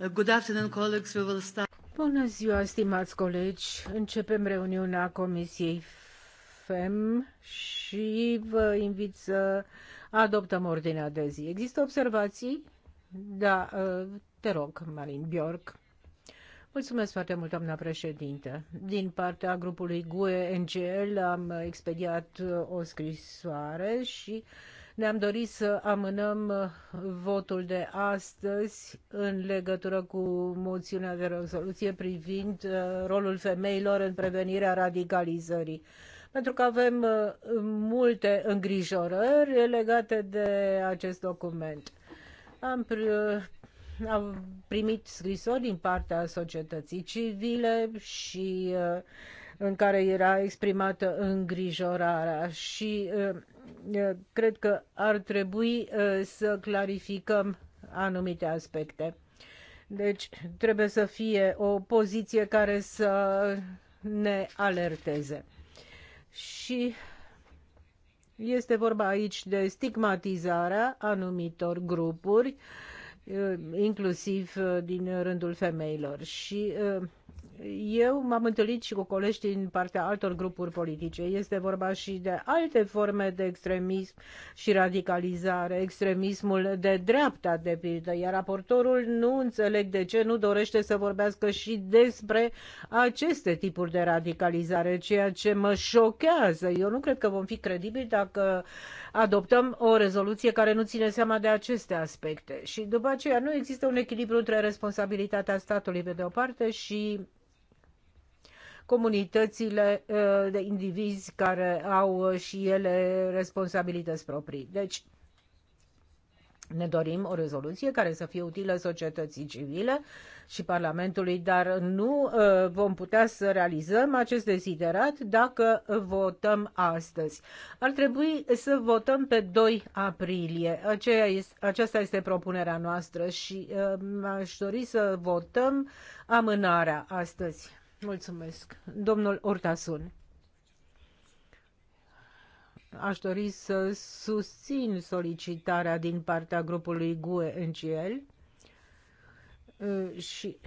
Good afternoon, colleagues. We will start. Bună ziua, stimați colegi. Începem reuniunea Comisiei FEM și vă invit să adoptăm ordinea de zi. Există observații? Da, ă, te rog, Marin Bjork. Mulțumesc foarte mult, doamna președinte. Din partea grupului GUE-NGL am expediat o scrisoare și uh, ne-am dorit să amânăm uh, votul de astăzi în legătură cu moțiunea de rezoluție privind uh, rolul femeilor în prevenirea radicalizării pentru că avem uh, multe îngrijorări legate de acest document. Am, am primit scrisori din partea societății civile și în care era exprimată îngrijorarea și cred că ar trebui să clarificăm anumite aspecte. Deci trebuie să fie o poziție care să ne alerteze. Și este vorba aici de stigmatizarea anumitor grupuri, inclusiv din rândul femeilor. Și eu m-am întâlnit și cu colegi din partea altor grupuri politice. Este vorba și de alte forme de extremism și radicalizare, extremismul de dreapta, de pildă, iar raportorul nu înțeleg de ce nu dorește să vorbească și despre aceste tipuri de radicalizare, ceea ce mă șochează. Eu nu cred că vom fi credibili dacă adoptăm o rezoluție care nu ține seama de aceste aspecte. Și după aceea nu există un echilibru între responsabilitatea statului pe de o parte și comunitățile uh, de indivizi care au uh, și ele responsabilități proprii. Deci, ne dorim o rezoluție care să fie utilă societății civile și Parlamentului, dar nu uh, vom putea să realizăm acest deziderat dacă votăm astăzi. Ar trebui să votăm pe 2 aprilie. aceasta este propunerea noastră și uh, aș dori să votăm amânarea astăzi. Mulțumesc. Domnul Ortasun. Aș dori să susțin solicitarea din partea grupului GUE NGL uh, și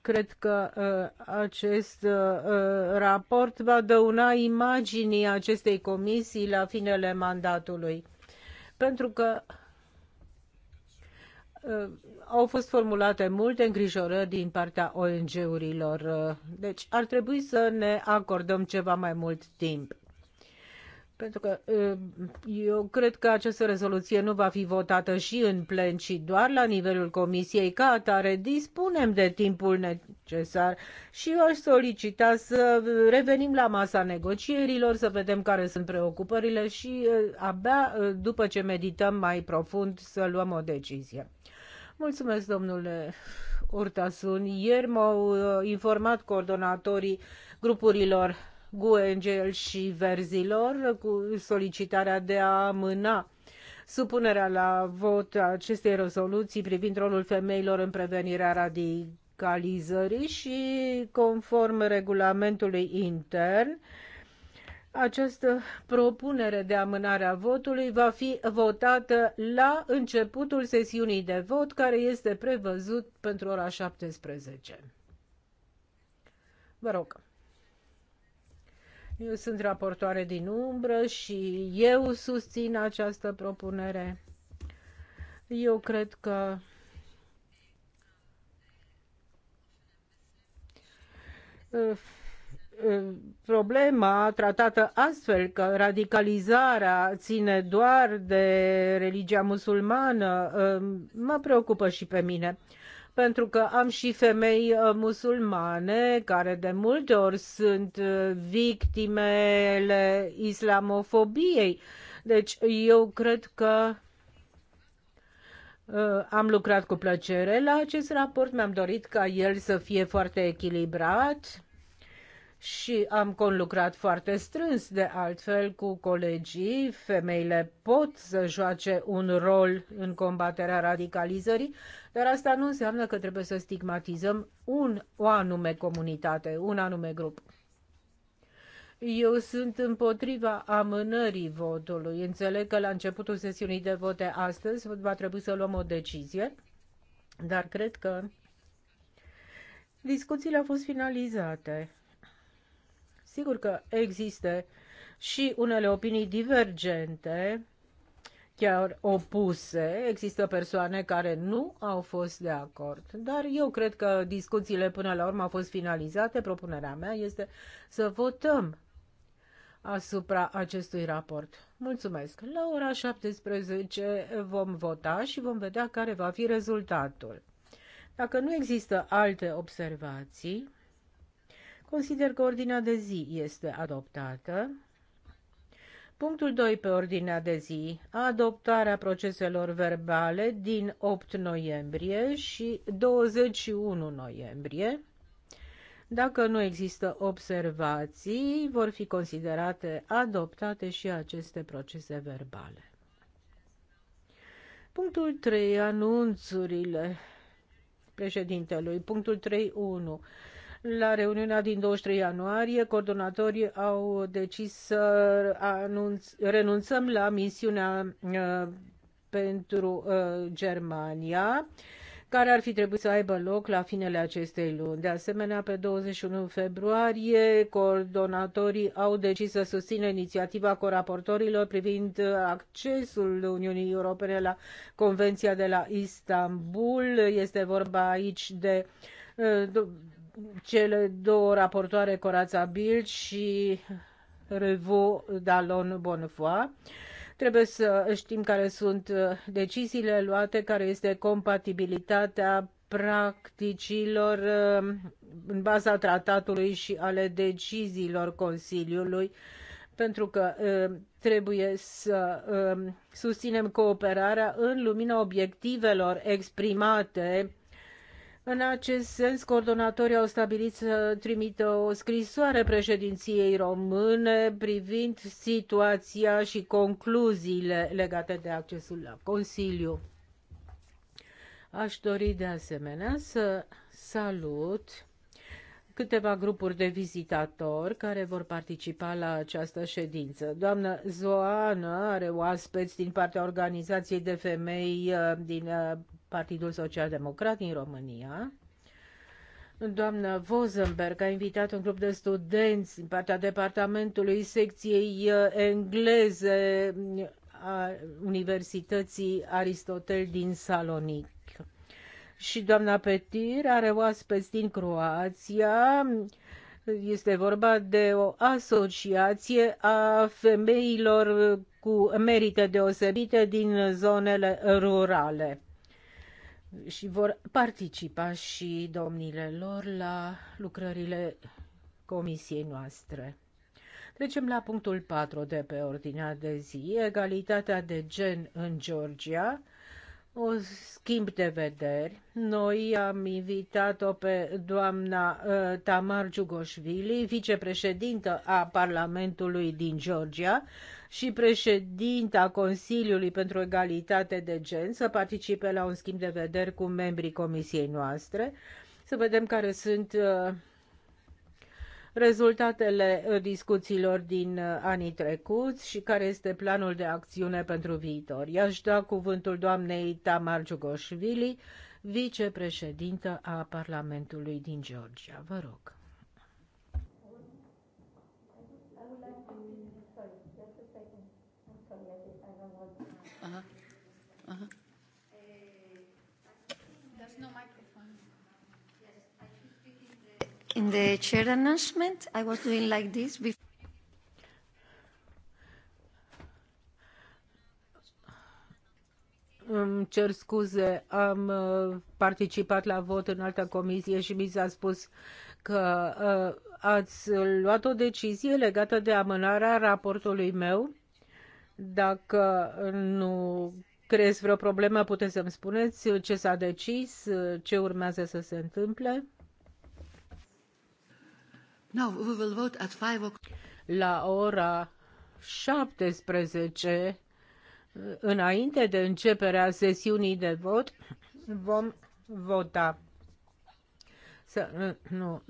cred că uh, acest uh, raport va dăuna imaginii acestei comisii la finele mandatului. Pentru că Uh, au fost formulate multe îngrijorări din partea ONG-urilor, uh, deci ar trebui să ne acordăm ceva mai mult timp. Pentru că uh, eu cred că această rezoluție nu va fi votată și în plen, ci doar la nivelul comisiei. Ca atare, dispunem de timpul necesar și eu aș solicita să revenim la masa negocierilor, să vedem care sunt preocupările și abia după ce medităm mai profund să luăm o decizie. Mulțumesc, domnule Urtasun. Ieri m-au uh, informat coordonatorii grupurilor gue și Verzilor cu solicitarea de a amâna supunerea la vot a acestei rezoluții privind rolul femeilor în prevenirea radicalizării și conform regulamentului intern această propunere de amânare a votului va fi votată la începutul sesiunii de vot, care este prevăzut pentru ora 17. Vă rog. Eu sunt raportoare din umbră și eu susțin această propunere. Eu cred că problema tratată astfel că radicalizarea ține doar de religia musulmană ă, mă preocupă și pe mine pentru că am și femei ă, musulmane care de multe ori sunt ă, victimele islamofobiei. Deci eu cred că am lucrat cu plăcere la acest raport, mi-am dorit ca el să fie foarte echilibrat și am conlucrat foarte strâns de altfel cu colegii. Femeile pot să joace un rol în combaterea radicalizării, dar asta nu înseamnă că trebuie să stigmatizăm un, o anume comunitate, un anume grup. Eu sunt împotriva amânării votului. Înțeleg că la începutul sesiunii de vote astăzi va trebui să luăm o decizie, dar cred că discuțiile au fost finalizate Sigur că există și unele opinii divergente, chiar opuse. Există persoane care nu au fost de acord, dar eu cred că discuțiile până la urmă au fost finalizate. Propunerea mea este să votăm asupra acestui raport. Mulțumesc! La ora 17 vom vota și vom vedea care va fi rezultatul. Dacă nu există alte observații, Consider că ordinea de zi este adoptată. Punctul 2 pe ordinea de zi, adoptarea proceselor verbale din 8 noiembrie și 21 noiembrie. Dacă nu există observații, vor fi considerate adoptate și aceste procese verbale. Punctul 3. Anunțurile președintelui. Punctul 3.1. La reuniunea din 23 ianuarie, coordonatorii au decis să anunț, renunțăm la misiunea uh, pentru uh, Germania care ar fi trebuit să aibă loc la finele acestei luni. De asemenea, pe 21 februarie, coordonatorii au decis să susțină inițiativa coraportorilor privind uh, accesul Uniunii Europene la Convenția de la Istanbul. Este vorba aici de cele două raportoare Corața Bild și Revo Dalon Bonfoy. Trebuie să știm care sunt uh, deciziile luate, care este compatibilitatea practicilor uh, în baza tratatului și ale deciziilor Consiliului pentru că uh, trebuie să susținem cooperarea în lumina obiectivelor exprimate în acest sens, coordonatorii au stabilit să trimită o scrisoare președinției române privind situația și concluziile legate de accesul la Consiliu. Aș dori de asemenea să salut câteva grupuri de vizitatori care vor participa la această ședință. Doamna Zoană are oaspeți din partea Organizației de Femei uh, din uh, Partidul Social Democrat din România. Doamna Vozenberg a invitat un grup de studenți din partea departamentului secției uh, engleze a Universității Aristotel din Salonic. Și doamna Petir are oaspeți din Croația, este vorba de o asociație a femeilor cu merite deosebite din zonele rurale și vor participa și domnile lor la lucrările comisiei noastre. Trecem la punctul 4 de pe ordinea de zi, egalitatea de gen în Georgia, o schimb de vederi. Noi am invitat-o pe doamna uh, Tamar Giugoșvili, vicepreședintă a Parlamentului din Georgia, și președinta Consiliului pentru Egalitate de Gen să participe la un schimb de vederi cu membrii comisiei noastre, să vedem care sunt uh, rezultatele uh, discuțiilor din uh, anii trecuți și care este planul de acțiune pentru viitor. I-aș da cuvântul doamnei Tamar Giugoșvili, vicepreședintă a Parlamentului din Georgia. Vă rog. In the chair announcement, I was doing like this before. Îmi cer scuze, am uh, participat la vot în altă comisie și mi s-a spus că uh, ați luat o decizie legată de amânarea raportului meu. Dacă nu creez vreo problemă, puteți să-mi spuneți ce s-a decis, ce urmează să se întâmple? Now we will vote at La ora 17, înainte de începerea sesiunii de vot, vom vota. Să, nu,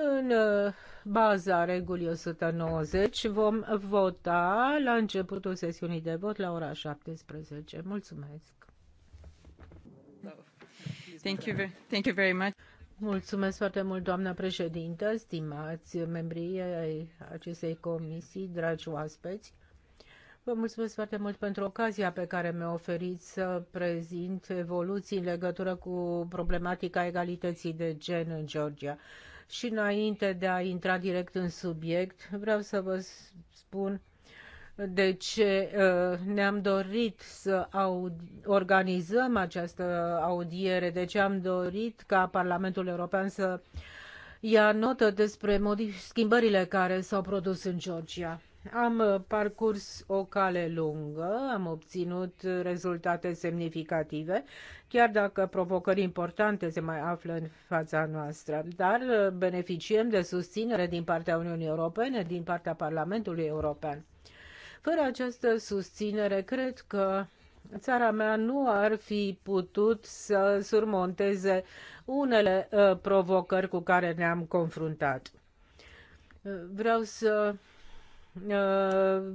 în uh, baza regulii 190 vom vota la începutul sesiunii de vot la ora 17. Mulțumesc! Thank you, thank you very much. Mulțumesc foarte mult, doamna președintă, stimați membrii ai acestei comisii, dragi oaspeți. Vă mulțumesc foarte mult pentru ocazia pe care mi-a oferit să prezint evoluții în legătură cu problematica egalității de gen în Georgia. Și înainte de a intra direct în subiect, vreau să vă spun de ce uh, ne-am dorit să organizăm această audiere, de ce am dorit ca Parlamentul European să ia notă despre schimbările care s-au produs în Georgia. Am uh, parcurs o cale lungă, am obținut rezultate semnificative, chiar dacă provocări importante se mai află în fața noastră, dar uh, beneficiem de susținere din partea Uniunii Europene, din partea Parlamentului European. Fără această susținere, cred că țara mea nu ar fi putut să surmonteze unele uh, provocări cu care ne-am confruntat. Vreau să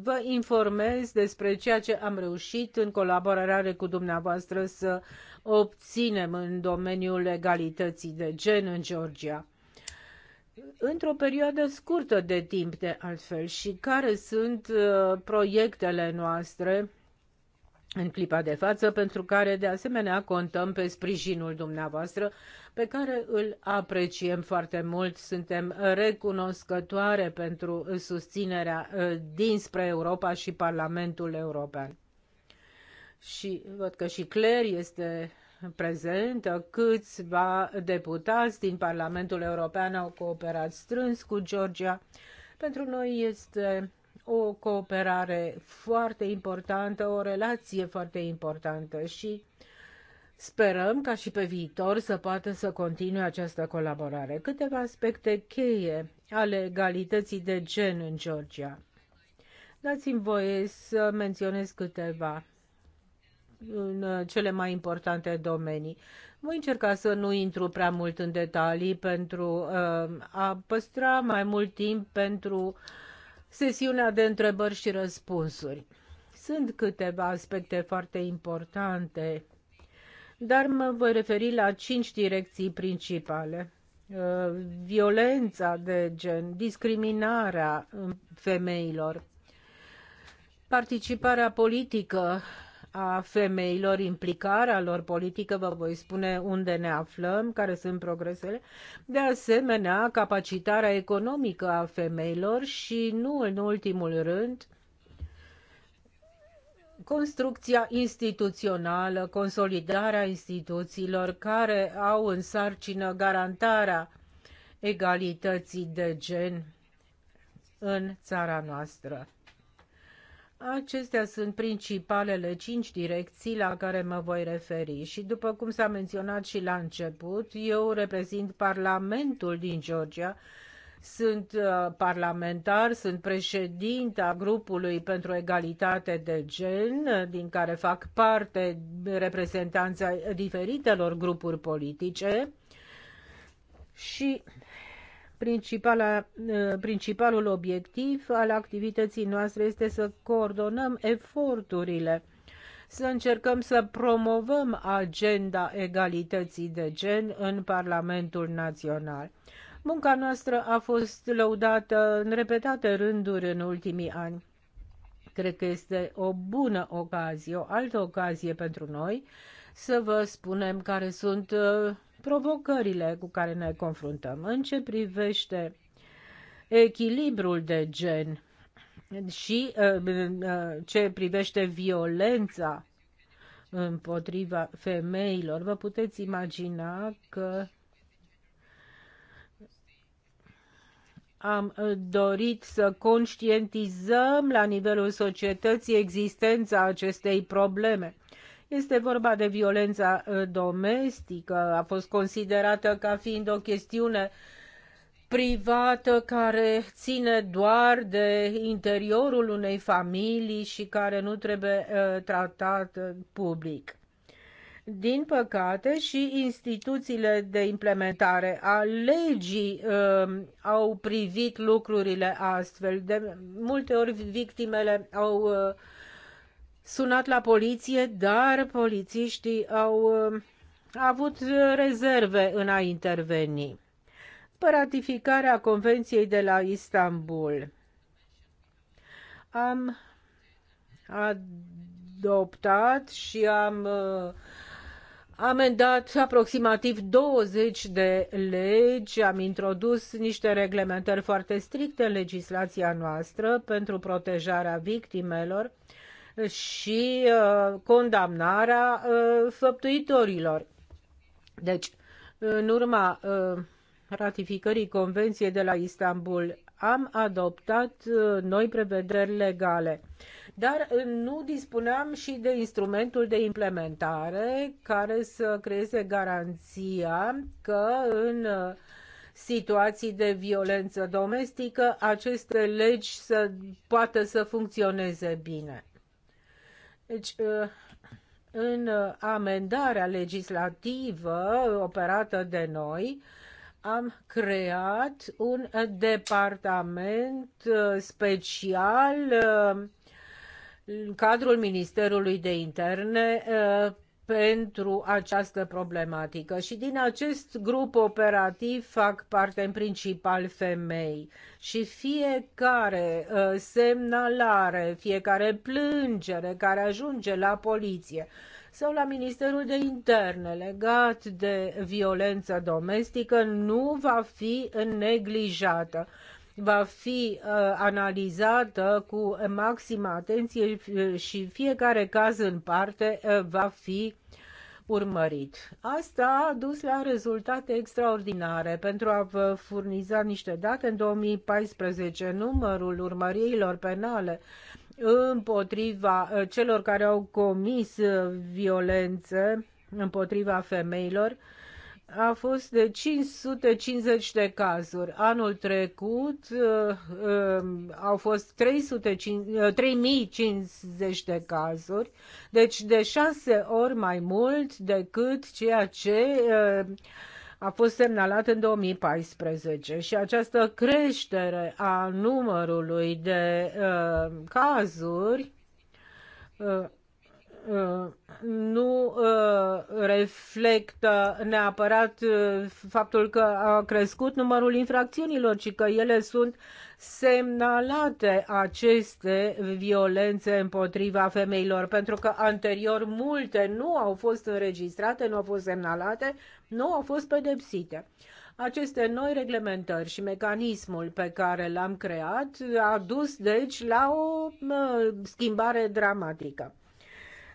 vă informez despre ceea ce am reușit în colaborare cu dumneavoastră să obținem în domeniul legalității de gen în Georgia într-o perioadă scurtă de timp de altfel și care sunt uh, proiectele noastre în clipa de față, pentru care de asemenea contăm pe sprijinul dumneavoastră pe care îl apreciem foarte mult. Suntem recunoscătoare pentru susținerea uh, dinspre Europa și Parlamentul European. Și văd că și Claire este prezentă, câțiva deputați din Parlamentul European au cooperat strâns cu Georgia. Pentru noi este o cooperare foarte importantă, o relație foarte importantă și uh, Sperăm ca și pe viitor să poată să continue această colaborare. Câteva aspecte cheie ale egalității de gen în Georgia. Dați-mi voie să menționez câteva în uh, cele mai importante domenii. Voi încerca să nu intru prea mult în detalii pentru uh, a păstra mai mult timp pentru sesiunea de întrebări și răspunsuri. Sunt câteva aspecte foarte importante dar mă voi referi la cinci direcții principale. Uh, violența de gen, discriminarea femeilor, participarea politică a femeilor, implicarea lor politică, vă voi spune unde ne aflăm, care sunt progresele, de asemenea capacitarea economică a femeilor și, nu în ultimul rând, construcția instituțională, consolidarea instituțiilor care au în sarcină garantarea egalității de gen în țara noastră. Acestea sunt principalele cinci direcții la care mă voi referi și după cum s-a menționat și la început, eu reprezint Parlamentul din Georgia sunt uh, parlamentar, sunt președinta grupului pentru egalitate de gen, uh, din care fac parte reprezentanța diferitelor grupuri politice și principala, uh, principalul obiectiv al activității noastre este să coordonăm eforturile să încercăm să promovăm agenda egalității de gen în Parlamentul Național. Munca noastră a fost lăudată în repetate rânduri în ultimii ani. Cred că este o bună ocazie, o altă ocazie pentru noi să vă spunem care sunt uh, provocările cu care ne confruntăm. În ce privește echilibrul de gen și uh, uh, ce privește violența împotriva femeilor, vă puteți imagina că am uh, dorit să conștientizăm la nivelul societății existența acestei probleme. Este vorba de violența uh, domestică, a fost considerată ca fiind o chestiune privată care ține doar de interiorul unei familii și care nu trebuie tratată uh, tratat public. Din păcate, și instituțiile de implementare a legii uh, au privit lucrurile astfel. De multe ori victimele au uh, sunat la poliție, dar polițiștii au uh, avut rezerve în a interveni. După ratificarea Convenției de la Istanbul, am adoptat și am uh, amendat aproximativ 20 de legi, am introdus niște reglementări foarte stricte în legislația noastră pentru protejarea victimelor și uh, condamnarea uh, făptuitorilor. Deci, în urma uh, ratificării Convenției de la Istanbul, am adoptat uh, noi prevederi legale dar uh, nu dispuneam și de instrumentul de implementare care să creeze garanția că în uh, situații de violență domestică aceste legi să poată să funcționeze bine. Deci, uh, în amendarea legislativă operată de noi, am creat un departament special în cadrul Ministerului de Interne uh, pentru această problematică și din acest grup operativ fac parte în principal femei și fiecare uh, semnalare, fiecare plângere care ajunge la poliție sau la Ministerul de Interne legat de violență domestică nu va fi neglijată va fi uh, analizată cu maximă atenție și fiecare caz în parte uh, va fi urmărit. Asta a dus la rezultate extraordinare. Pentru a vă furniza niște date, în 2014 numărul urmăririlor penale împotriva uh, celor care au comis violențe împotriva femeilor a fost de 550 de cazuri. Anul trecut uh, uh, au fost 350, uh, 3050 de cazuri, deci de șase ori mai mult decât ceea ce uh, a fost semnalat în 2014 și această creștere a numărului de uh, cazuri uh, nu uh, reflectă neapărat uh, faptul că a crescut numărul infracțiunilor, ci că ele sunt semnalate aceste violențe împotriva femeilor, pentru că anterior multe nu au fost înregistrate, nu au fost semnalate, nu au fost pedepsite aceste noi reglementări și mecanismul pe care l-am creat a dus, deci, la o uh, schimbare dramatică.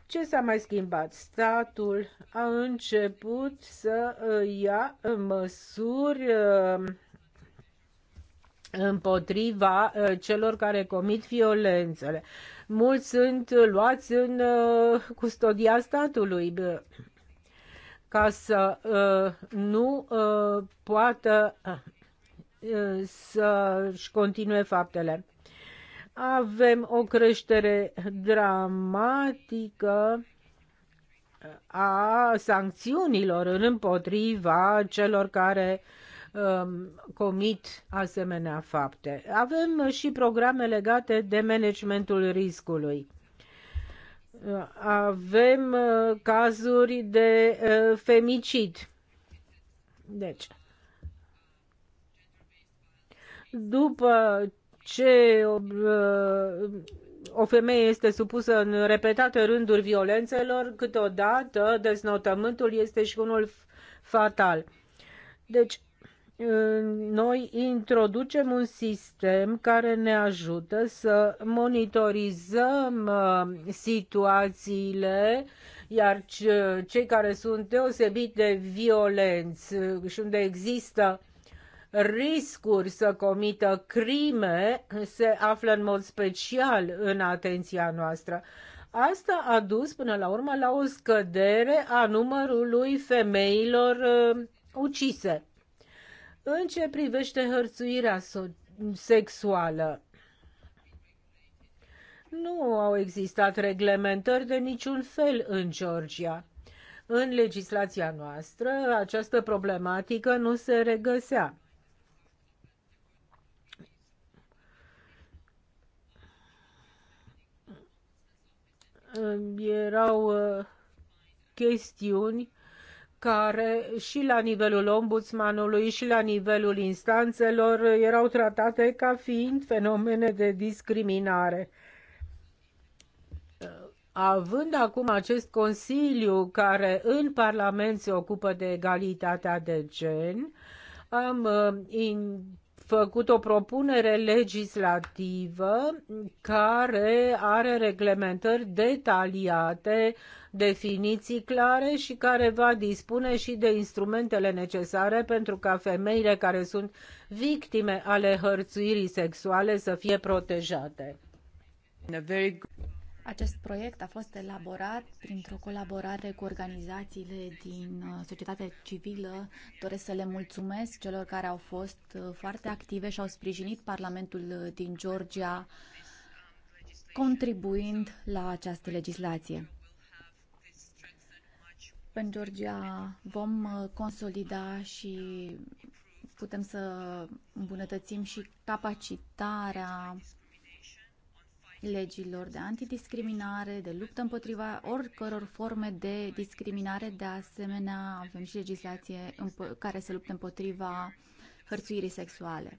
Ce s-a mai schimbat? Statul a început să uh, ia uh, măsuri uh, împotriva celor care comit violențele. Mulți sunt luați în custodia statului ca să nu poată să-și continue faptele avem o creștere dramatică a sancțiunilor împotriva celor care um, comit asemenea fapte. Avem și programe legate de managementul riscului. Avem uh, cazuri de uh, femicid. Deci, după ce uh, o femeie este supusă în repetate rânduri violențelor, câteodată deznotământul este și unul fatal. Deci, noi introducem un sistem care ne ajută să monitorizăm uh, situațiile, iar cei care sunt deosebit de violenți uh, și unde există riscuri să comită crime se află în mod special în atenția noastră. Asta a dus până la urmă la o scădere a numărului femeilor uh, ucise. În ce privește hărțuirea so- sexuală, nu au existat reglementări de niciun fel în Georgia. În legislația noastră, această problematică nu se regăsea. erau uh, chestiuni care și la nivelul ombudsmanului și la nivelul instanțelor erau tratate ca fiind fenomene de discriminare. Uh, având acum acest consiliu care în Parlament se ocupă de egalitatea de gen, am uh, in făcut o propunere legislativă care are reglementări detaliate, definiții clare și care va dispune și de instrumentele necesare pentru ca femeile care sunt victime ale hărțuirii sexuale să fie protejate. Acest proiect a fost elaborat printr-o colaborare cu organizațiile din uh, societatea civilă. Doresc să le mulțumesc celor care au fost uh, foarte active și au sprijinit Parlamentul uh, din Georgia contribuind la această legislație. În Georgia vom consolida și putem să îmbunătățim și capacitarea legilor de antidiscriminare, de luptă împotriva oricăror forme de discriminare. De asemenea, avem și legislație care se luptă împotriva hărțuirii sexuale.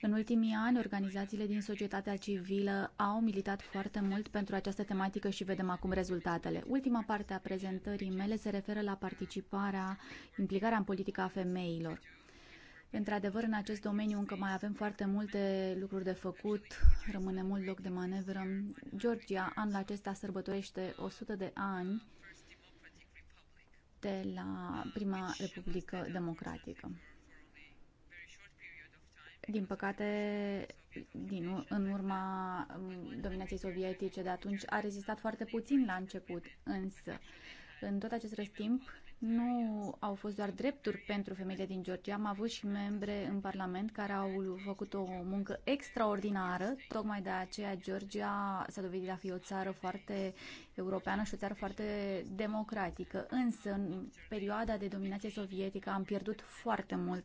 În ultimii ani, organizațiile din societatea civilă au militat foarte mult pentru această tematică și vedem acum rezultatele. Ultima parte a prezentării mele se referă la participarea, implicarea în politica a femeilor. Într-adevăr, în acest domeniu încă mai avem foarte multe lucruri de făcut, rămâne mult loc de manevră. Georgia anul acesta sărbătorește 100 de ani de la prima Republică Democratică. Din păcate, din, în urma um, dominației sovietice de atunci, a rezistat foarte puțin la început, însă în tot acest răstimp nu au fost doar drepturi pentru femeile din Georgia, am avut și membre în Parlament care au făcut o muncă extraordinară. Tocmai de aceea Georgia s-a dovedit a fi o țară foarte europeană și o țară foarte democratică. Însă, în perioada de dominație sovietică am pierdut foarte mult.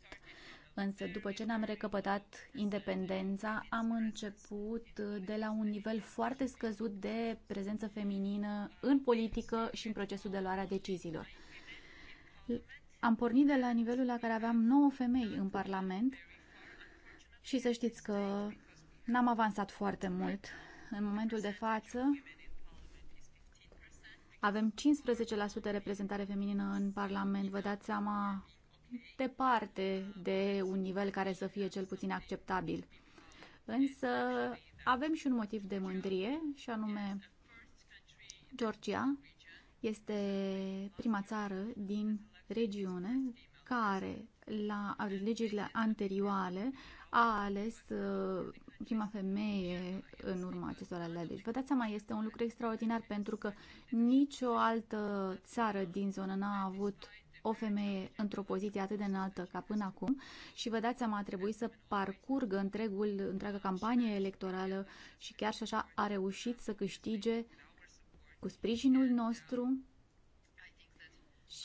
Însă, după ce ne-am recăpătat independența, am început de la un nivel foarte scăzut de prezență feminină în politică și în procesul de luare a deciziilor am pornit de la nivelul la care aveam 9 femei în Parlament și să știți că n-am avansat foarte mult. În momentul de față avem 15% reprezentare feminină în Parlament. Vă dați seama departe de un nivel care să fie cel puțin acceptabil. Însă avem și un motiv de mândrie și anume Georgia este prima țară din regiune care la alegerile anterioare a ales uh, prima femeie în urma acestor alegeri. Vă dați seama, este un lucru extraordinar pentru că nicio altă țară din zonă n-a avut o femeie într-o poziție atât de înaltă ca până acum și vă dați seama a trebuit să parcurgă întregul, întreaga campanie electorală și chiar și așa a reușit să câștige cu sprijinul nostru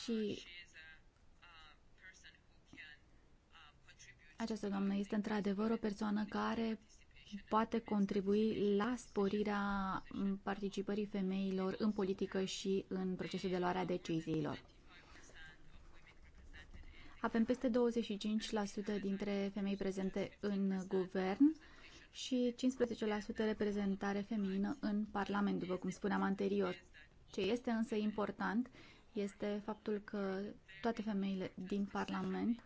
și Această doamnă este într-adevăr o persoană care poate contribui la sporirea participării femeilor în politică și în procesul de luare a deciziilor. Avem peste 25% dintre femei prezente în guvern și 15% reprezentare feminină în Parlament, după cum spuneam anterior. Ce este însă important este faptul că toate femeile din Parlament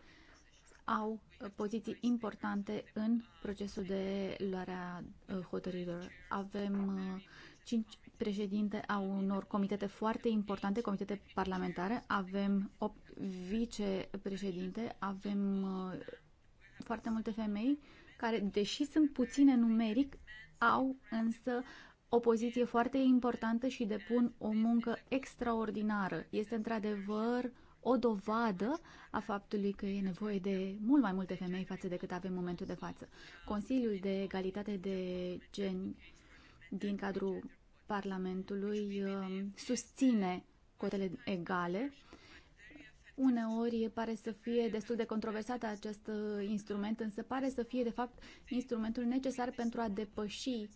au poziții importante în procesul de luare a uh, hotărârilor. Avem uh, cinci președinte a unor comitete foarte importante, comitete parlamentare, avem opt vicepreședinte, avem uh, foarte multe femei care, deși sunt puține numeric, au însă o poziție foarte importantă și depun o muncă extraordinară. Este într-adevăr o dovadă a faptului că e nevoie de mult mai multe femei față decât avem momentul de față. Consiliul de Egalitate de Gen din cadrul Parlamentului um, susține cotele egale. Uneori pare să fie destul de controversat acest uh, instrument, însă pare să fie, de fapt, instrumentul necesar pentru a depăși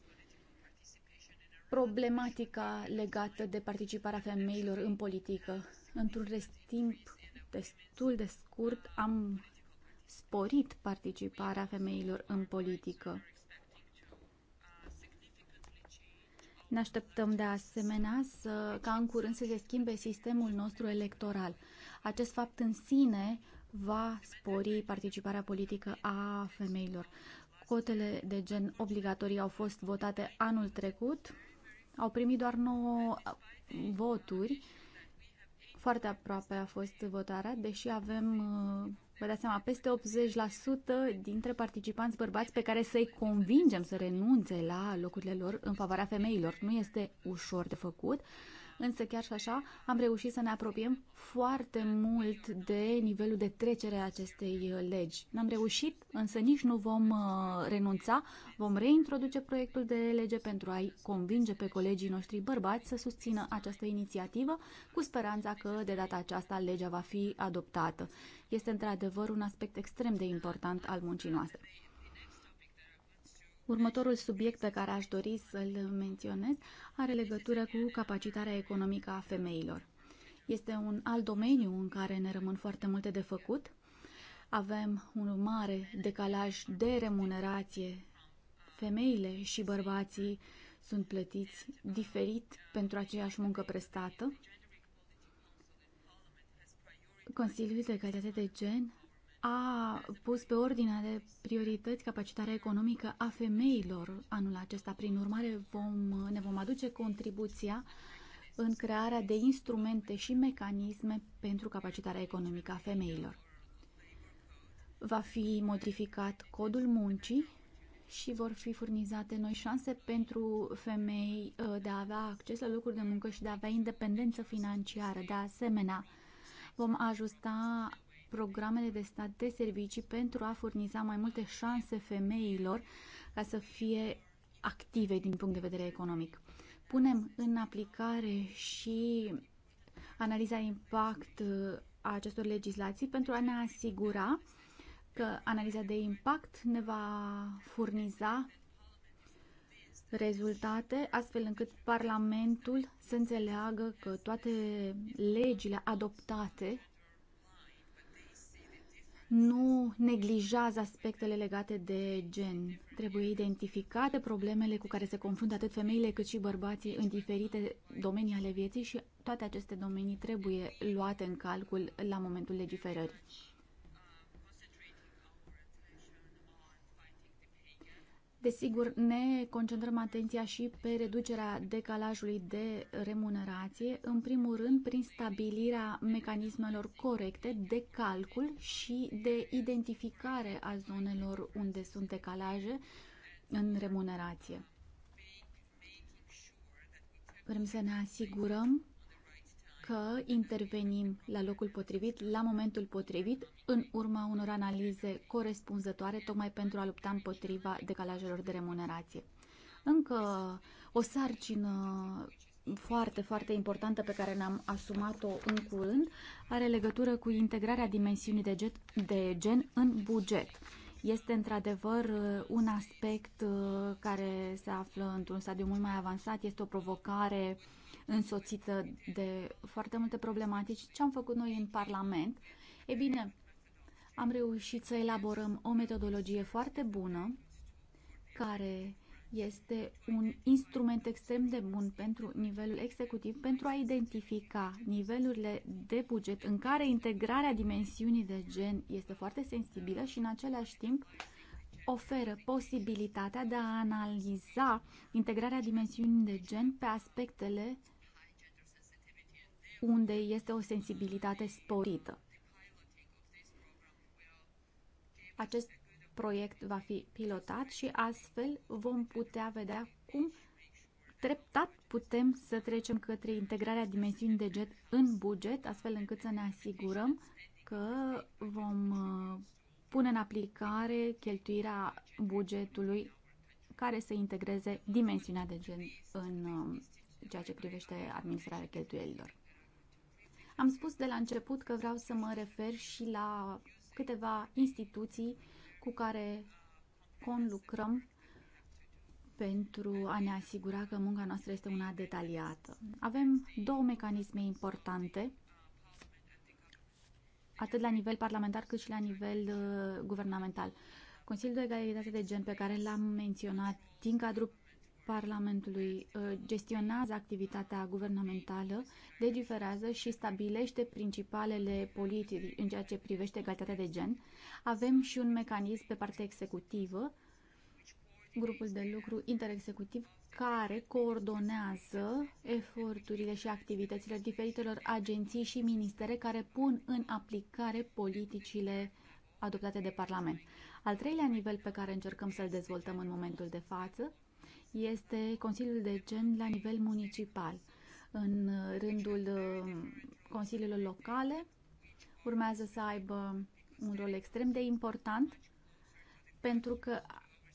problematica legată de participarea femeilor în politică într-un timp destul de scurt am sporit participarea femeilor în politică. Ne așteptăm de asemenea să, ca în curând să se schimbe sistemul nostru electoral. Acest fapt în sine va spori participarea politică a femeilor. Cotele de gen obligatorii au fost votate anul trecut, au primit doar 9 voturi, foarte aproape a fost votarea, deși avem, uh, vă dați seama, peste 80% dintre participanți bărbați pe care să-i convingem să renunțe la locurile lor în favoarea femeilor. Nu este ușor de făcut. Uh, însă chiar și așa am reușit să ne apropiem foarte mult de nivelul de trecere a acestei uh, legi. N-am reușit, însă nici nu vom uh, renunța, vom reintroduce proiectul de lege pentru a-i convinge pe colegii noștri bărbați să susțină această inițiativă, cu speranța că de data aceasta legea va fi adoptată. Este într-adevăr un aspect extrem de important al muncii noastre. Următorul subiect pe care aș dori să-l menționez are legătură cu capacitarea economică a femeilor. Este un alt domeniu în care ne rămân foarte multe de făcut. Avem un mare decalaj de remunerație. Femeile și bărbații sunt plătiți diferit pentru aceeași muncă prestată. Consiliul de calitate de Gen a pus pe ordinea de priorități capacitarea economică a femeilor anul acesta. Prin urmare, vom, ne vom aduce contribuția în crearea de instrumente și mecanisme pentru capacitarea economică a femeilor. Va fi modificat codul muncii și vor fi furnizate noi șanse pentru femei uh, de a avea acces la locuri de muncă și de a avea independență financiară. De asemenea, vom ajusta programele de stat de servicii pentru a furniza mai multe șanse femeilor ca să fie active din punct de vedere economic. Punem în aplicare și analiza impact a acestor legislații pentru a ne asigura că analiza de impact ne va furniza rezultate, astfel încât Parlamentul să înțeleagă că toate legile adoptate nu neglijează aspectele legate de gen. Trebuie identificate problemele cu care se confruntă atât femeile cât și bărbații în diferite domenii ale vieții și toate aceste domenii trebuie luate în calcul la momentul legiferării. Desigur, ne concentrăm atenția și pe reducerea decalajului de remunerație, în primul rând prin stabilirea mecanismelor corecte de calcul și de identificare a zonelor unde sunt decalaje în remunerație. Vrem să ne asigurăm că intervenim la locul potrivit, la momentul potrivit, în urma unor analize corespunzătoare, tocmai pentru a lupta împotriva decalajelor de remunerație. Încă o sarcină foarte, foarte importantă pe care ne-am asumat-o în curând are legătură cu integrarea dimensiunii de, jet, de gen în buget. Este într-adevăr uh, un aspect uh, care se află într-un stadiu mult mai avansat, este o provocare uh, însoțită de foarte multe problematici. Ce am făcut noi în Parlament? E bine, am reușit să elaborăm o metodologie foarte bună care este un instrument extrem de bun pentru nivelul executiv pentru a identifica nivelurile de buget în care integrarea dimensiunii de gen este foarte sensibilă și în același timp oferă posibilitatea de a analiza integrarea dimensiunii de gen pe aspectele unde este o sensibilitate sporită. Acest proiect va fi pilotat și astfel vom putea vedea cum treptat putem să trecem către integrarea dimensiunii de jet în buget, astfel încât să ne asigurăm că vom uh, pune în aplicare cheltuirea bugetului care să integreze dimensiunea de gen în uh, ceea ce privește administrarea cheltuielilor. Am spus de la început că vreau să mă refer și la câteva instituții cu care conlucrăm pentru a ne asigura că munca noastră este una detaliată. Avem două mecanisme importante, atât la nivel parlamentar cât și la nivel uh, guvernamental. Consiliul de Egalitate de Gen, pe care l-am menționat din cadrul Parlamentului uh, gestionează activitatea guvernamentală, legiferează și stabilește principalele politici în ceea ce privește egalitatea de gen. Avem și un mecanism pe partea executivă, grupul de lucru interexecutiv, care coordonează eforturile și activitățile diferitelor agenții și ministere care pun în aplicare politicile adoptate de Parlament. Al treilea nivel pe care încercăm să-l dezvoltăm în momentul de față este Consiliul de Gen la nivel municipal. În rândul uh, consiliilor locale urmează să aibă un rol extrem de important pentru că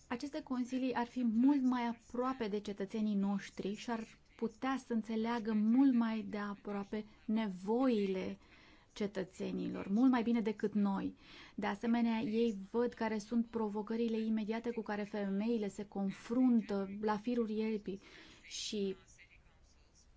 aceste consilii ar fi mult mai aproape de cetățenii noștri și ar putea să înțeleagă mult mai de aproape nevoile cetățenilor, mult mai bine decât noi. De asemenea, ei văd care sunt provocările imediate cu care femeile se confruntă la firul ierbii și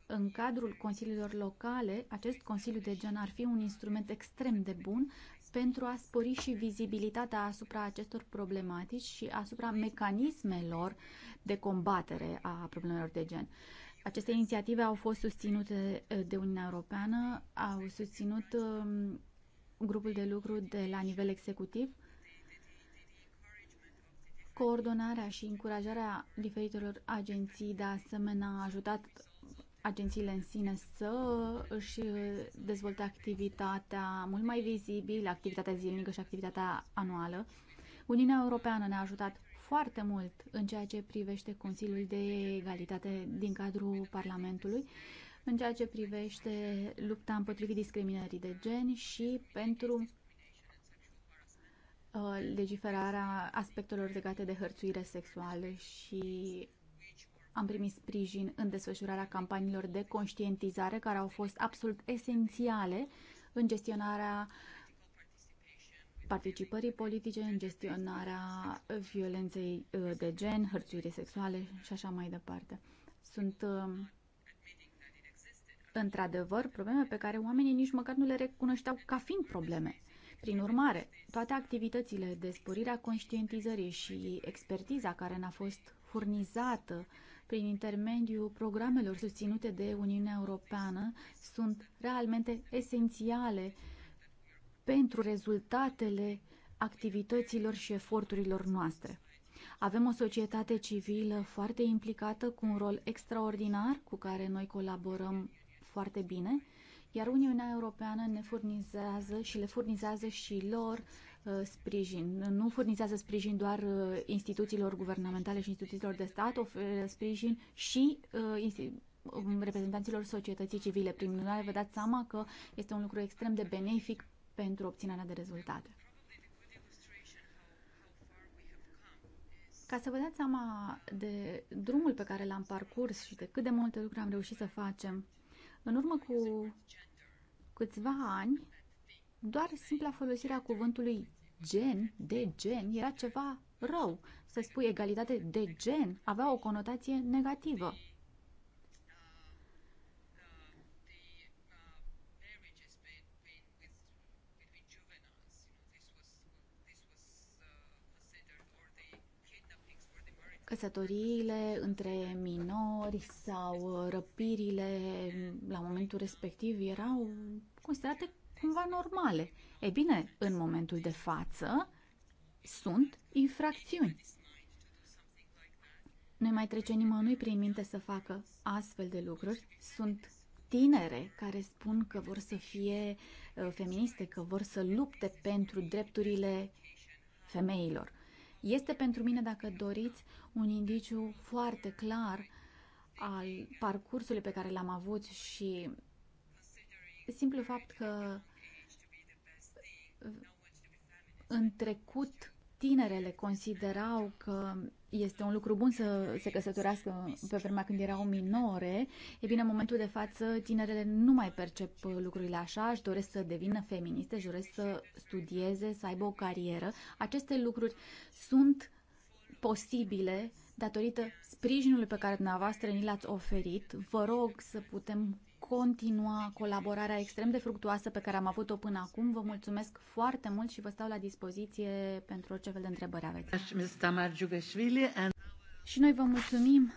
în cadrul consiliilor locale, acest consiliu de gen ar fi un instrument extrem de bun pentru a spori și vizibilitatea asupra acestor problematici și asupra mecanismelor de combatere a problemelor de gen. Aceste inițiative au fost susținute de Uniunea Europeană, au susținut grupul de lucru de la nivel executiv, coordonarea și încurajarea diferitelor agenții de asemenea a ajutat agențiile în sine să își dezvolte activitatea mult mai vizibilă, activitatea zilnică și activitatea anuală. Uniunea Europeană ne-a ajutat foarte mult în ceea ce privește Consiliul de Egalitate din cadrul Parlamentului, în ceea ce privește lupta împotriva discriminării de gen și pentru uh, legiferarea aspectelor legate de hărțuire sexuală și am primit sprijin în desfășurarea campaniilor de conștientizare care au fost absolut esențiale în gestionarea uh, participării politice în gestionarea violenței uh, de gen, hărțuirii sexuale și așa mai departe. Sunt um, într-adevăr probleme pe care oamenii nici măcar nu le recunoșteau ca fiind probleme. Prin urmare, toate activitățile de sporire a conștientizării și expertiza care n a fost furnizată prin intermediul programelor susținute de Uniunea Europeană sunt realmente esențiale uh, pentru rezultatele activităților și eforturilor noastre. Avem o societate civilă foarte implicată, cu un rol extraordinar, cu care noi colaborăm foarte bine, iar Uniunea Europeană ne furnizează și le furnizează și lor uh, sprijin. Nu furnizează sprijin doar uh, instituțiilor guvernamentale și instituțiilor de stat, oferă sprijin și uh, um, reprezentanților societății civile. Prin urmare, vă dați seama că este un lucru extrem de benefic pentru obținerea de rezultate. Ca să vă dați seama de drumul pe care l-am parcurs și de cât de multe lucruri am reușit să facem, în urmă cu câțiva ani, doar simpla folosirea cuvântului gen, de gen, era ceva rău. Să spui egalitate de gen avea o conotație negativă. căsătoriile între minori sau răpirile la momentul respectiv erau considerate cumva normale. E bine, în momentul de față sunt infracțiuni. Nu mai trece nimănui prin minte să facă astfel de lucruri. Sunt tinere care spun că vor să fie uh, feministe, că vor să lupte pentru drepturile femeilor este pentru mine, dacă doriți, un indiciu foarte clar al parcursului pe care l-am avut și simplu fapt că în trecut tinerele considerau că este un lucru bun să se căsătorească pe vremea când erau minore, e bine, în momentul de față, tinerele nu mai percep lucrurile așa, își doresc să devină feministe, își doresc să studieze, să aibă o carieră. Aceste lucruri sunt posibile datorită sprijinului pe care dumneavoastră ni l-ați oferit. Vă rog să putem continua colaborarea extrem de fructuoasă pe care am avut-o până acum. Vă mulțumesc foarte mult și vă stau la dispoziție pentru orice fel de întrebări aveți. Și noi vă mulțumim.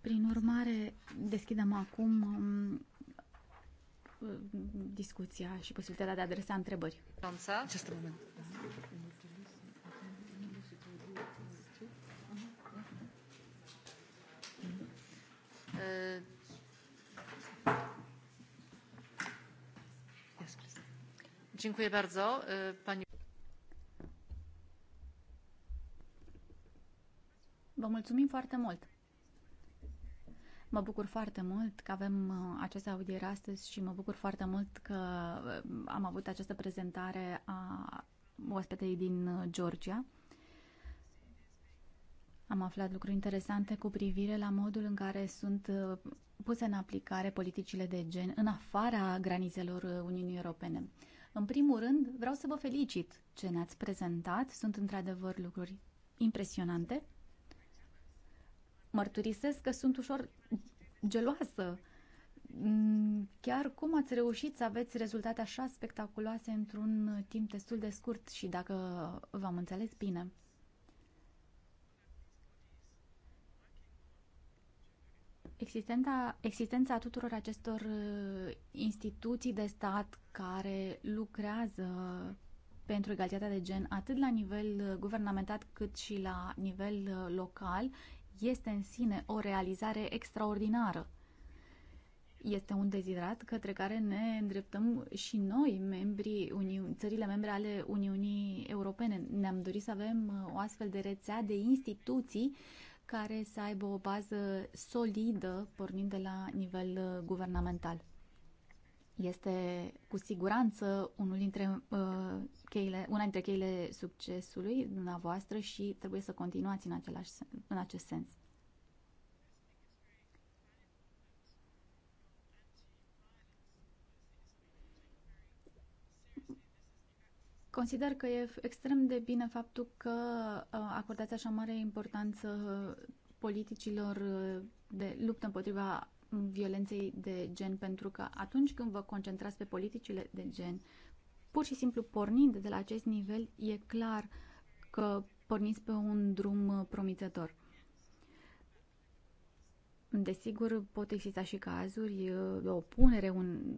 Prin urmare, deschidem acum um, discuția și posibilitatea de a adresa întrebări. Just moment. Uh, Dziękuję bardzo. Vă mulțumim foarte mult! Mă bucur foarte mult că avem uh, această audiere astăzi și mă bucur foarte mult că uh, am avut această prezentare a oaspetei din uh, Georgia. Am aflat lucruri interesante cu privire la modul în care sunt puse în aplicare politicile de gen în afara granițelor Uniunii Europene. În primul rând, vreau să vă felicit ce ne-ați prezentat. Sunt într-adevăr lucruri impresionante. Mărturisesc că sunt ușor geloasă. Mm, chiar cum ați reușit să aveți rezultate așa spectaculoase într-un timp destul de scurt și dacă v-am înțeles bine, Existența, existența tuturor acestor uh, instituții de stat care lucrează pentru egalitatea de gen, atât la nivel uh, guvernamentat cât și la nivel uh, local, este în sine o realizare extraordinară. Este un deziderat către care ne îndreptăm și noi, membrii Uniunii, țările membre ale Uniunii Europene. Ne-am dorit să avem o astfel de rețea de instituții uh, care să aibă o bază solidă pornind de la nivel uh, guvernamental. Este cu siguranță unul dintre, uh, cheile, una dintre cheile succesului dumneavoastră și trebuie să continuați în, același, în acest sens. Consider că e extrem de bine faptul că uh, acordați așa mare importanță politicilor uh, de luptă împotriva violenței de gen, pentru că atunci când vă concentrați pe politicile de gen, pur și simplu pornind de la acest nivel, e clar că porniți pe un drum uh, promițător. Desigur, pot exista și cazuri de opunere, un,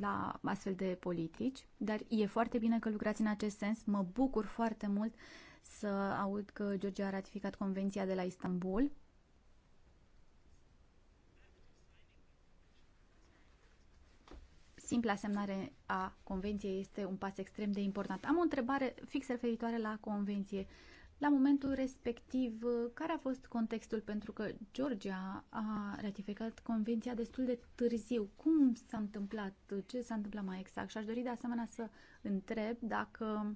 la astfel de politici, dar e foarte bine că lucrați în acest sens. Mă bucur foarte mult să aud că Georgia a ratificat Convenția de la Istanbul. Simpla semnare a Convenției este un pas extrem de important. Am o întrebare fix referitoare la Convenție. Uh, la momentul respectiv, care a fost contextul? Pentru că Georgia a ratificat convenția destul de târziu. Cum s-a întâmplat? Ce s-a întâmplat mai exact? Și aș dori de asemenea să întreb dacă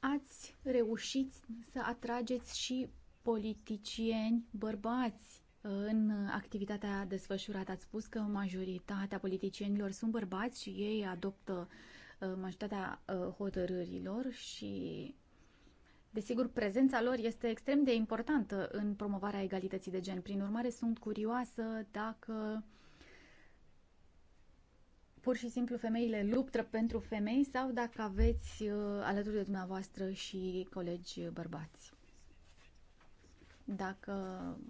ați reușit să atrageți și politicieni bărbați în activitatea desfășurată. Ați spus că majoritatea politicienilor sunt bărbați și ei adoptă uh, Uh, majoritatea uh, hotărârilor și Desigur, prezența lor este extrem de importantă în promovarea egalității de gen. Prin urmare, sunt curioasă dacă pur și simplu femeile luptă pentru femei sau dacă aveți uh, alături de dumneavoastră și colegi bărbați. Dacă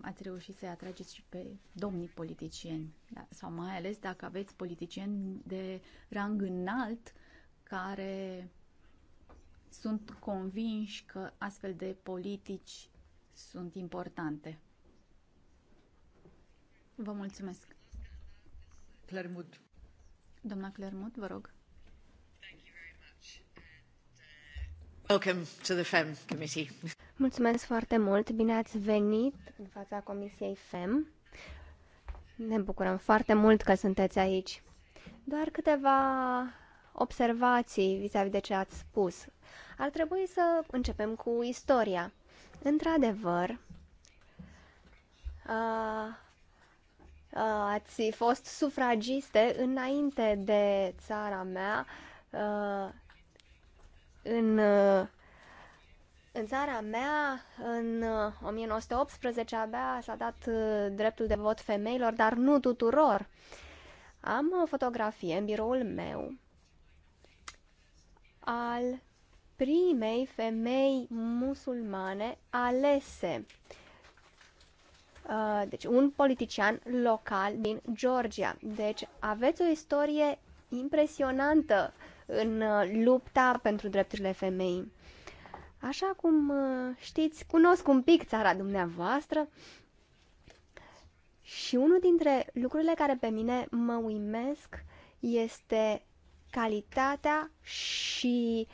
ați reușit să-i atrageți și pe domnii politicieni, da, sau mai ales dacă aveți politicieni de rang înalt care sunt convinși că astfel de politici sunt importante. Vă mulțumesc. Clermut. Doamna Clermut, vă rog. Welcome to the FEM committee. Mulțumesc foarte mult. Bine ați venit în fața Comisiei FEM. Ne bucurăm foarte mult că sunteți aici. Doar câteva observații vis-a-vis -vis de ce ați spus. Ar trebui să începem cu istoria. Într-adevăr, ați fost sufragiste înainte de țara mea. În, în țara mea, în 1918, abia s-a dat dreptul de vot femeilor, dar nu tuturor. Am o fotografie în biroul meu al primei femei musulmane alese. Uh, deci un politician local din Georgia. Deci aveți o istorie impresionantă în uh, lupta pentru drepturile femeii. Așa cum uh, știți, cunosc un pic țara dumneavoastră și unul dintre lucrurile care pe mine mă uimesc este calitatea și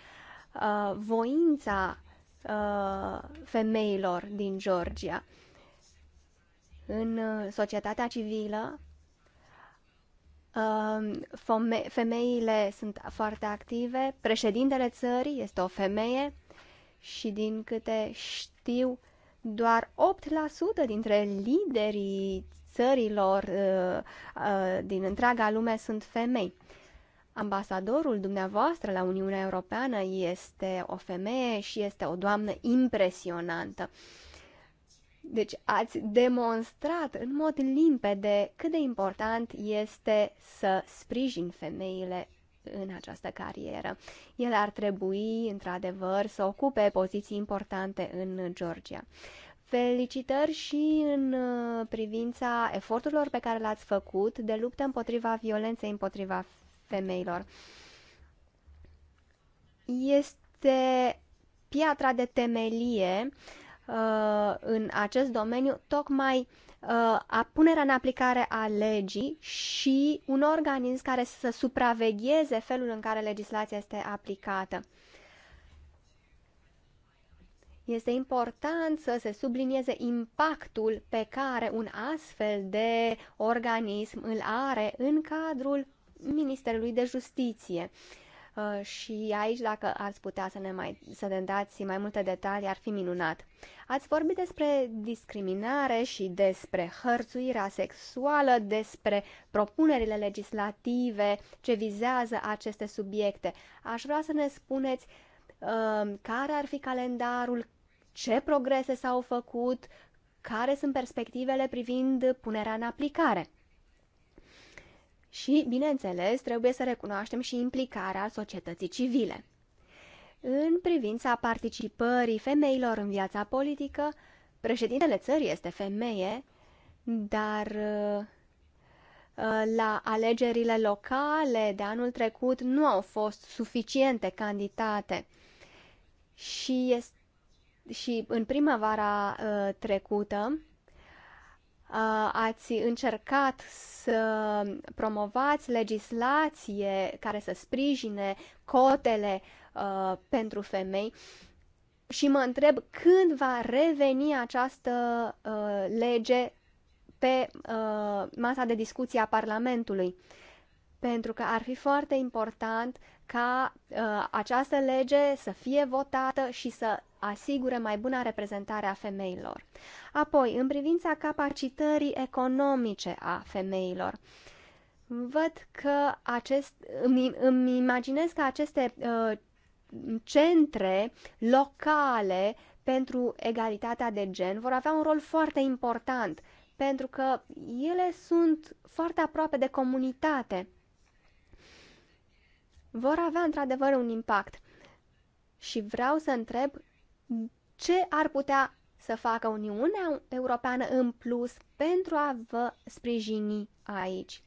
uh, voința uh, femeilor din Georgia. În uh, societatea civilă, uh, femeile sunt foarte active, președintele țării este o femeie și din câte știu, doar 8% dintre liderii țărilor uh, uh, din întreaga lume sunt femei. Ambasadorul dumneavoastră la Uniunea Europeană este o femeie și este o doamnă impresionantă. Deci ați demonstrat în mod limpede cât de important este să sprijin femeile în această carieră. El ar trebui, într-adevăr, să ocupe poziții importante în Georgia. Felicitări și în uh, privința eforturilor pe care le-ați făcut de luptă împotriva violenței împotriva femeilor. Este piatra de temelie uh, în acest domeniu, tocmai uh, a punerea în aplicare a legii și un organism care să supravegheze felul în care legislația este aplicată. Este important să se sublinieze impactul pe care un astfel de organism îl are în cadrul Ministerului de Justiție. Uh, și aici, dacă ați putea să ne, mai, să ne dați mai multe detalii, ar fi minunat. Ați vorbit despre discriminare și despre hărțuirea sexuală, despre propunerile legislative ce vizează aceste subiecte. Aș vrea să ne spuneți uh, care ar fi calendarul, ce progrese s-au făcut, care sunt perspectivele privind punerea în aplicare. Și, bineînțeles, trebuie să recunoaștem și implicarea societății civile. În privința participării femeilor în viața politică, președintele țării este femeie, dar uh, la alegerile locale de anul trecut nu au fost suficiente candidate. Și, este, și în primăvara uh, trecută, Uh, ați încercat să promovați legislație care să sprijine cotele uh, pentru femei și mă întreb când va reveni această uh, lege pe masa de discuție a Parlamentului. Pentru că ar fi foarte important ca uh, această lege să fie votată și să asigură mai buna reprezentare a femeilor. Apoi, în privința capacitării economice a femeilor, văd că acest, îmi, îmi imaginez că aceste uh, centre locale pentru egalitatea de gen vor avea un rol foarte important, pentru că ele sunt foarte aproape de comunitate. Vor avea într-adevăr un impact. Și vreau să întreb ce ar putea să facă Uniunea Europeană în plus pentru a vă sprijini aici.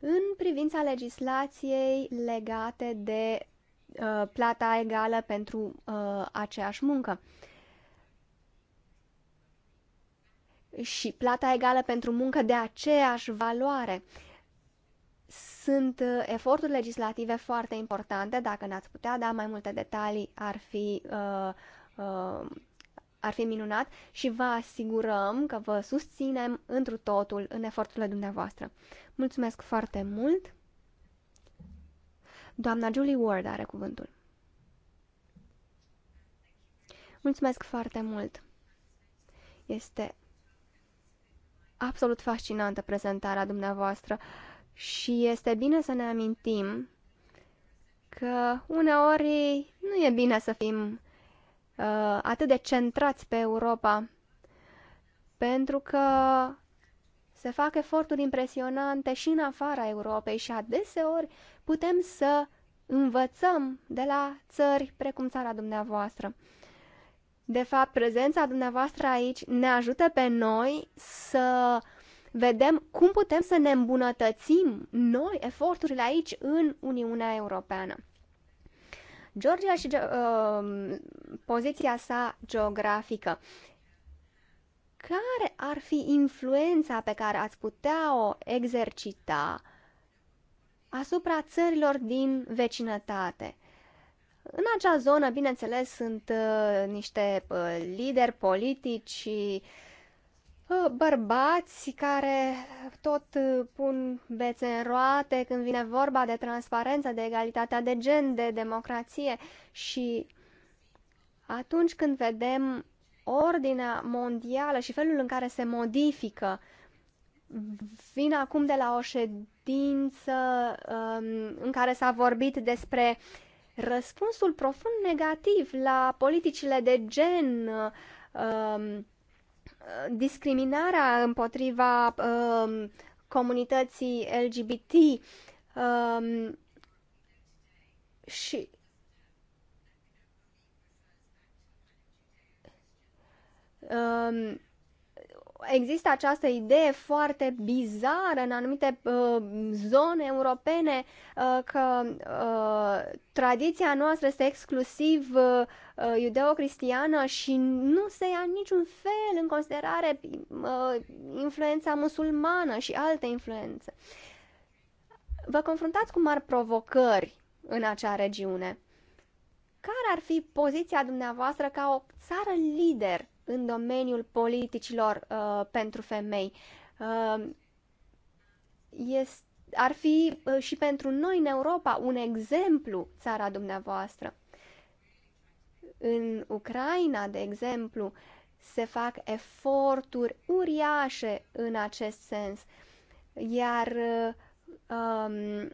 În privința legislației legate de uh, plata egală pentru uh, aceeași muncă și plata egală pentru muncă de aceeași valoare, sunt uh, eforturi legislative foarte importante. Dacă n-ați putea da mai multe detalii, ar fi uh, Uh, ar fi minunat și vă asigurăm că vă susținem întru totul în eforturile dumneavoastră. Mulțumesc foarte mult! Doamna Julie Ward are cuvântul. Mulțumesc foarte mult! Este absolut fascinantă prezentarea dumneavoastră și este bine să ne amintim că uneori nu e bine să fim Uh, atât de centrați pe Europa, pentru că se fac eforturi impresionante și în afara Europei și adeseori putem să învățăm de la țări precum țara dumneavoastră. De fapt, prezența dumneavoastră aici ne ajută pe noi să vedem cum putem să ne îmbunătățim noi eforturile aici în Uniunea Europeană. Georgia și uh, poziția sa geografică. Care ar fi influența pe care ați putea o exercita asupra țărilor din vecinătate? În acea zonă, bineînțeles, sunt uh, niște uh, lideri politici și uh, bărbați care tot pun bețe în roate când vine vorba de transparență, de egalitatea de gen, de democrație și atunci când vedem ordinea mondială și felul în care se modifică, vin acum de la o ședință um, în care s-a vorbit despre răspunsul profund negativ la politicile de gen um, Uh, discriminarea împotriva um, comunității LGBT um, și um, există această idee foarte bizară în anumite uh, zone europene uh, că uh, tradiția noastră este exclusiv uh, uh, iudeo-cristiană și nu se ia niciun fel în considerare uh, influența musulmană și alte influențe. Vă confruntați cu mari provocări în acea regiune. Care ar fi poziția dumneavoastră ca o țară lider în domeniul politicilor uh, pentru femei. Uh, este, ar fi uh, și pentru noi în Europa un exemplu țara dumneavoastră. În Ucraina, de exemplu, se fac eforturi uriașe în acest sens, iar uh, um,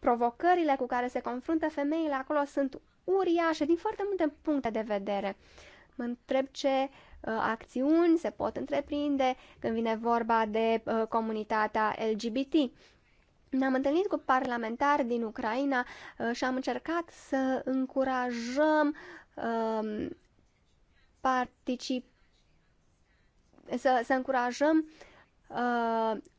provocările cu care se confruntă femeile acolo sunt uriașe din foarte multe puncte de vedere. Mă întreb ce uh, Uh, acțiuni se pot întreprinde când vine vorba de uh, comunitatea LGBT. Ne-am întâlnit cu parlamentari din Ucraina uh, și am încercat să încurajăm um, particip să, să încurajăm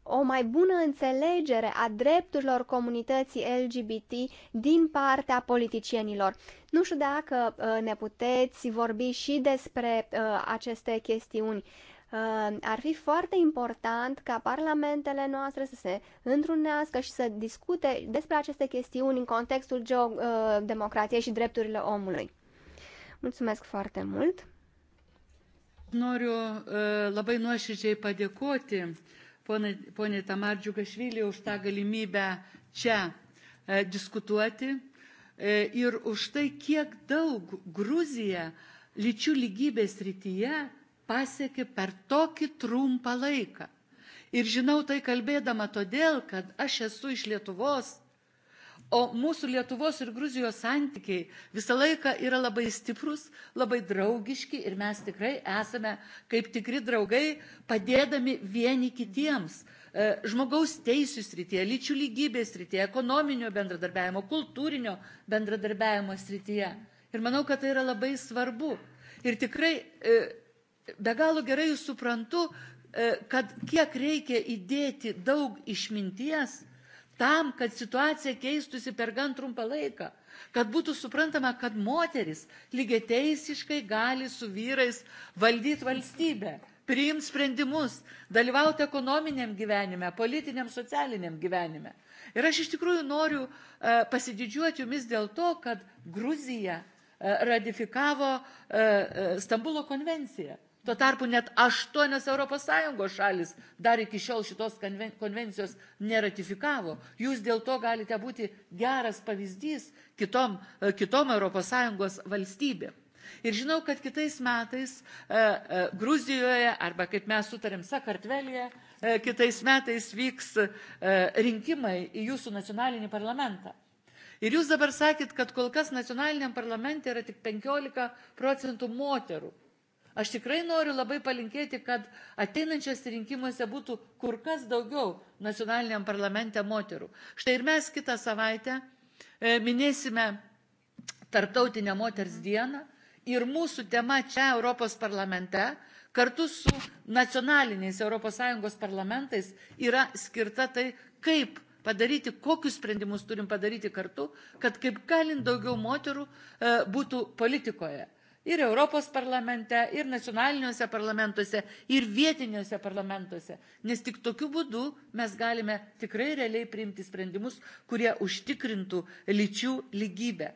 o mai bună înțelegere a drepturilor comunității LGBT din partea politicienilor. Nu știu dacă uh, ne puteți vorbi și despre uh, aceste chestiuni. Uh, ar fi foarte important ca parlamentele noastre să se întrunească și să discute despre aceste chestiuni în contextul democrației și drepturile omului. Mulțumesc foarte mult! Noriu labai nuoširdžiai padėkoti ponė Tamar Džiugašvili už tą galimybę čia diskutuoti ir už tai, kiek daug Gruzija lyčių lygybės rytyje pasiekė per tokį trumpą laiką. Ir žinau tai kalbėdama todėl, kad aš esu iš Lietuvos o mūsų lietuvos ir gruzijos santykiai visą laiką yra labai stiprūs labai draugiški ir mes tikrai esame kaip tikri draugai padėdami vieni kitiems žmogaus teisių srityje lyčių lygybės srityje ekonominio bendradarbiavimo kultūrinio bendradarbiavimo srityje ir manau kad tai yra labai svarbu ir tikrai be galo gerai suprantu kad kiek reikia įdėti daug išminties tam, kad situacija keistųsi per gan trumpą laiką, kad būtų suprantama, kad moteris lygiai teisiškai gali su vyrais valdyti valstybę, priimti sprendimus, dalyvauti ekonominiam gyvenime, politiniam, socialiniam gyvenime. Ir aš iš tikrųjų noriu pasididžiuoti jumis dėl to, kad Gruzija ratifikavo Stambulo konvenciją. Tuo tarpu net aštuonios ES šalis dar iki šiol šitos konvencijos neratifikavo. Jūs dėl to galite būti geras pavyzdys kitom, kitom ES valstybėm. Ir žinau, kad kitais metais e, e, Gruzijoje arba, kaip mes sutarėm, Sakartvelėje, e, kitais metais vyks e, rinkimai į jūsų nacionalinį parlamentą. Ir jūs dabar sakėt, kad kol kas nacionaliniam parlamente yra tik 15 procentų moterų. Aš tikrai noriu labai palinkėti, kad ateinančiose rinkimuose būtų kur kas daugiau nacionaliniam parlamente moterų. Štai ir mes kitą savaitę minėsime Tartautinę moters dieną ir mūsų tema čia Europos parlamente kartu su nacionaliniais ES parlamentais yra skirta tai, kaip padaryti, kokius sprendimus turim padaryti kartu, kad kaip galint daugiau moterų būtų politikoje ir Europos parlamente, ir nacionaliniuose parlamentuose, ir vietiniuose parlamentuose. Nes tik tokiu būdu mes galime tikrai realiai priimti sprendimus, kurie užtikrintų lyčių lygybę.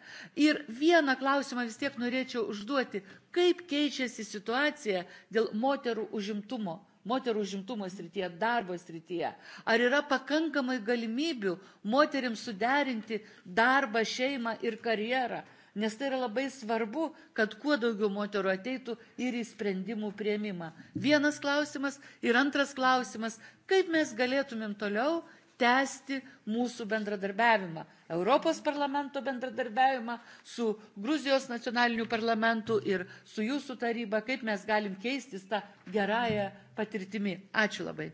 Ir vieną klausimą vis tiek norėčiau užduoti, kaip keičiasi situacija dėl moterų užimtumo moterų užimtumo srityje, darbo srityje? Ar yra pakankamai galimybių moteriams suderinti darbą, šeimą ir karjerą? nes tai yra labai svarbu, kad kuo daugiau moterų ateitų ir į sprendimų prieimimą. Vienas klausimas ir antras klausimas, kaip mes galėtumėm toliau tęsti mūsų bendradarbiavimą. Europos parlamento bendradarbiavimą su Gruzijos nacionaliniu parlamentu ir su jūsų taryba, kaip mes galim keistis tą gerąją patirtimį. Ačiū labai.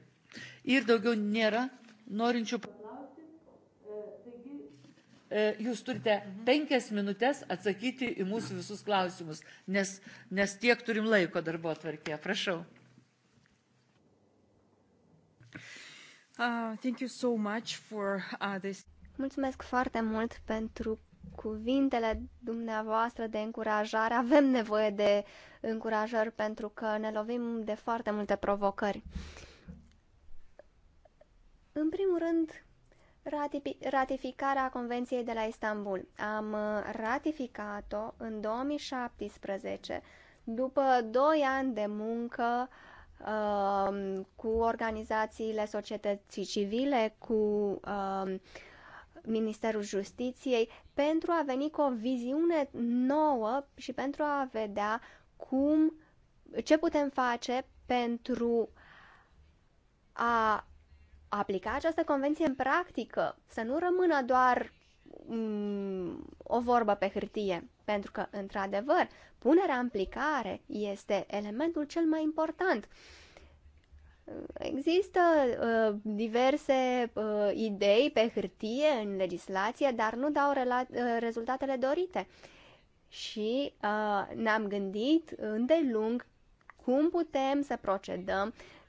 Ir daugiau nėra norinčių jūs turite penkias minutės atsakyti į mūsų visus klausimus, nes, nes tiek turim laiko darbo atvarkėje. Prašau. Uh, thank you so much for uh, this. Mulțumesc foarte mult pentru cuvintele dumneavoastră de încurajare. Avem nevoie de încurajări pentru că ne lovim de foarte multe provocări. În primul rând, Ratificarea Convenției de la Istanbul. Am uh, ratificat-o în 2017, după 2 ani de muncă uh, cu organizațiile societății civile, cu uh, Ministerul Justiției, pentru a veni cu o viziune nouă și pentru a vedea cum, ce putem face pentru a aplica această convenție în practică, să nu rămână doar mm, o vorbă pe hârtie, pentru că, într-adevăr, punerea în aplicare este elementul cel mai important. Există uh, diverse uh, idei pe hârtie în legislație, dar nu dau uh, rezultatele dorite. Și uh, ne-am gândit îndelung cum putem să procedăm uh,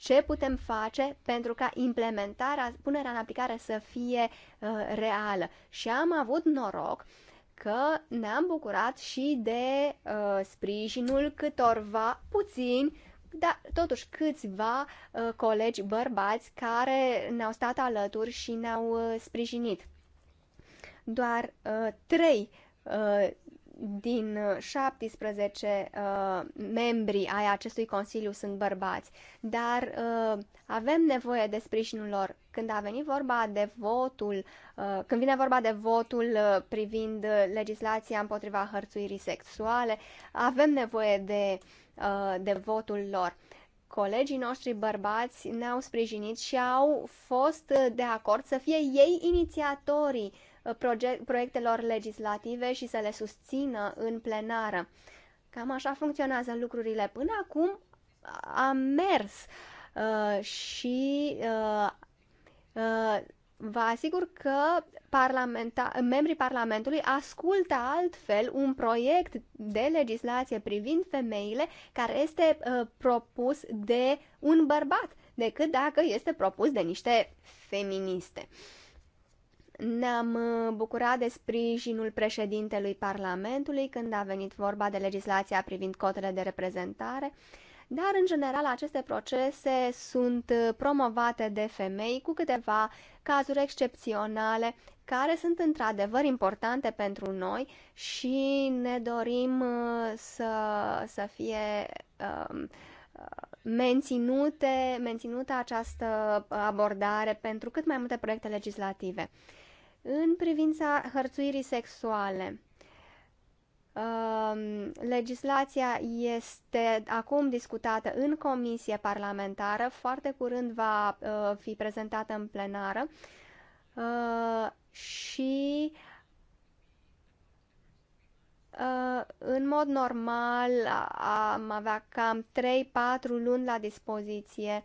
ce putem face pentru ca implementarea, punerea în aplicare să fie uh, reală. Și am avut noroc că ne-am bucurat și de uh, sprijinul câtorva puțin, dar totuși câțiva uh, colegi bărbați care ne-au stat alături și ne-au uh, sprijinit. Doar uh, trei uh, din 17 uh, uh, membri ai acestui Consiliu sunt bărbați, dar uh, avem nevoie de sprijinul lor. Când a venit vorba de votul, uh, când vine vorba de votul uh, privind uh, legislația împotriva hărțuirii sexuale, avem nevoie de, uh, de votul lor colegii noștri bărbați ne-au sprijinit și au fost uh, de acord să fie ei inițiatorii proiectelor legislative și să le susțină în plenară. Cam așa funcționează lucrurile. Până acum a mers uh, și uh, uh, vă asigur că parlamenta- membrii Parlamentului ascultă altfel un proiect de legislație privind femeile care este uh, propus de un bărbat decât dacă este propus de niște feministe. Uh, ne-am uh, bucurat de sprijinul președintelui Parlamentului când a venit vorba de legislația privind cotele de reprezentare, dar în general aceste procese sunt uh, promovate de femei cu câteva cazuri excepționale care sunt într-adevăr importante pentru noi și ne dorim uh, să, să fie um, menținute, menținută această abordare pentru cât mai multe proiecte legislative. În privința hărțuirii sexuale, um, legislația este acum discutată în comisie parlamentară, foarte curând va uh, fi prezentată în plenară uh, și uh, în mod normal am avea cam 3-4 luni la dispoziție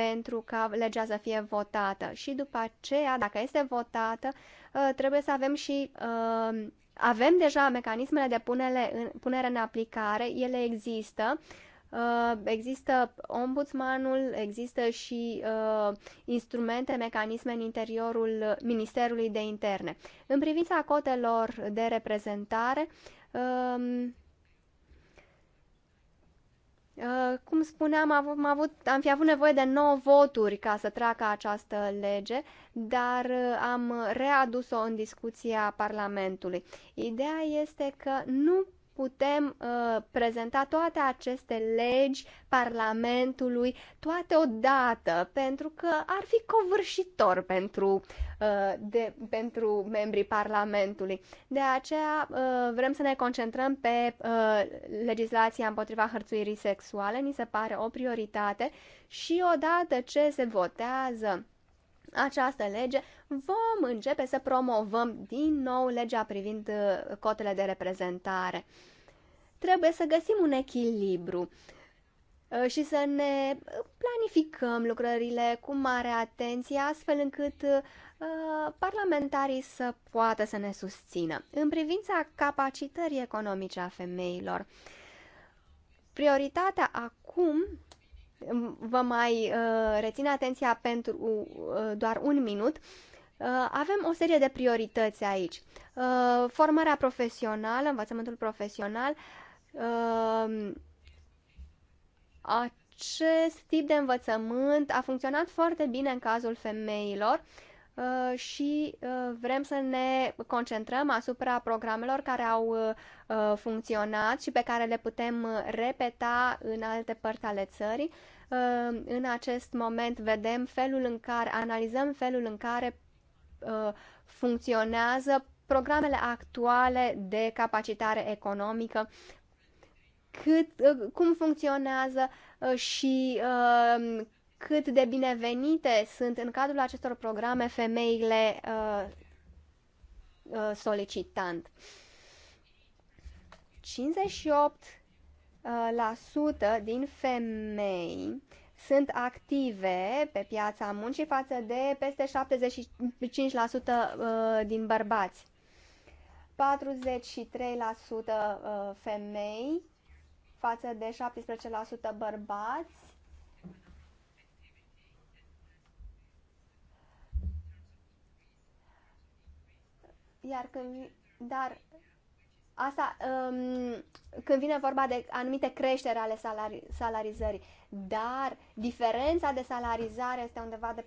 pentru ca legea să fie votată. Și după aceea, dacă este votată, ă, trebuie să avem și ă, avem deja mecanismele de punere în, aplicare, ele există. Ă, există ombudsmanul, există și instrumente, mecanisme în interiorul Ministerului de Interne. În privința cotelor de reprezentare, Uh, cum spuneam, am, avut, am fi avut nevoie de 9 voturi ca să treacă această lege, dar uh, am readus-o în discuția Parlamentului. Ideea este că nu putem uh, prezenta toate aceste legi Parlamentului toate odată, pentru că ar fi covârșitor pentru, uh, de, pentru membrii Parlamentului. De aceea uh, vrem să ne concentrăm pe uh, legislația împotriva hărțuirii sexuale, ni se pare o prioritate și odată ce se votează această lege, vom începe să promovăm din nou legea privind uh, cotele de reprezentare. Trebuie să găsim un echilibru uh, și să ne planificăm lucrările cu mare atenție, astfel încât uh, parlamentarii să poată să ne susțină. În privința capacitării economice a femeilor, prioritatea acum vă mai uh, rețin atenția pentru uh, doar un minut. Uh, avem o serie de priorități aici. Uh, formarea profesională, învățământul profesional, uh, acest tip de învățământ a funcționat foarte bine în cazul femeilor. Uh, Uh, și uh, vrem să ne concentrăm asupra programelor care au uh, funcționat și pe care le putem repeta în alte părți ale țării. În acest moment vedem felul în care, analizăm felul în care funcționează programele actuale de capacitare economică cât, cum funcționează și uh, cât de binevenite sunt în cadrul acestor programe femeile uh, uh, solicitant. 58 uh, la sută din femei sunt active pe piața muncii față de peste 75% uh, din bărbați. 43% uh, femei față de 17% bărbați Iar când, dar asta um, când vine vorba de anumite creșteri ale salari, salarizării, dar diferența de salarizare este undeva de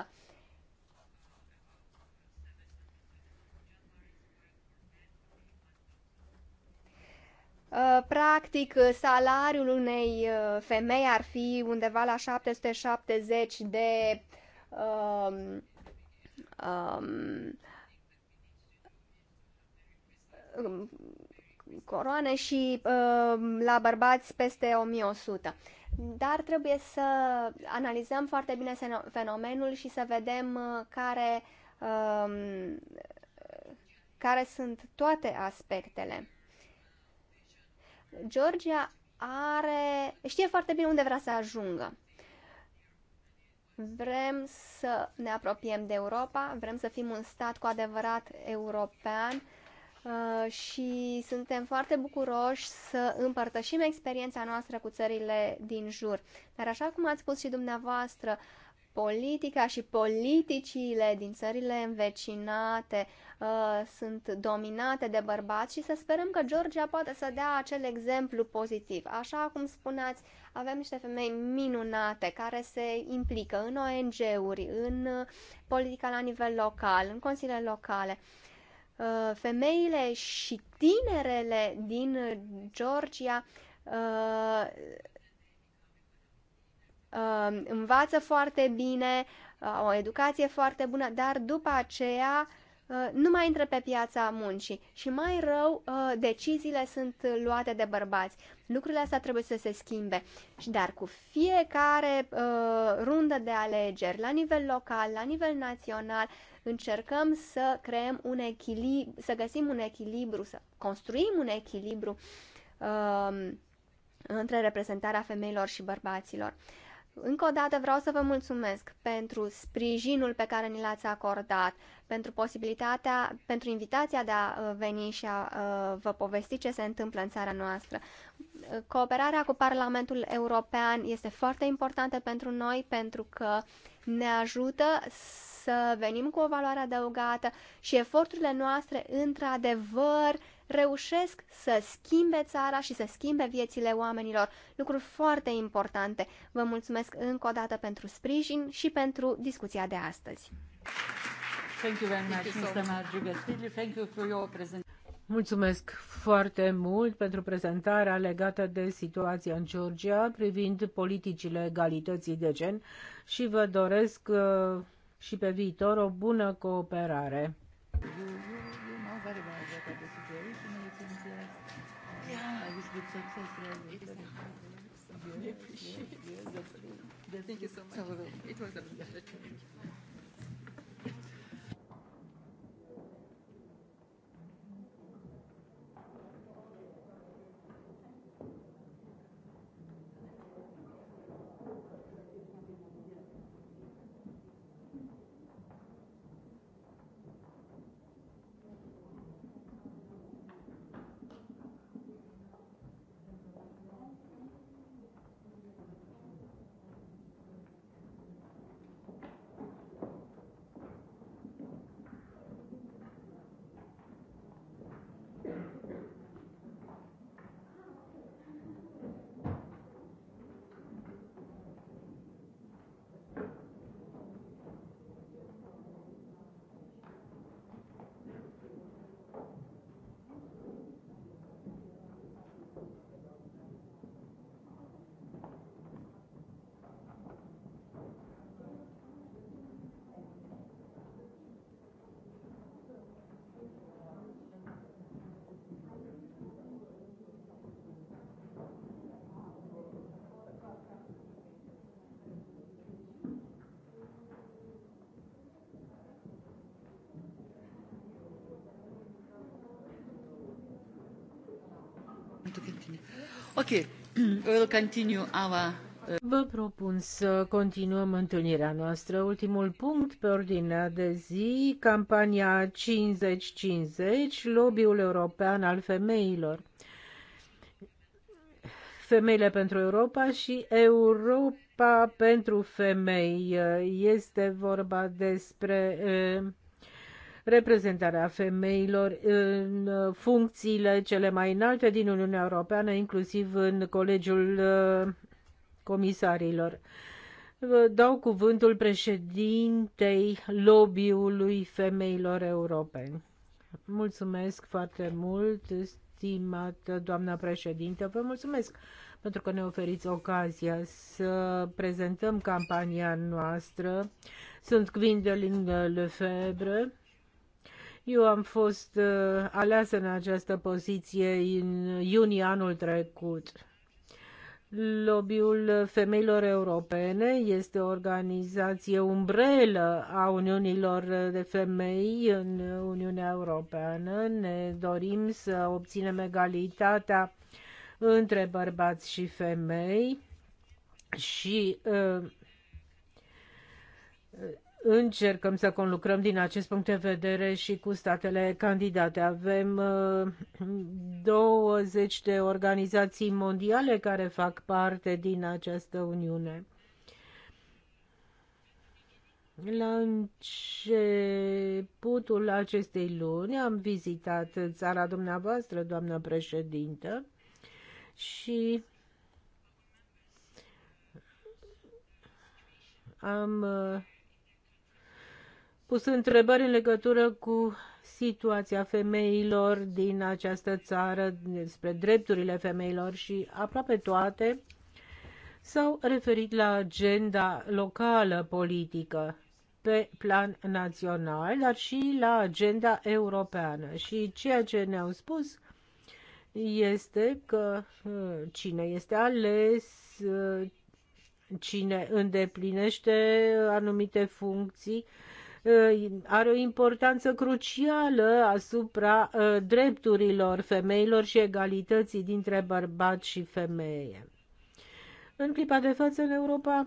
40%. Uh, practic, salariul unei uh, femei ar fi undeva la 770 de um, um, Um, coroane și um, la bărbați peste 1100. Dar trebuie să analizăm foarte bine fenomenul și să vedem uh, care, um, care sunt toate aspectele. Georgia are, știe foarte bine unde vrea să ajungă. Vrem să ne apropiem de Europa, vrem să fim un stat cu adevărat european Uh, și suntem foarte bucuroși să împărtășim experiența noastră cu țările din jur. Dar așa cum ați spus și dumneavoastră, politica și politicile din țările învecinate uh, sunt dominate de bărbați și să sperăm că Georgia poate să dea acel exemplu pozitiv. Așa cum spuneați, avem niște femei minunate care se implică în ONG-uri, în uh, politica la nivel local, în consiliile locale. Uh, Uh, femeile și tinerele din Georgia uh, uh, învață foarte bine, au o educație foarte bună, dar după aceea nu mai intră pe piața muncii și mai rău, deciziile sunt luate de bărbați. Lucrurile astea trebuie să se schimbe. Dar cu fiecare rundă de alegeri, la nivel local, la nivel național, Încercăm să creăm un echilibru, să găsim un echilibru, să construim un echilibru uh, între reprezentarea femeilor și bărbaților. Încă o dată vreau să vă mulțumesc pentru sprijinul pe care ni l-ați acordat, pentru posibilitatea, pentru invitația de a uh, veni și a uh, vă povesti ce se întâmplă în țara noastră. Cooperarea cu Parlamentul European este foarte importantă pentru noi pentru că ne ajută să să venim cu o valoare adăugată și eforturile noastre, într-adevăr, reușesc să schimbe țara și să schimbe viețile oamenilor. Lucruri foarte importante. Vă mulțumesc încă o dată pentru sprijin și pentru discuția de astăzi. Thank you very much, Mr. Margiu Thank you for your presentation. Mulțumesc foarte mult pentru prezentarea legată de situația în Georgia privind politicile egalității de gen și vă doresc uh, și pe viitor o bună cooperare. Thank you so much. It was a pleasure. Ok, uh, Vă propun să continuăm întâlnirea noastră. Ultimul punct pe ordinea de zi, campania 50-50, lobby-ul european al femeilor. Femeile pentru Europa și Europa pentru femei. Este vorba despre uh, reprezentarea femeilor în funcțiile cele mai înalte din Uniunea Europeană, inclusiv în Colegiul uh, Comisarilor. Dau cuvântul președintei lobby-ului femeilor europeni. Mulțumesc foarte mult, stimată doamna președintă. Vă mulțumesc pentru că ne oferiți ocazia să prezentăm campania noastră. Sunt Gwendoline Lefebvre, eu am fost uh, aleasă în această poziție în iunie anul trecut. Lobbyul Femeilor Europene este o organizație umbrelă a Uniunilor de Femei în Uniunea Europeană. Ne dorim să obținem egalitatea între bărbați și femei și uh, încercăm să conlucrăm din acest punct de vedere și cu statele candidate. Avem 20 uh, de organizații mondiale care fac parte din această Uniune. La începutul acestei luni am vizitat țara dumneavoastră, doamnă președintă, și am uh, pus întrebări în legătură cu situația femeilor din această țară, despre drepturile femeilor și aproape toate s-au referit la agenda locală politică pe plan național, dar și la agenda europeană. Și ceea ce ne-au spus este că uh, cine este ales, uh, cine îndeplinește anumite funcții, Uh, are o importanță crucială asupra uh, drepturilor femeilor și egalității dintre bărbați și femeie. În clipa de față în Europa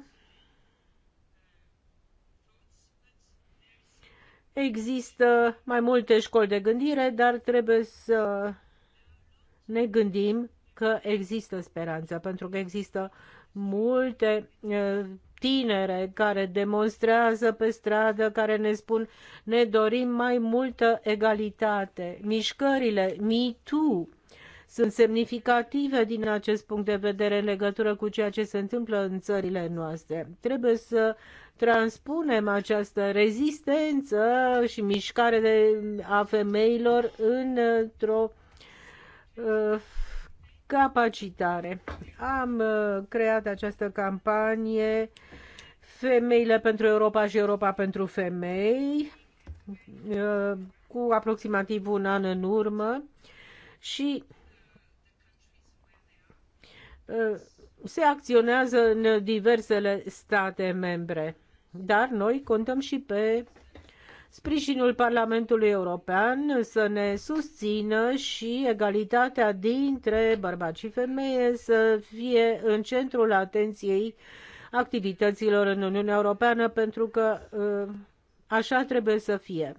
există mai multe școli de gândire, dar trebuie să ne gândim că există speranță, pentru că există multe uh, tinere care demonstrează pe stradă, care ne spun ne dorim mai multă egalitate. Mișcările Me Too sunt semnificative din acest punct de vedere în legătură cu ceea ce se întâmplă în țările noastre. Trebuie să transpunem această rezistență și mișcare de, a femeilor într-o uh, capacitare. Am uh, creat această campanie Femeile pentru Europa și Europa pentru femei, cu aproximativ un an în urmă și uh, se acționează în diversele state membre. Dar noi contăm și pe sprijinul Parlamentului European să ne susțină și egalitatea dintre bărbați și femeie să fie în centrul atenției uh, activităților în Uniunea Europeană, pentru că uh, așa trebuie să fie.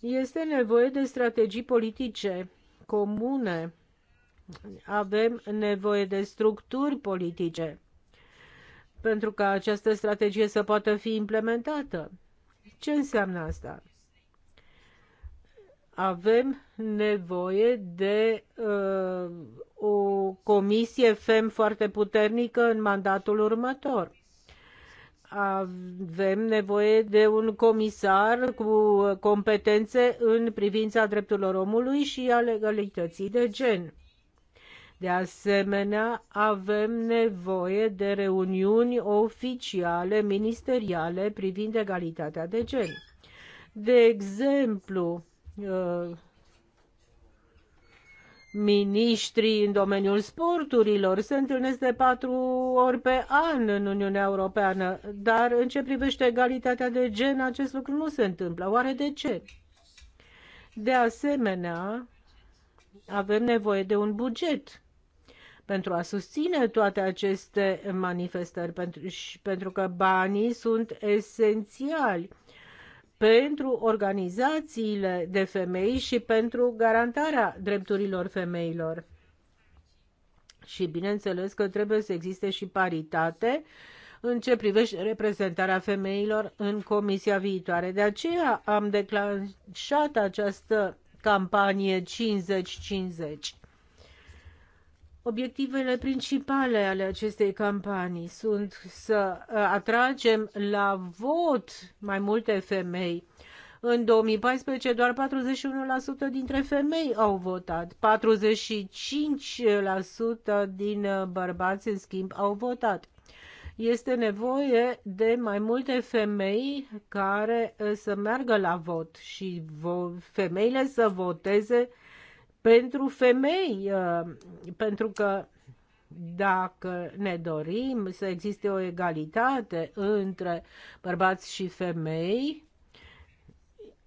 Este nevoie de strategii politice comune. Avem nevoie de structuri politice pentru ca această strategie să poată fi implementată. Ce înseamnă asta? avem nevoie de uh, o comisie FEM foarte puternică în mandatul următor. Avem nevoie de un comisar cu competențe în privința drepturilor omului și a legalității de gen. De asemenea, avem nevoie de reuniuni oficiale ministeriale privind egalitatea de gen. De exemplu, uh, miniștrii în domeniul sporturilor se întâlnesc de patru ori pe an în Uniunea Europeană, dar în ce privește egalitatea de gen, acest lucru nu se întâmplă. Oare de ce? De asemenea, avem nevoie de un buget pentru a susține toate aceste manifestări, pentru, și pentru că banii sunt esențiali pentru organizațiile de femei și pentru garantarea drepturilor femeilor. Și bineînțeles că trebuie să existe și paritate în ce privește reprezentarea femeilor în comisia viitoare. De aceea am declanșat această campanie 50-50. Obiectivele principale ale acestei campanii sunt să uh, atragem la vot mai multe femei. În 2014 doar 41% dintre femei au votat, 45% din uh, bărbați în schimb au votat. Este nevoie de mai multe femei care uh, să meargă la vot și femeile să voteze pentru femei, uh, pentru că dacă ne dorim să existe o egalitate între bărbați și femei,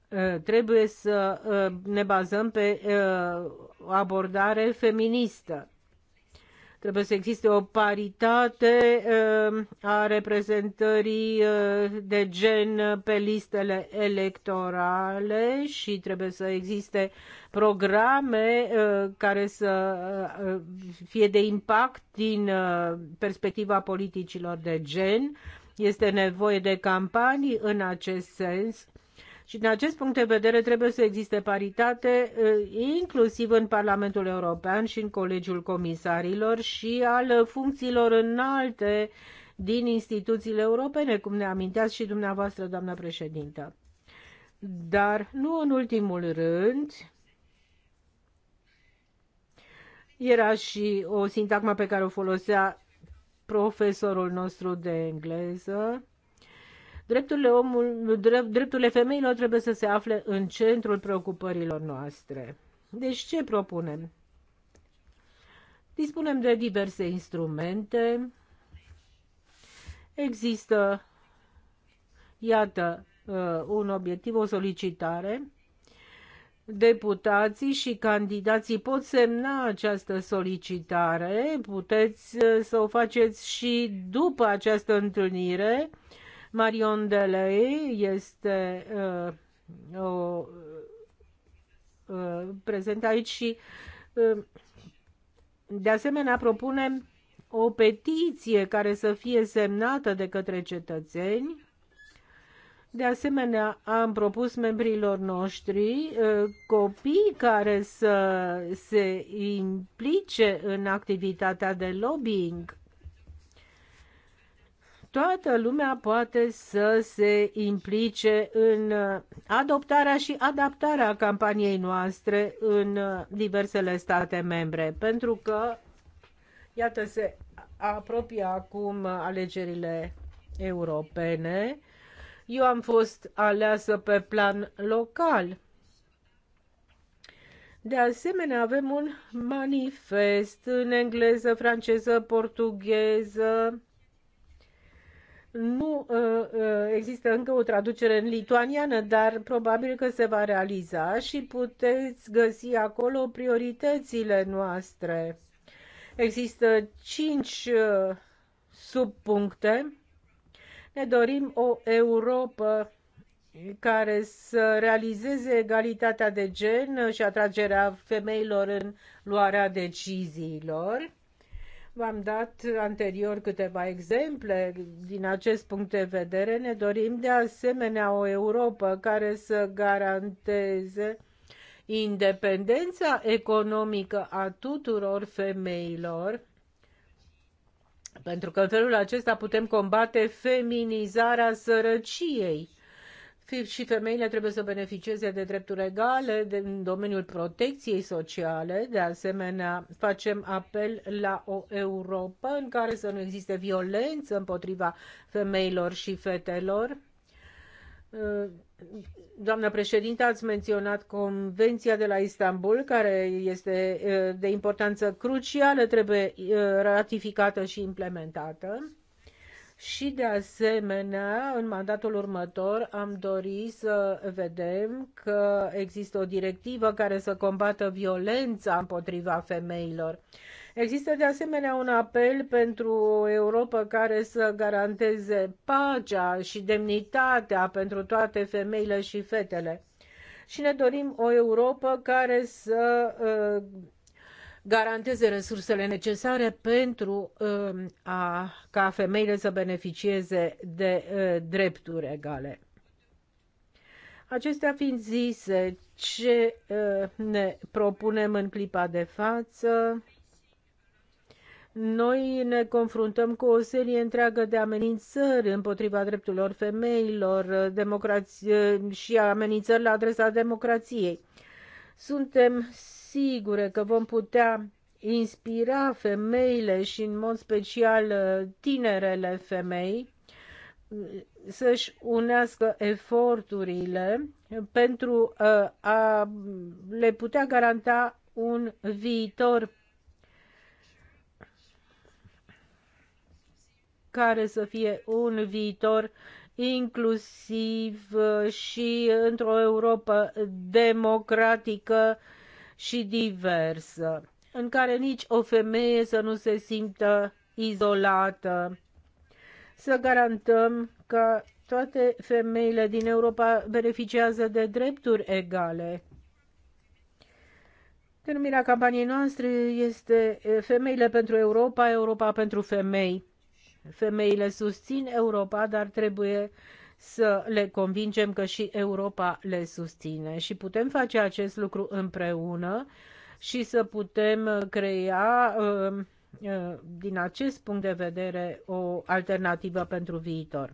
uh, trebuie să uh, ne bazăm pe abordare feministă. Trebuie să existe o paritate ehm, a reprezentării ehm, de gen pe listele electorale și trebuie să existe programe ehm, care să fie de impact din perspectiva politicilor de gen. Este nevoie de campanii în acest sens și din acest punct de vedere trebuie să existe paritate inclusiv în Parlamentul European și în Colegiul Comisarilor și al funcțiilor înalte din instituțiile europene, cum ne aminteați și dumneavoastră, doamna președintă. Dar nu în ultimul rând, era și o sintagmă pe care o folosea profesorul nostru de engleză, Drepturile, omul, drepturile femeilor trebuie să se afle în centrul preocupărilor noastre. Deci ce propunem? Dispunem de diverse instrumente. Există, iată, uh, un obiectiv, o solicitare. Deputații și candidații pot semna această solicitare, puteți uh, să o faceți și după această întâlnire Marion Delay este uh, o, uh, prezent aici și uh, de asemenea propunem o petiție care să fie semnată de către cetățeni de asemenea, am propus membrilor noștri uh, copii care să se implice în activitatea de lobbying toată lumea poate să se implice în adoptarea și adaptarea campaniei noastre în diversele state membre, pentru că, iată, se apropie acum alegerile europene. Eu am fost aleasă pe plan local. De asemenea, avem un manifest în engleză, franceză, portugheză, nu ă, ă, există încă o traducere în lituaniană, dar probabil că se va realiza și puteți găsi acolo prioritățile noastre. Există cinci ă, subpuncte. Ne dorim o Europa care să realizeze egalitatea de gen și atragerea femeilor în luarea deciziilor V-am dat anterior câteva exemple. Din acest punct de vedere, ne dorim de asemenea o Europa care să garanteze independența economică a tuturor femeilor, pentru că în felul acesta putem combate feminizarea sărăciei și femeile trebuie să beneficieze de drepturi egale de, în domeniul protecției sociale. De asemenea, facem apel la o Europa în care să nu existe violență împotriva femeilor și fetelor. Doamna președintă, ați menționat Convenția de la Istanbul, care este eh, de importanță crucială, trebuie eh, ratificată și implementată. Și de asemenea, în mandatul următor am dorit să vedem că există o directivă care să combată violența împotriva femeilor. Există de asemenea un apel pentru o Europa care să garanteze pacea și demnitatea pentru toate femeile și fetele. Și ne dorim o Europa care să uh, garanteze resursele necesare pentru um, a, ca femeile să beneficieze de uh, drepturi egale. Acestea fiind zise, ce uh, ne propunem în clipa de față? Noi ne confruntăm cu o serie întreagă de amenințări împotriva drepturilor femeilor uh, democrație, și amenințări la adresa democrației. Suntem sigure că vom putea inspira femeile și în mod special tinerele femei să-și unească eforturile pentru uh, a le putea garanta un viitor care să fie un viitor inclusiv uh, și într-o Europa democratică și diversă, în care nici o femeie să nu se simtă izolată. Să garantăm că toate femeile din Europa beneficiază de drepturi egale. Denumirea campaniei noastre este eh, Femeile pentru Europa, Europa pentru femei. Femeile susțin Europa, dar trebuie să le convingem că și Europa le susține și putem face acest lucru împreună și să putem crea um, uh, din acest punct de vedere o alternativă pentru viitor.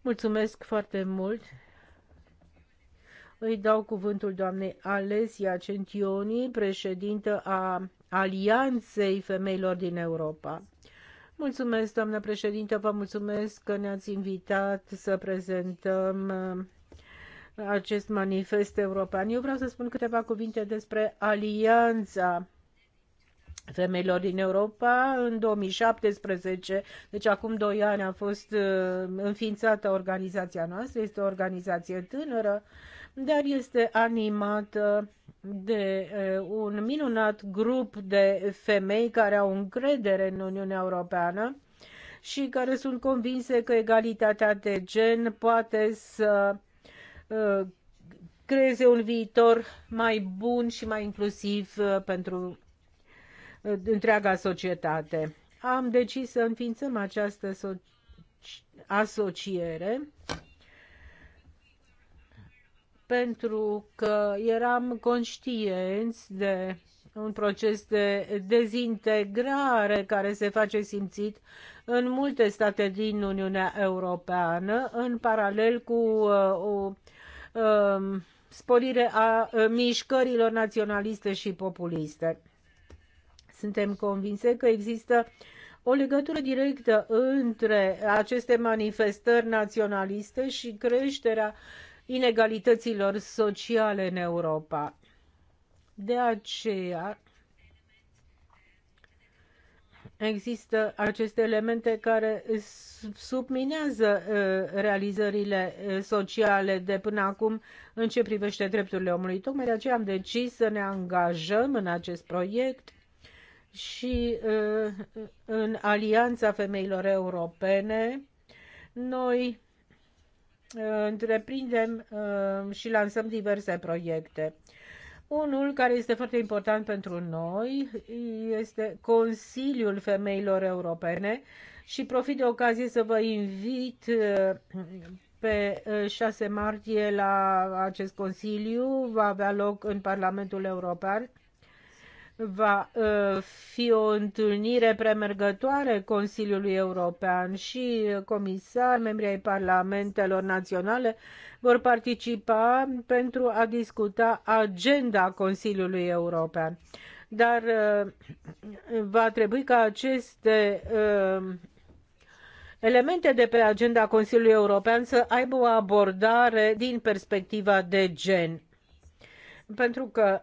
Mulțumesc foarte mult! Îi dau cuvântul doamnei Alesia Centioni, președintă a Alianței Femeilor din Europa. Mulțumesc, doamnă președintă, vă mulțumesc că ne-ați invitat să prezentăm uh, acest manifest european. Eu vreau să spun câteva cuvinte despre alianța femeilor din Europa. În 2017, deci acum doi ani, a fost uh, înființată organizația noastră. Este o organizație tânără dar este animată uh, de uh, un minunat grup de femei care au încredere în Uniunea Europeană și care sunt convinse că egalitatea de gen poate să uh, creeze un viitor mai bun și mai inclusiv pentru întreaga societate. Am decis să înființăm această asociere pentru că eram conștienți de un proces de dezintegrare care se face simțit în multe state din Uniunea Europeană, în paralel cu uh, o um, sporire a uh, mișcărilor naționaliste și populiste. Suntem convinse că există o legătură directă între aceste manifestări naționaliste și creșterea uh, inegalităților sociale în Europa. De aceea există aceste elemente care subminează uh, realizările uh, sociale de până acum în ce privește drepturile omului. Tocmai de aceea am decis să ne angajăm în acest proiect și uh, în Alianța Femeilor Europene noi întreprindem uh, și lansăm diverse proiecte. Unul care este foarte important pentru noi este Consiliul Femeilor Europene și profit de ocazie să vă invit uh, pe 6 uh, martie la acest Consiliu. Va avea loc în Parlamentul European va uh, fi o întâlnire premergătoare Consiliului European și comisari, membrii ai parlamentelor naționale vor participa pentru a discuta agenda Consiliului European. Dar uh, va trebui ca aceste uh, elemente de pe agenda Consiliului European să aibă o abordare din perspectiva de gen. Pentru că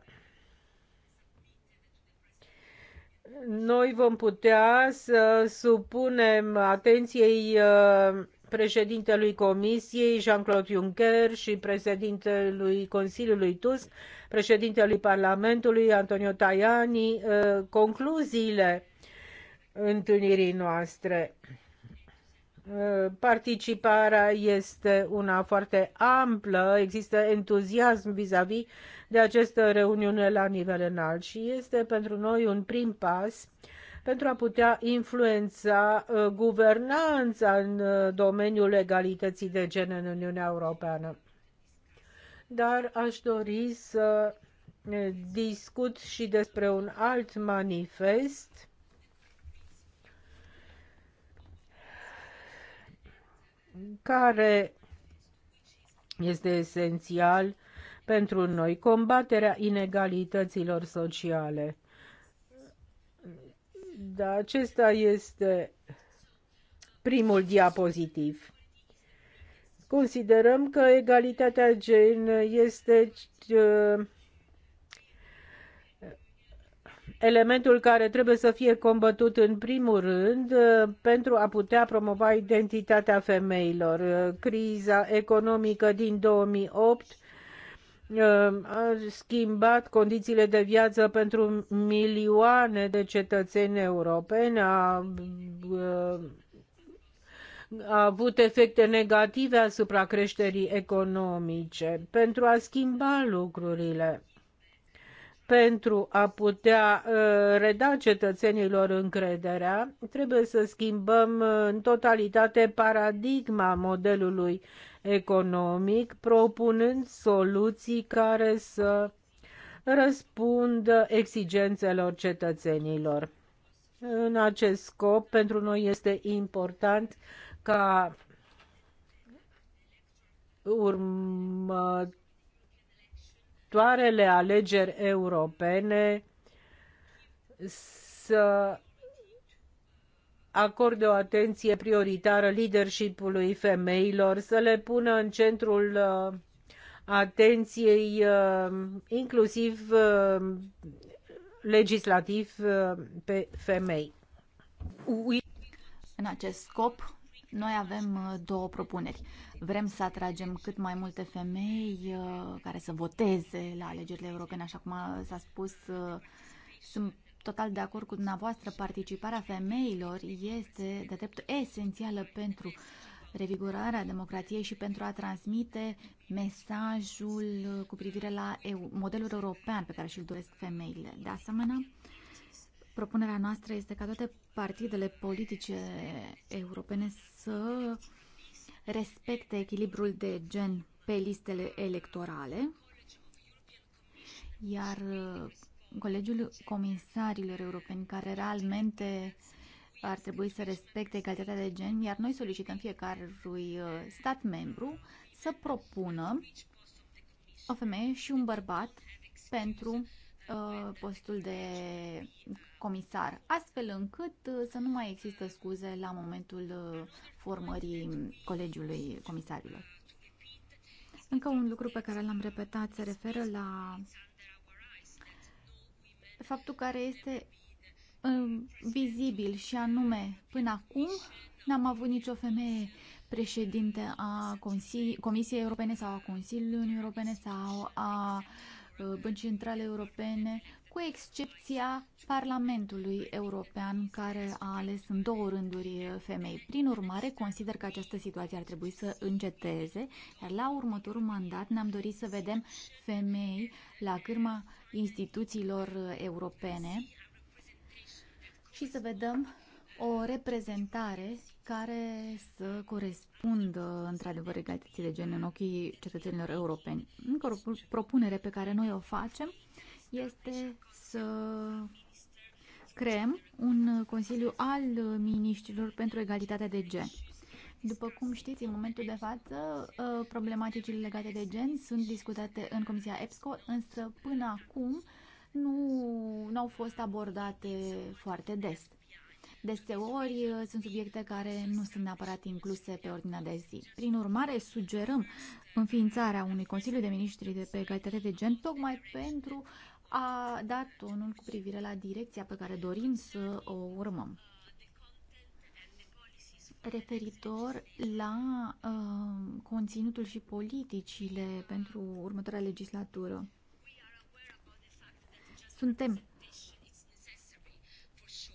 noi vom putea să supunem atenției uh, președintelui Comisiei Jean-Claude Juncker și președintelui Consiliului Tusk, președintelui Parlamentului Antonio Tajani uh, concluziile întâlnirii noastre. Uh, participarea este una foarte amplă, există entuziasm vis-a-vis -vis de această reuniune la nivel înalt și este pentru noi un prim pas pentru a putea influența uh, guvernanța în uh, domeniul egalității de gen în Uniunea Europeană. Dar aș dori să uh, discut și despre un alt manifest care este esențial pentru noi, combaterea inegalităților sociale. Da, acesta este primul diapozitiv. Considerăm că egalitatea gen este uh, elementul care trebuie să fie combătut în primul rând uh, pentru a putea promova identitatea femeilor. Uh, criza economică din 2008 Uh, a schimbat condițiile de viață pentru milioane de cetățeni europeni, a, a, uh, a avut efecte negative asupra creșterii economice pentru a schimba lucrurile pentru a putea uh, reda cetățenilor încrederea, trebuie să schimbăm uh, în totalitate paradigma modelului economic, propunând soluții care să răspundă exigențelor cetățenilor. În acest scop, pentru noi este important ca urmă viitoarele alegeri europene să acorde o atenție prioritară leadershipului femeilor, să le pună în centrul uh, atenției uh, inclusiv uh, legislativ pe femei. În acest scop, noi avem uh, două propuneri. Vrem să atragem cât mai multe femei uh, care să voteze la alegerile europene, așa cum s-a spus. Uh, sunt total de acord cu dumneavoastră. Participarea femeilor este de drept esențială pentru revigorarea democrației și pentru a transmite mesajul cu privire la EU, modelul european pe care și-l doresc femeile. De asemenea, propunerea noastră este ca toate partidele politice europene să respecte echilibrul de gen pe listele electorale, iar uh, Colegiul Comisarilor Europeni, care realmente ar trebui să respecte egalitatea de gen, iar noi solicităm fiecărui uh, stat membru să propună o femeie și un bărbat pentru Uh, postul de comisar, astfel încât uh, să nu mai există scuze la momentul uh, formării Colegiului Comisarilor. Încă un lucru pe care l-am repetat se referă la faptul care este vizibil și anume până acum n-am avut nicio femeie președinte a Comisiei Europene sau a Consiliului Europene sau a uh, Uh, băncii centrale europene, cu excepția Parlamentului European, care a ales în două rânduri femei. Prin urmare, consider că această situație ar trebui să înceteze, iar la următorul mandat ne-am dorit să vedem femei la cârma instituțiilor europene și să vedem o reprezentare care să corespundă într-adevăr egalității de gen în ochii cetățenilor europeni. Încă o propunere pe care noi o facem este să creăm un Consiliu al Miniștrilor pentru Egalitatea de Gen. După cum știți, în momentul de față, ă, problematicile legate de gen sunt discutate în Comisia EPSCO, însă până acum nu, nu au fost abordate foarte des. Deseori uh, sunt subiecte care nu sunt neapărat incluse pe ordinea de zi. Prin urmare, sugerăm înființarea unui Consiliu de Ministri de pe egalitate de gen tocmai pentru a da tonul cu privire la direcția pe care dorim să o urmăm referitor la uh, conținutul și politicile pentru următoarea legislatură. Suntem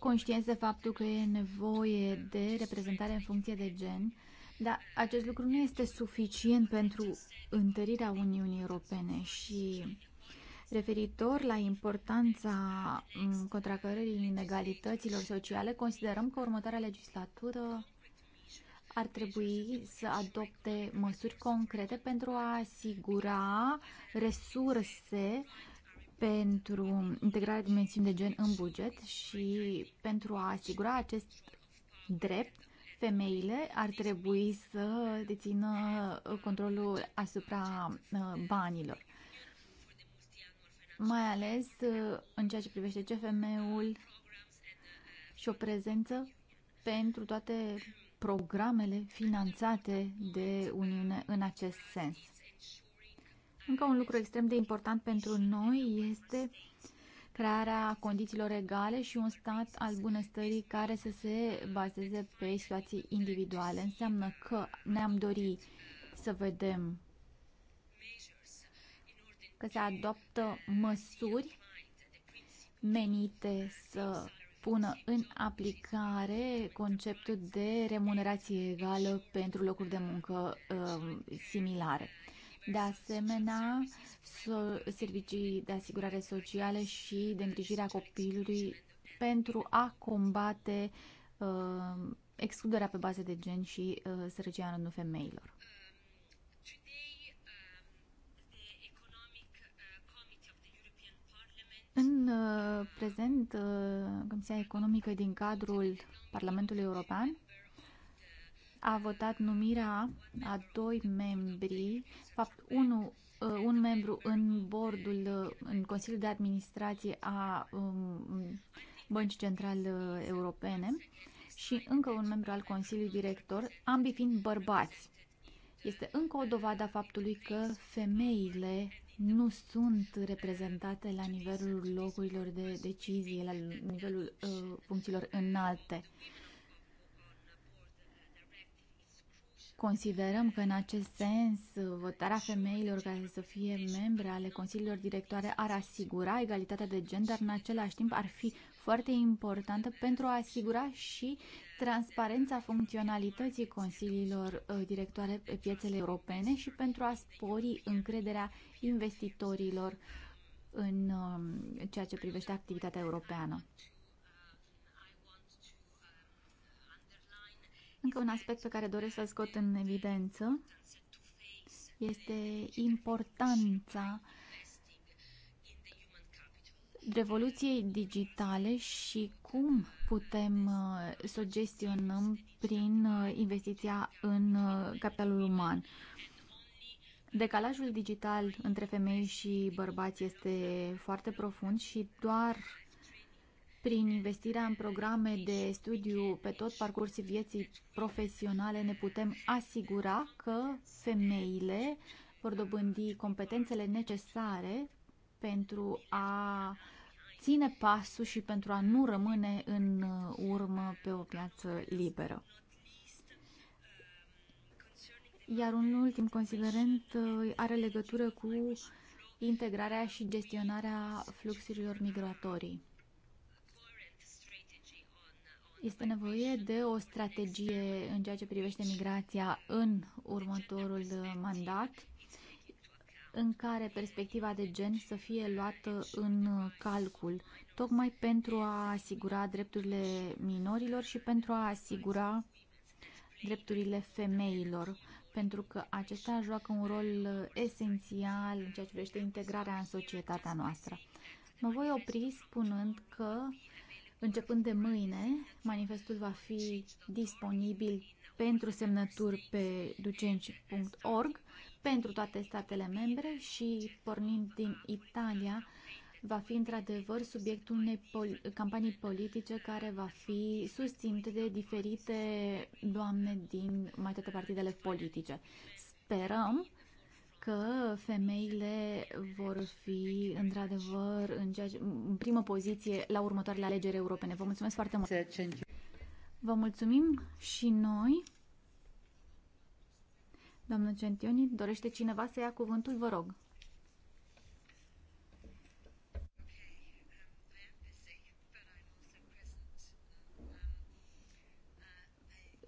conștienți de faptul că e nevoie de reprezentare în funcție de gen, dar acest lucru nu este suficient pentru întărirea Uniunii Europene și referitor la importanța contracărării inegalităților sociale, considerăm că următoarea legislatură ar trebui să adopte măsuri concrete pentru a asigura resurse pentru integrarea dimensiunii de gen în buget și pentru a asigura acest drept, femeile ar trebui să dețină controlul asupra uh, banilor. Mai ales uh, în ceea ce privește CFM-ul și o prezență pentru toate programele finanțate de Uniune în acest sens. Încă un lucru extrem de important pentru noi este crearea condițiilor egale și un stat al bunăstării care să se bazeze pe situații individuale. Înseamnă că ne-am dori să vedem că se adoptă măsuri menite să pună în aplicare conceptul de remunerație egală pentru locuri de muncă uh, similare. De asemenea, servicii de asigurare sociale și de îngrijire a copilului pentru a combate uh, excluderea pe bază de gen și uh, sărăcia în rândul femeilor. În uh, prezent, uh, Comisia Economică din cadrul Parlamentului European a votat numirea a doi membri, fapt unu uh, un membru în bordul, uh, în Consiliul de Administrație a um, Băncii Centrale uh, Europene și încă un membru al Consiliului Director, ambii fiind bărbați. Este încă o dovadă a faptului că femeile nu sunt reprezentate la nivelul locurilor de decizie, la nivelul uh, funcțiilor înalte. Uh, Considerăm că în acest sens votarea femeilor care să fie membre ale consiliilor directoare ar asigura egalitatea de gen, dar în același timp ar fi foarte importantă pentru a asigura și transparența funcționalității consiliilor uh, directoare pe piețele europene și pentru a spori încrederea investitorilor în um, ceea ce privește activitatea europeană. Încă un aspect pe care doresc să-l scot în evidență este importanța revoluției digitale și cum putem uh, să o gestionăm prin uh, investiția în uh, capitalul uman. Decalajul digital între femei și bărbați este foarte profund și doar prin investirea în programe de studiu pe tot parcursul vieții profesionale ne putem asigura că femeile vor dobândi competențele necesare pentru a ține pasul și pentru a nu rămâne în urmă pe o piață liberă. Iar un ultim considerent uh, are legătură cu integrarea și gestionarea fluxurilor migratorii. Este nevoie de o strategie în ceea ce privește migrația în următorul mandat, în care perspectiva de gen să fie luată în calcul, tocmai pentru a asigura drepturile minorilor și pentru a asigura drepturile femeilor, pentru că acestea joacă un rol esențial în ceea ce privește integrarea în societatea noastră. Mă voi opri spunând că Începând de mâine, manifestul va fi disponibil pentru semnături pe ducenci.org pentru toate statele membre și pornind din Italia, va fi într-adevăr subiectul unei pol campanii politice care va fi susținută de diferite doamne din mai toate partidele politice. Sperăm că femeile vor fi, într-adevăr, în, ce, în primă poziție la următoarele alegeri europene. Vă mulțumesc foarte mult! Vă mulțumim și noi! Doamnă Centioni, dorește cineva să ia cuvântul? Vă rog!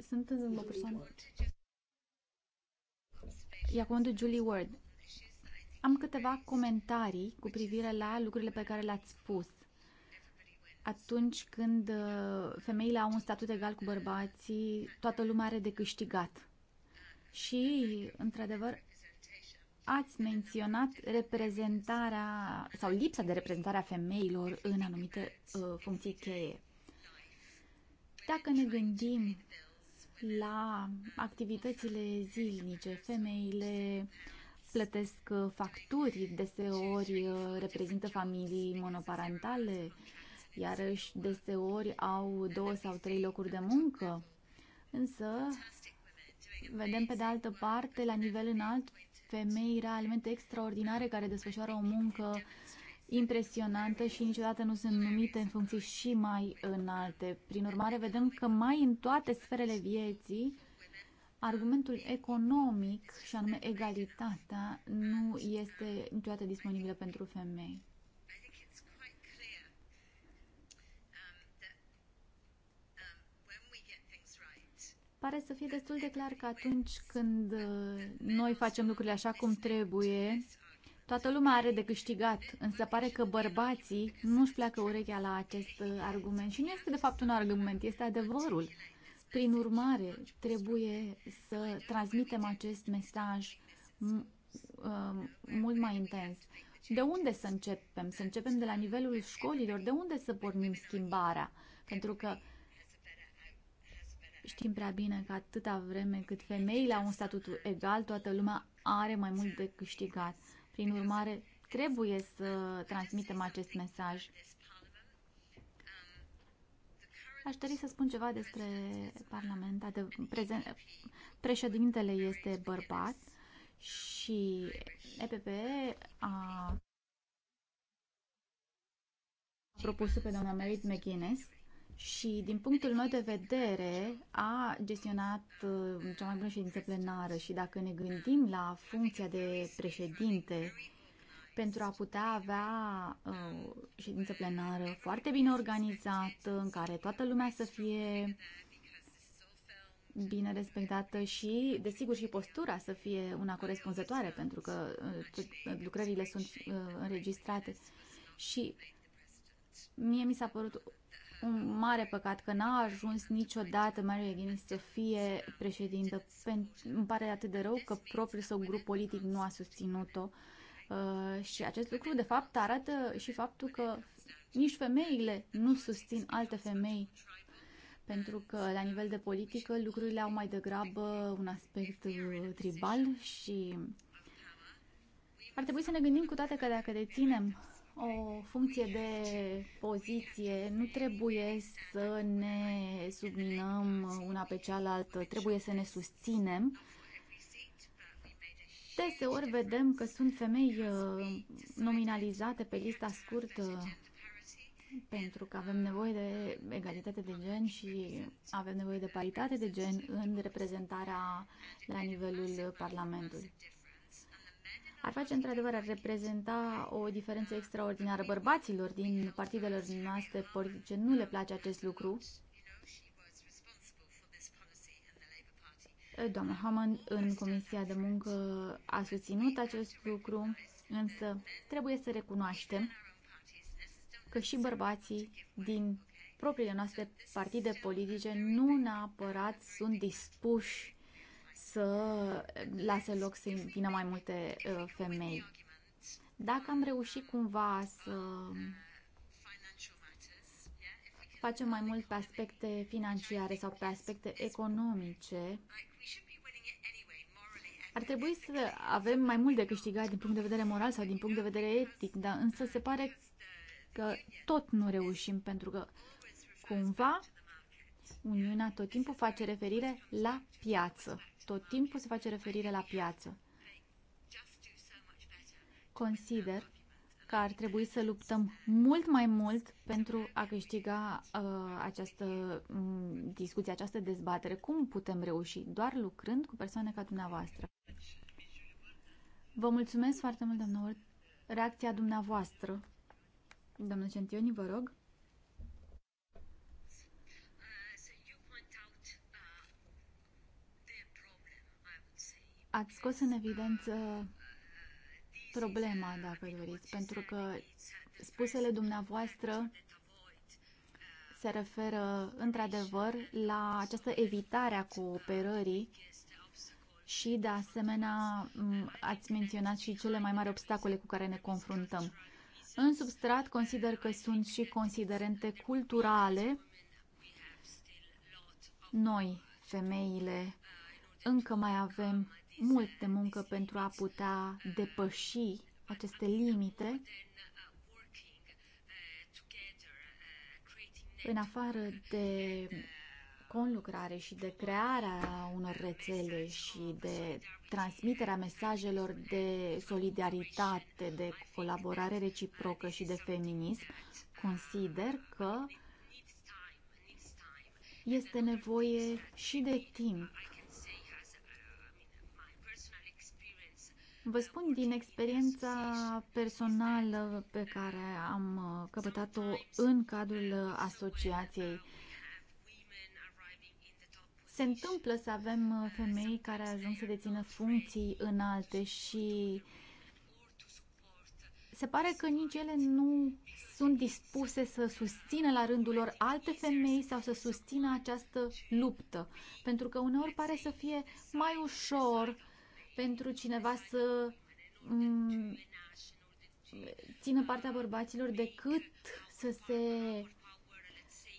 Sunt o persoană... Ia cuvântul Julie Ward. Am câteva comentarii cu privire la lucrurile pe care le-ați spus. Atunci când uh, femeile au un statut egal cu bărbații, toată lumea are de câștigat. Și, într-adevăr, ați menționat reprezentarea sau lipsa de reprezentare a femeilor în anumite uh, funcții cheie. Dacă ne gândim la activitățile zilnice. Femeile plătesc uh, facturi, deseori uh, reprezintă familii monoparentale, iarăși deseori au două sau trei locuri de muncă. Însă, vedem pe de altă parte, la nivel înalt, femei realmente extraordinare care desfășoară o muncă impresionantă și niciodată nu sunt numite în funcții și mai înalte. Prin urmare, vedem că mai în toate sferele vieții, argumentul economic, și anume egalitatea, nu este niciodată disponibilă pentru femei. pare să fie destul de clar că atunci când uh, noi facem lucrurile așa cum trebuie, Toată lumea are de câștigat, însă pare că bărbații nu-și pleacă urechea la acest uh, argument și nu este de fapt un argument, este adevărul. Prin urmare, trebuie să transmitem acest mesaj uh, mult mai intens. De unde să începem? Să începem de la nivelul școlilor? De unde să pornim schimbarea? Pentru că știm prea bine că atâta vreme cât femeile au un statut egal, toată lumea are mai mult de câștigat. Prin urmare, trebuie să transmitem acest mesaj. Aș dori să spun ceva despre Parlament. Președintele este bărbat și EPP a propus pe doamna Merit McGuinness și din punctul meu de vedere a gestionat uh, cea mai bună ședință plenară și dacă ne gândim la funcția de președinte pentru a putea avea uh, ședință plenară foarte bine organizată, în care toată lumea să fie bine respectată și, desigur, și postura să fie una corespunzătoare, pentru că uh, lucrările sunt uh, înregistrate. Și mie mi s-a părut un mare păcat că n-a ajuns niciodată Mary McGuinness să fie președintă. Îmi pare atât de rău că propriul său grup politic nu a susținut-o. Uh, și acest lucru, de fapt, arată și faptul că nici femeile nu susțin alte femei, pentru că, la nivel de politică, lucrurile au mai degrabă un aspect uh, tribal și ar trebui să ne gândim cu toate că dacă deținem o funcție de poziție, nu trebuie să ne subminăm una pe cealaltă, trebuie să ne susținem. Deseori vedem că sunt femei uh, nominalizate pe lista scurtă uh, pentru că avem nevoie de egalitate de gen și avem nevoie de paritate de gen în reprezentarea la nivelul Parlamentului ar face într-adevăr, ar reprezenta o diferență extraordinară. Bărbaților din partidele noastre politice nu le place acest lucru. Doamna Hammond în Comisia de Muncă a susținut acest lucru, însă trebuie să recunoaștem că și bărbații din propriile noastre partide politice nu neapărat sunt dispuși să lase loc să vină mai multe uh, femei. Dacă am reușit cumva să facem mai mult pe aspecte financiare sau pe aspecte economice, ar trebui să avem mai mult de câștigat din punct de vedere moral sau din punct de vedere etic, dar însă se pare că tot nu reușim pentru că cumva Uniunea tot timpul face referire la piață. Tot timpul se face referire la piață. Consider că ar trebui să luptăm mult mai mult pentru a câștiga uh, această um, discuție, această dezbatere. Cum putem reuși? Doar lucrând cu persoane ca dumneavoastră. Vă mulțumesc foarte mult, domnul. Reacția dumneavoastră. Domnul Centioni, vă rog. Ați scos în evidență problema, dacă doriți, pentru că spusele dumneavoastră se referă într-adevăr la această evitare a cooperării și, de asemenea, ați menționat și cele mai mari obstacole cu care ne confruntăm. În substrat, consider că sunt și considerente culturale. Noi, femeile, încă mai avem de muncă pentru a putea depăși aceste limite în afară de conlucrare și de crearea unor rețele și de transmiterea mesajelor de solidaritate, de colaborare reciprocă și de feminism, consider că este nevoie și de timp Vă spun din experiența personală pe care am uh, căpătat-o în cadrul uh, asociației. Se întâmplă să avem uh, femei care ajung să dețină funcții înalte și se pare că nici ele nu sunt dispuse să susțină la rândul lor alte femei sau să susțină această luptă. Pentru că uneori pare să fie mai ușor uh, pentru cineva să mm, țină partea bărbaților decât să se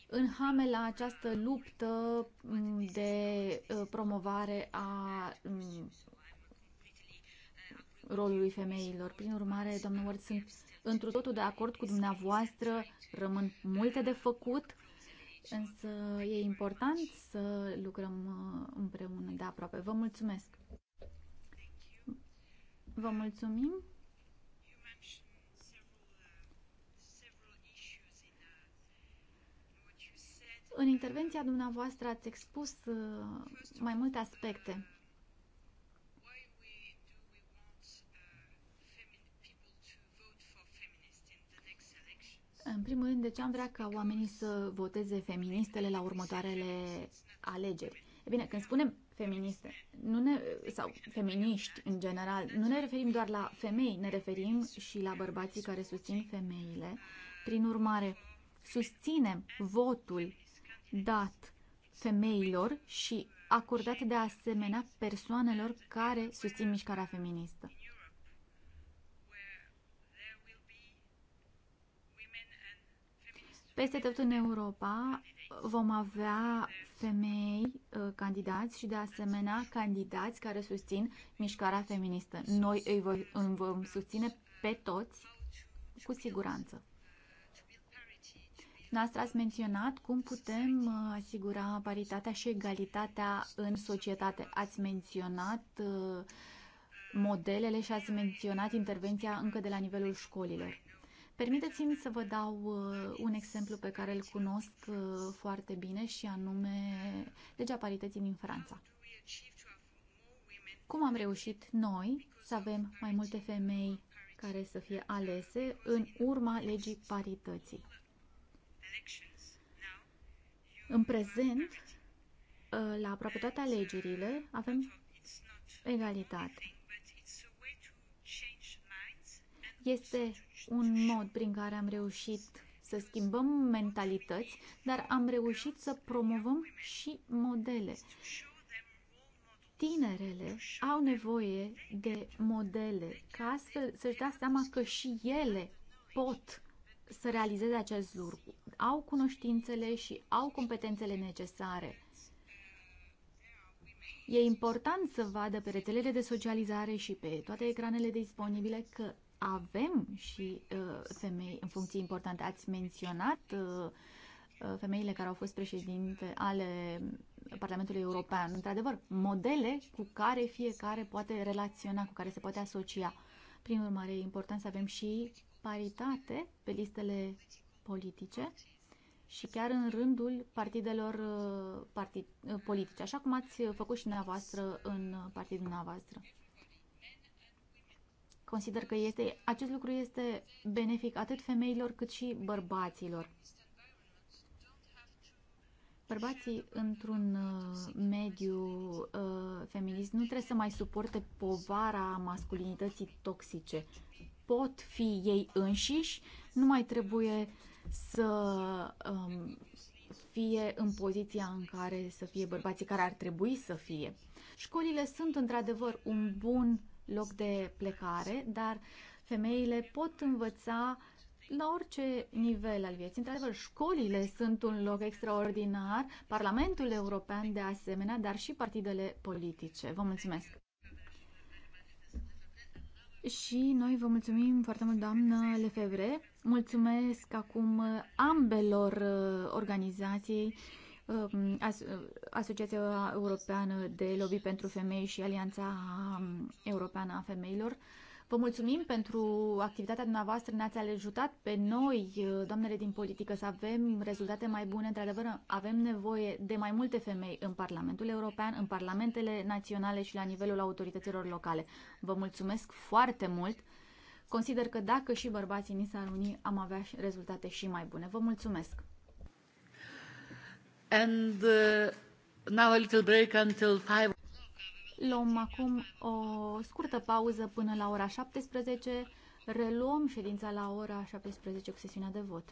înhame la această luptă mm, de uh, promovare a mm, rolului femeilor. Prin urmare, doamnă Ward, sunt întru totul de acord cu dumneavoastră, rămân multe de făcut, însă e important să lucrăm uh, împreună de aproape. Vă mulțumesc! Vă mulțumim. În intervenția dumneavoastră ați expus uh, mai multe aspecte. În primul rând, de ce am vrea ca oamenii să voteze feministele la următoarele alegeri? E bine, când spunem feministe nu ne, sau feminiști în general, nu ne referim doar la femei, ne referim și la bărbații care susțin femeile. Prin urmare, susținem votul dat femeilor și acordat de asemenea persoanelor care susțin mișcarea feministă. Peste tot în Europa vom avea femei uh, candidați și de asemenea candidați care susțin mișcarea feministă. Noi îi vom, îi vom susține pe toți cu siguranță. Noastră ați menționat cum putem uh, asigura paritatea și egalitatea în societate. Ați menționat uh, modelele și ați menționat intervenția încă de la nivelul școlilor. Permiteți-mi să vă dau uh, un exemplu pe care îl cunosc uh, foarte bine și anume legea parității din Franța. Cum am reușit noi să avem mai multe femei care să fie alese în urma legii parității? În prezent, uh, la aproape toate alegerile, avem egalitate. Este un mod prin care am reușit să schimbăm mentalități, dar am reușit să promovăm și modele. Tinerele au nevoie de modele, ca astfel să-și dea seama că și ele pot să realizeze acest lucru. Au cunoștințele și au competențele necesare. E important să vadă pe rețelele de socializare și pe toate ecranele disponibile că avem și uh, femei în funcții importante. Ați menționat uh, uh, femeile care au fost președinte ale Parlamentului European. Într-adevăr, modele cu care fiecare poate relaționa, cu care se poate asocia. Prin urmare, e important să avem și paritate pe listele politice și chiar în rândul partidelor partid, politice, așa cum ați făcut și dumneavoastră în partidul dumneavoastră. Consider că este, acest lucru este benefic atât femeilor cât și bărbaților. Bărbații într-un uh, mediu uh, feminist nu trebuie să mai suporte povara masculinității toxice. Pot fi ei înșiși, nu mai trebuie să um, fie în poziția în care să fie bărbații care ar trebui să fie. Școlile sunt într-adevăr un bun loc de plecare, dar femeile pot învăța la orice nivel al vieții. Într-adevăr, școlile sunt un loc extraordinar, Parlamentul European de asemenea, dar și partidele politice. Vă mulțumesc! Și noi vă mulțumim foarte mult, doamnă Lefevre. Mulțumesc acum ambelor uh, organizației Um, Asociația Europeană de Lobby pentru Femei și Alianța um, Europeană a Femeilor. Vă mulțumim pentru activitatea dumneavoastră, ne-ați ajutat pe noi, uh, doamnele din politică, să avem rezultate mai bune. Într-adevăr, avem nevoie de mai multe femei în Parlamentul European, în parlamentele naționale și la nivelul autorităților locale. Vă mulțumesc foarte mult! Consider că dacă și bărbații ni s-ar uni, am avea rezultate și mai bune. Vă mulțumesc! and uh, now a little break until five. Luăm acum o scurtă pauză până la ora 17. Reluăm ședința la ora 17 cu sesiunea de vot.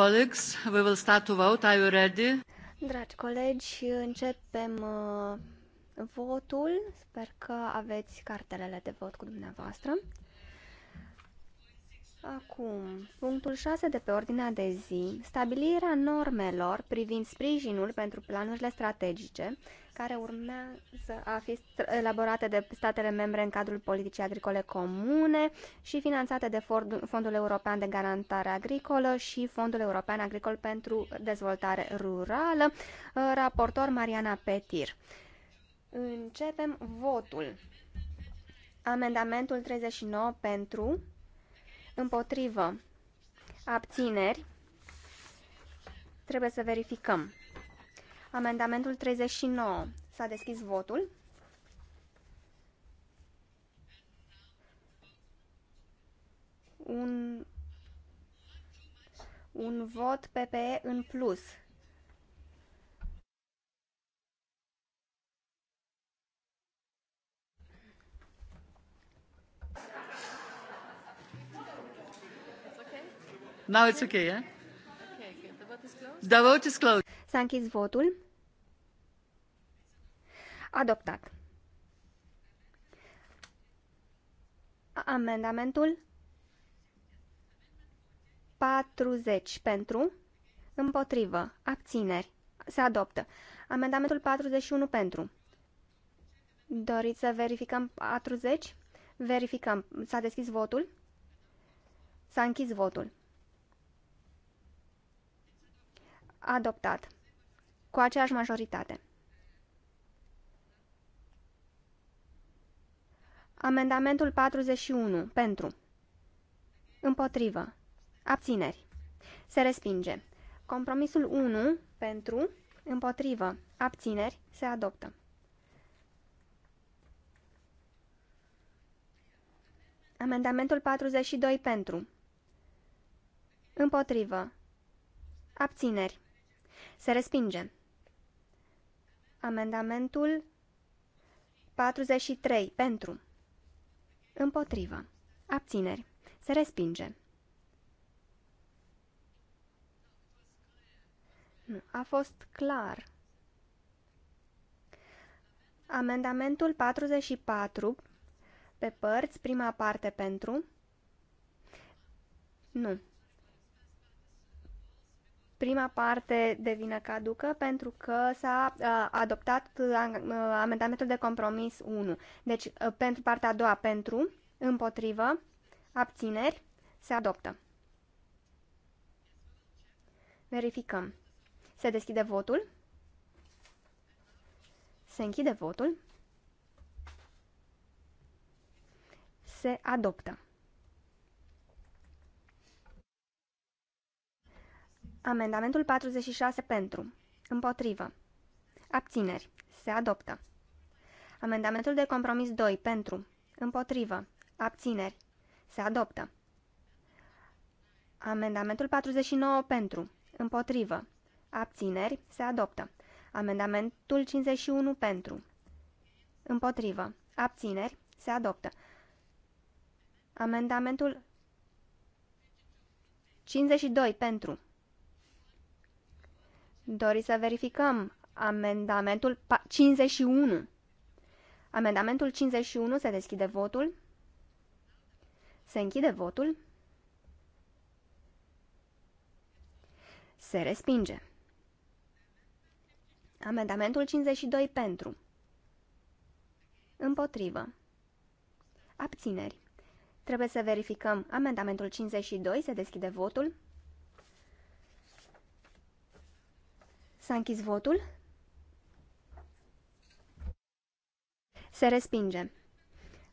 Colleagues, we will you ready? Dragi colegi, începem uh, votul. Sper că aveți cartelele de vot cu dumneavoastră. Acum, punctul 6 de pe ordinea de zi, stabilirea normelor privind sprijinul pentru planurile strategice care urmează a fi elaborate de statele membre în cadrul politicii agricole comune și finanțate de Fondul European de Garantare Agricolă și Fondul European Agricol pentru Dezvoltare Rurală, uh, raportor Mariana Petir. Începem votul. Amendamentul 39 pentru împotrivă, abțineri, trebuie să verificăm. Amendamentul 39. S-a deschis votul. Un, un vot PPE în plus. Now it's okay, yeah? The vote is closed. S-a închis votul. Adoptat. Amendamentul 40 pentru, împotrivă, abțineri, se adoptă. Amendamentul 41 pentru. Doriți să verificăm 40? Verificăm. S-a deschis votul? S-a închis votul. Adoptat. Cu aceeași majoritate. Amendamentul 41. Pentru. Împotrivă. Abțineri. Se respinge. Compromisul 1. Pentru. Împotrivă. Abțineri. Se adoptă. Amendamentul 42. Pentru. Împotrivă. Abțineri. Se respinge. Amendamentul 43. Pentru. Împotrivă. Abțineri. Se respinge. Nu, a fost clar. Amendamentul 44, pe părți, prima parte pentru. Nu, Prima parte devine caducă pentru că s-a uh, adoptat uh, uh, amendamentul de compromis 1. Deci, pentru partea a doua, pentru, împotrivă, abțineri, se adoptă. Verificăm. Se deschide votul. Se închide votul. Se adoptă. Amendamentul 46 pentru. Împotrivă. Abțineri. Se adoptă. Amendamentul de compromis 2 pentru. Împotrivă. Abțineri. Se adoptă. Amendamentul 49 pentru. Împotrivă. Abțineri. Se adoptă. Amendamentul 51 pentru. Împotrivă. Abțineri. Se adoptă. Amendamentul 52 pentru. Dori să verificăm amendamentul 51. Amendamentul 51 se deschide votul. Se închide votul. Se respinge. Amendamentul 52 pentru. Împotrivă. Abțineri. Trebuie să verificăm. Amendamentul 52 se deschide votul. S-a închis votul. Se respinge.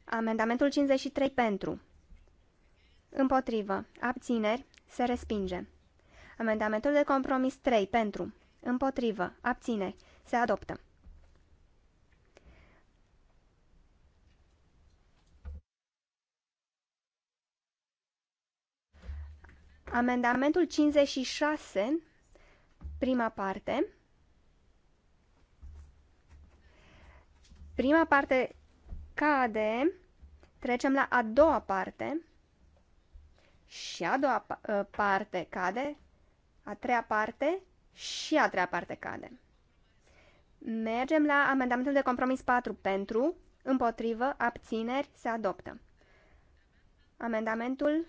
Amendamentul 53 pentru. Împotrivă. Abțineri. Se respinge. Amendamentul de compromis 3 pentru. Împotrivă. Abțineri. Se adoptă. Amendamentul 56 Prima parte. Prima parte cade, trecem la a doua parte și a doua ă, parte cade, a treia parte și a treia parte cade. Mergem la amendamentul de compromis 4 pentru, împotrivă, abțineri, se adoptă. Amendamentul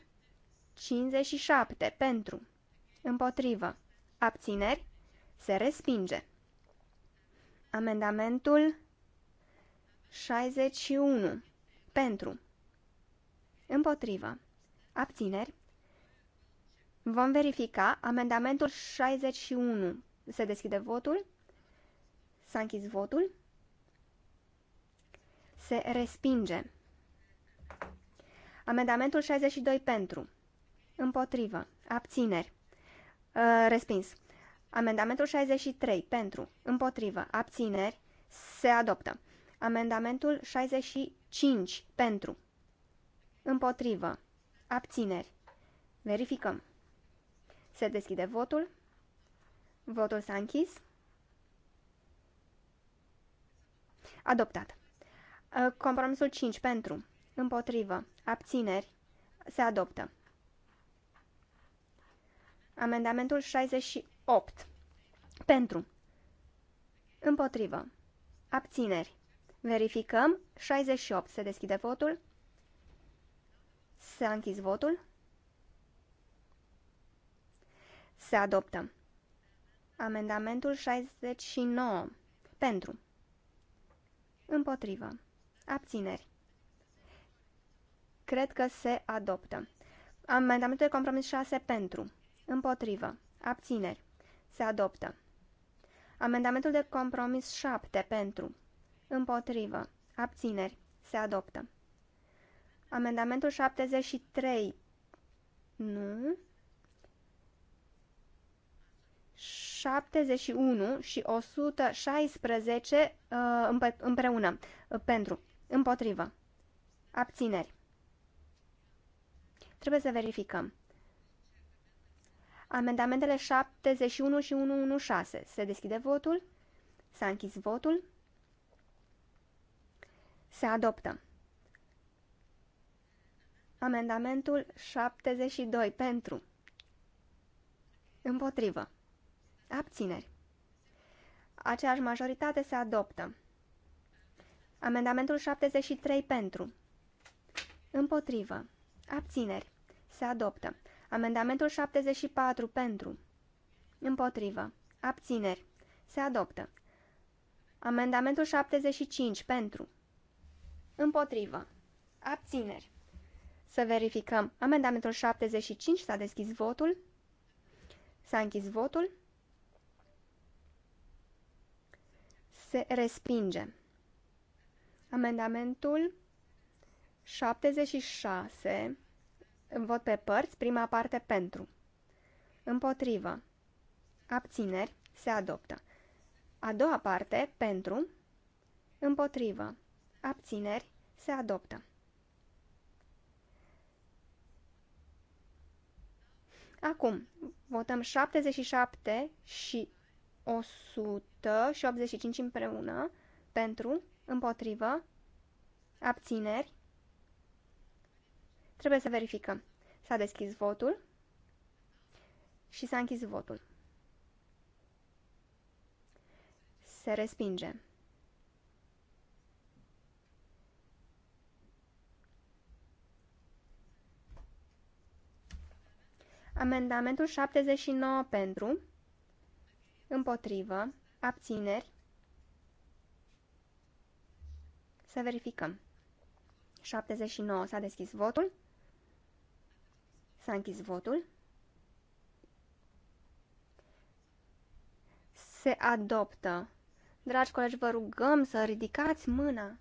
57 pentru, împotrivă, Abțineri? Se respinge. Amendamentul 61. Pentru. Împotrivă. Abțineri? Vom verifica amendamentul 61. Se deschide votul. S-a închis votul. Se respinge. Amendamentul 62 pentru. Împotrivă. Abțineri. Uh, respins. Amendamentul 63. Pentru. Împotrivă. Abțineri. Se adoptă. Amendamentul 65. Pentru. Împotrivă. Abțineri. Verificăm. Se deschide votul. Votul s-a închis. Adoptat. Uh, compromisul 5. Pentru. Împotrivă. Abțineri. Se adoptă. Amendamentul 68. Pentru. Împotrivă. Abțineri. Verificăm. 68. Se deschide votul. S-a închis votul. Se adoptă. Amendamentul 69. Pentru. Împotrivă. Abțineri. Cred că se adoptă. Amendamentul de compromis 6 pentru. Împotrivă. Abțineri. Se adoptă. Amendamentul de compromis 7 pentru. Împotrivă. Abțineri. Se adoptă. Amendamentul 73. Nu. 71 și 116 uh, împreună. Pentru. Împotrivă. Abțineri. Trebuie să verificăm. Amendamentele 71 și 116. Se deschide votul. S-a închis votul. Se adoptă. Amendamentul 72. Pentru. Împotrivă. Abțineri. Aceeași majoritate se adoptă. Amendamentul 73 pentru. Împotrivă. Abțineri. Se adoptă. Amendamentul 74 pentru. Împotrivă. Abțineri. Se adoptă. Amendamentul 75 pentru. Împotrivă. Abțineri. Să verificăm. Amendamentul 75 s-a deschis votul. S-a închis votul. Se respinge. Amendamentul 76 în vot pe părți, prima parte pentru. Împotrivă. Abțineri. Se adoptă. A doua parte pentru. Împotrivă. Abțineri. Se adoptă. Acum, votăm 77 și 185 împreună pentru, împotrivă, abțineri, Trebuie să verificăm. S-a deschis votul și s-a închis votul. Se respinge. Amendamentul 79 pentru, împotrivă, abțineri. Să verificăm. 79 s-a deschis votul S-a închis votul. Se adoptă. Dragi colegi, vă rugăm să ridicați mâna.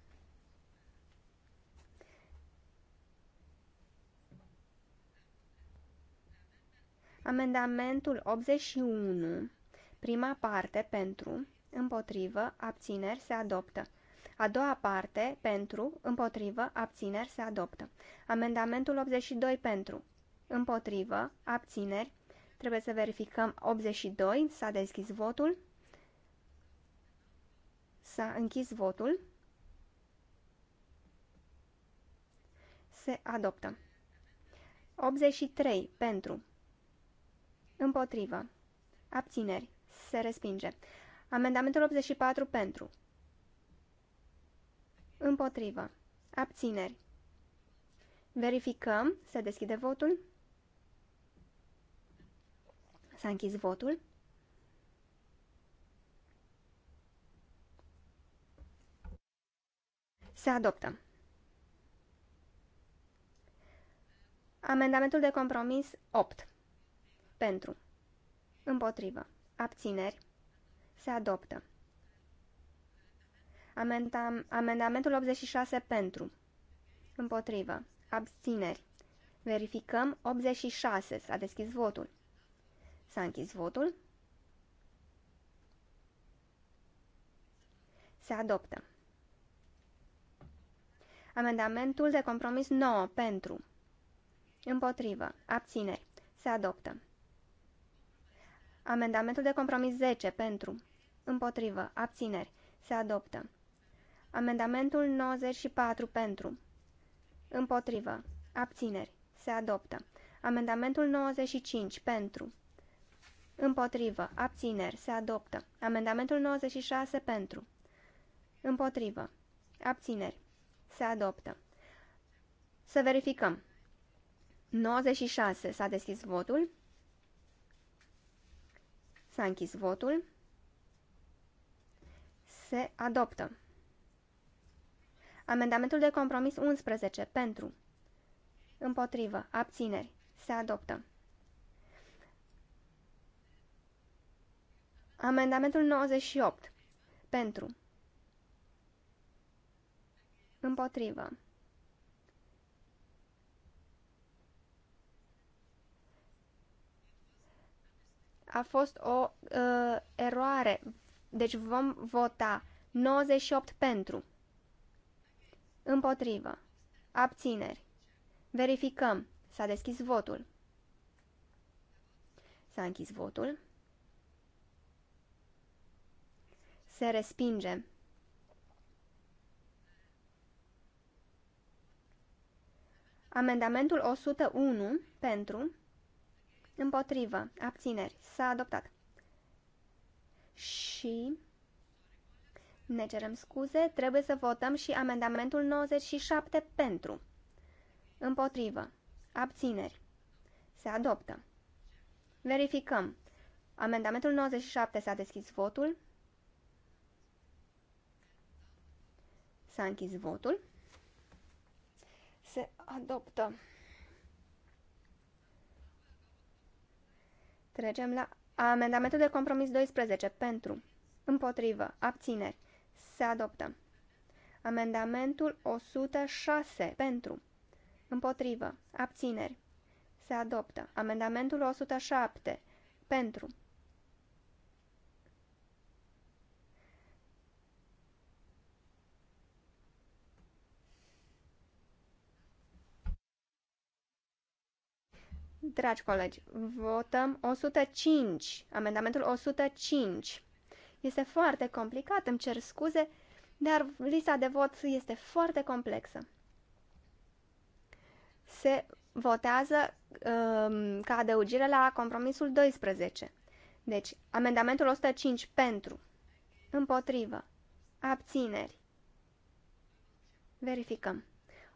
Amendamentul 81, prima parte pentru, împotrivă, abțineri se adoptă. A doua parte pentru, împotrivă, abțineri se adoptă. Amendamentul 82 pentru, împotrivă, abțineri. Trebuie să verificăm 82, s-a deschis votul, s-a închis votul, se adoptă. 83 pentru, împotrivă, abțineri, se respinge. Amendamentul 84 pentru, împotrivă, abțineri. Verificăm, se deschide votul. S-a închis votul. Se adoptă. Amendamentul de compromis 8. Pentru. Împotrivă. Abțineri. Se adoptă. Amendam, amendamentul 86 pentru. Împotrivă. Abțineri. Verificăm 86. S-a deschis votul. S-a închis votul. Se adoptă. Amendamentul de compromis 9 pentru. Împotrivă. Abțineri. Se adoptă. Amendamentul de compromis 10 pentru. Împotrivă. Abțineri. Se adoptă. Amendamentul 94 pentru. Împotrivă. Abțineri. Se adoptă. Amendamentul 95 pentru. Împotrivă. Abțineri. Se adoptă. Amendamentul 96 pentru. Împotrivă. Abțineri. Se adoptă. Să verificăm. 96. S-a deschis votul. S-a închis votul. Se adoptă. Amendamentul de compromis 11. Pentru. Împotrivă. Abțineri. Se adoptă. Amendamentul 98. Pentru. Împotrivă. A fost o uh, eroare. Deci vom vota 98 pentru. Împotrivă. Abțineri. Verificăm. S-a deschis votul. S-a închis votul. Se respinge. Amendamentul 101 pentru, împotrivă, abțineri, s-a adoptat. Și ne cerem scuze, trebuie să votăm și amendamentul 97 pentru, împotrivă, abțineri, se adoptă. Verificăm. Amendamentul 97 s-a deschis votul. S-a închis votul. Se adoptă. Trecem la amendamentul de compromis 12. Pentru. Împotrivă. Abțineri. Se adoptă. Amendamentul 106. Pentru. Împotrivă. Abțineri. Se adoptă. Amendamentul 107. Pentru. Dragi colegi, votăm 105, amendamentul 105. Este foarte complicat, îmi cer scuze, dar lista de vot este foarte complexă. Se votează um, ca adăugire la compromisul 12. Deci, amendamentul 105 pentru, împotrivă, abțineri. Verificăm.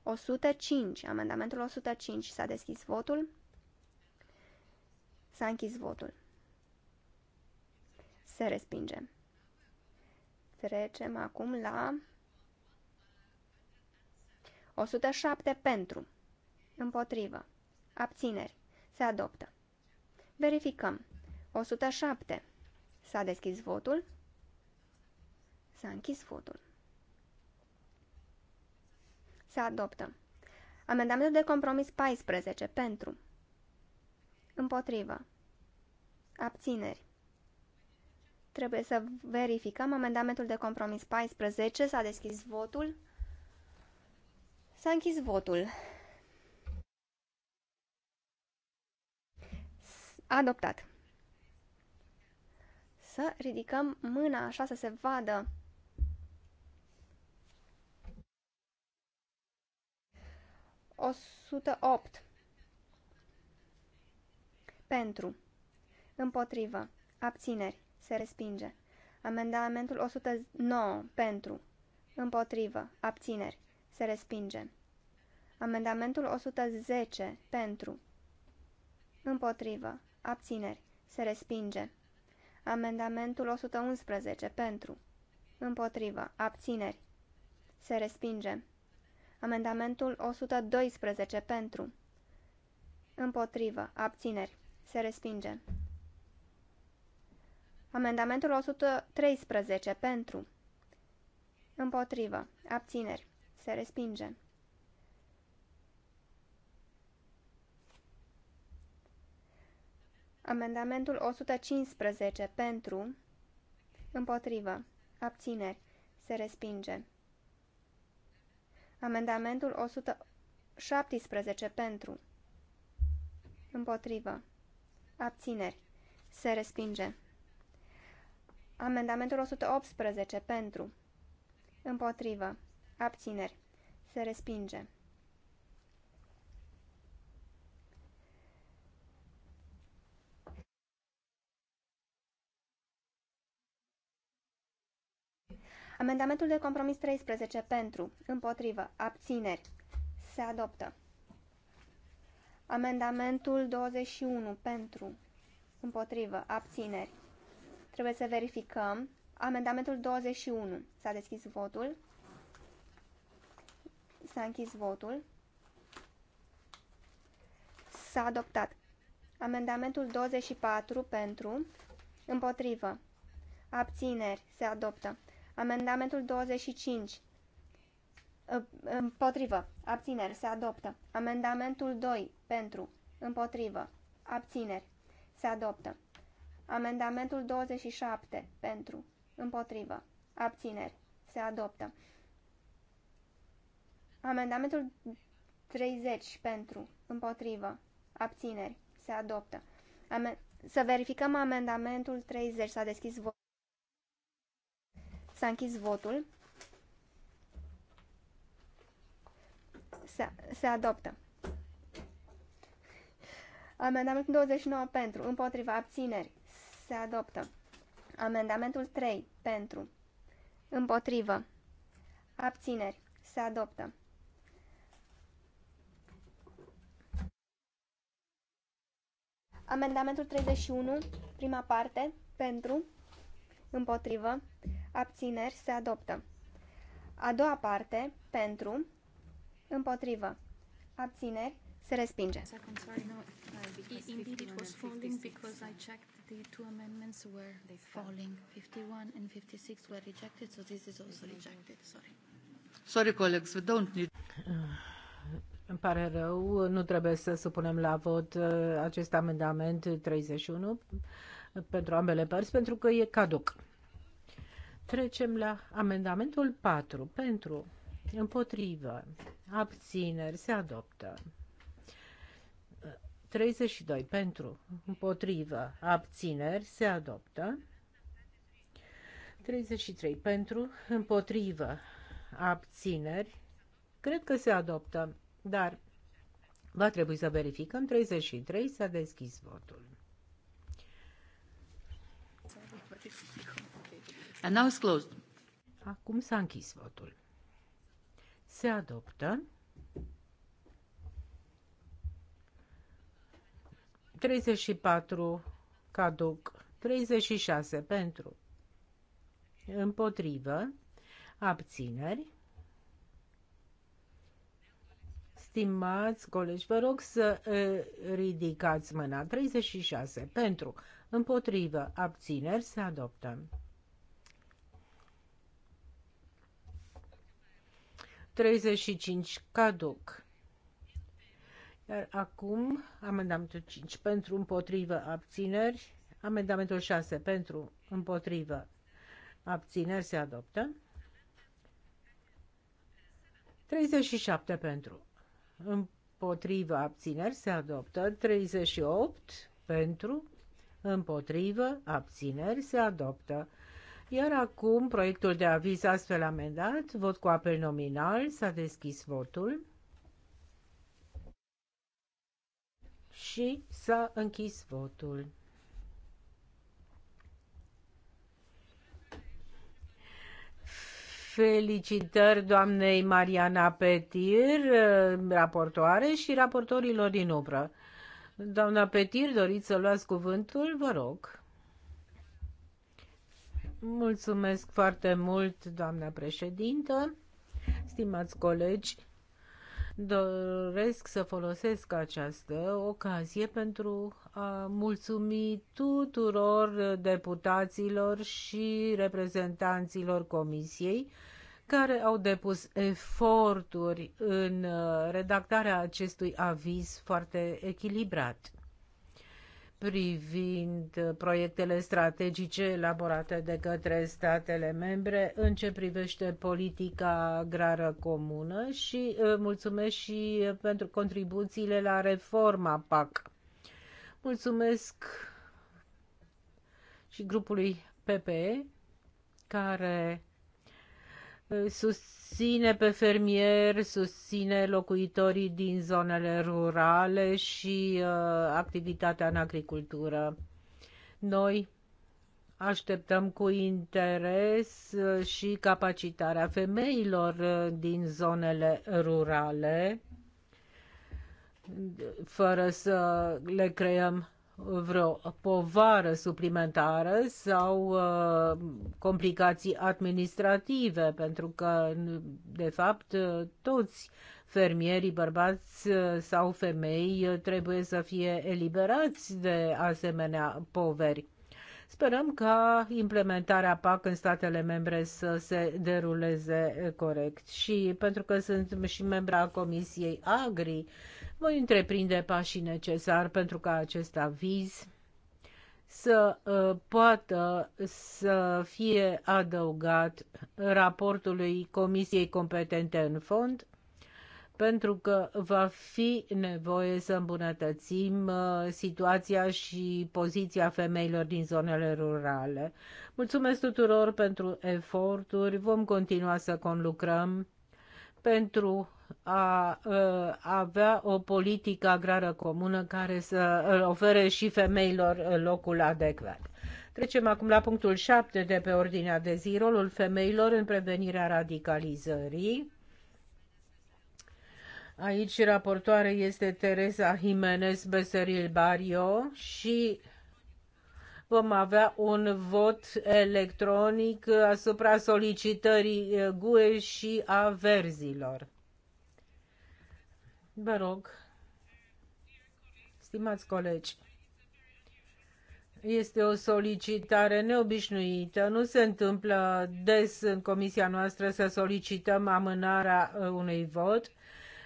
105, amendamentul 105, s-a deschis votul. S-a închis votul. Se respinge. Trecem acum la 107 pentru. Împotrivă. Abțineri. Se adoptă. Verificăm. 107. S-a deschis votul. S-a închis votul. Se adoptă. Amendamentul de compromis 14 pentru. Împotrivă. Abțineri. Trebuie să verificăm amendamentul de compromis 14. S-a deschis votul. S-a închis votul. Adoptat. Să ridicăm mâna așa să se vadă. O 108. Pentru. Împotrivă. Abțineri. Se respinge. Amendamentul 109. Pentru. Împotrivă. Abțineri. Se respinge. Amendamentul 110. Pentru. Împotrivă. Abțineri. Se respinge. Amendamentul 111. Pentru. Împotrivă. Abțineri. Se respinge. Amendamentul 112. Pentru. Împotrivă. Abțineri. Se respinge. Amendamentul 113. Pentru. Împotrivă. Abțineri. Se respinge. Amendamentul 115. Pentru. Împotrivă. Abțineri. Se respinge. Amendamentul 117. Pentru. Împotrivă. Abțineri. Se respinge. Amendamentul 118. Pentru. Împotrivă. Abțineri. Se respinge. Amendamentul de compromis 13 pentru, împotrivă, abțineri, se adoptă. Amendamentul 21 pentru, împotrivă, abțineri. Trebuie să verificăm. Amendamentul 21. S-a deschis votul. S-a închis votul. S-a adoptat. Amendamentul 24 pentru, împotrivă, abțineri, se adoptă. Amendamentul 25 Ă, împotrivă. Abțineri. Se adoptă. Amendamentul 2. Pentru. Împotrivă. Abțineri. Se adoptă. Amendamentul 27. Pentru. Împotrivă. Abțineri. Se adoptă. Amendamentul 30. Pentru. Împotrivă. Abțineri. Se adoptă. Amen Să verificăm amendamentul 30. S-a deschis votul. S-a închis votul. se, se adoptă. Amendamentul 29 pentru, împotriva, abțineri, se adoptă. Amendamentul 3 pentru, împotrivă, abțineri, se adoptă. Amendamentul 31, prima parte, pentru, împotrivă, abțineri, se adoptă. A doua parte, pentru, Împotrivă. Abțineri. Se respinge. Sorry, colleagues, we don't need... Ah, îmi pare rău, nu trebuie să supunem la vot uh, acest amendament 31 pentru ambele părți, pentru că e caduc. Trecem la amendamentul 4 pentru împotrivă, abțineri, se adoptă. 32 pentru, împotrivă, abțineri, se adoptă. 33 pentru, împotrivă, abțineri, cred că se adoptă, dar va trebui să verificăm. 33 s-a deschis votul. And now it's closed. Acum s-a închis votul. Se adoptă. 34 caduc. 36 pentru. Împotrivă. Abțineri. Stimați colegi, vă rog să ridicați mâna. 36 pentru. Împotrivă. Abțineri. Se adoptă. 35 caduc. Iar acum amendamentul 5 pentru împotrivă abțineri, amendamentul 6 pentru împotrivă abțineri se adoptă. 37 pentru împotrivă abțineri se adoptă. 38 pentru împotrivă abțineri se adoptă. Iar acum proiectul de aviz astfel amendat, vot cu apel nominal, s-a deschis votul și s-a închis votul. Felicitări doamnei Mariana Petir, raportoare și raportorilor din umbră. Doamna Petir, doriți să luați cuvântul? Vă rog. Mulțumesc foarte mult, doamna președintă. Stimați colegi, doresc să folosesc această ocazie pentru a mulțumi tuturor deputaților și reprezentanților Comisiei care au depus eforturi în redactarea acestui aviz foarte echilibrat privind proiectele strategice elaborate de către statele membre în ce privește politica agrară comună și uh, mulțumesc și uh, pentru contribuțiile la reforma PAC. Mulțumesc și grupului PPE care susține pe fermieri, susține locuitorii din zonele rurale și uh, activitatea în agricultură. Noi Așteptăm cu interes uh, și capacitarea femeilor uh, din zonele rurale, fără să le creăm vreo povară suplimentară sau uh, complicații administrative, pentru că, de fapt, toți fermierii bărbați uh, sau femei uh, trebuie să fie eliberați de asemenea poveri. Sperăm ca implementarea PAC în statele membre să se deruleze uh, corect și pentru că sunt și membra Comisiei Agri, voi întreprinde pașii necesari pentru ca acest aviz să uh, poată să fie adăugat raportului Comisiei competente în fond, pentru că va fi nevoie să îmbunătățim uh, situația și poziția femeilor din zonele rurale. Mulțumesc tuturor pentru eforturi, vom continua să conlucrăm pentru a ă, avea o politică agrară comună care să ofere și femeilor locul adecvat. Trecem acum la punctul 7 de pe ordinea de zi, rolul femeilor în prevenirea radicalizării. Aici raportoare este Teresa Jimenez Beseril Barrio și vom avea un vot electronic asupra solicitării ă, GUE și a verzilor. Vă rog, stimați colegi, este o solicitare neobișnuită. Nu se întâmplă des în comisia noastră să solicităm amânarea uh, unui vot,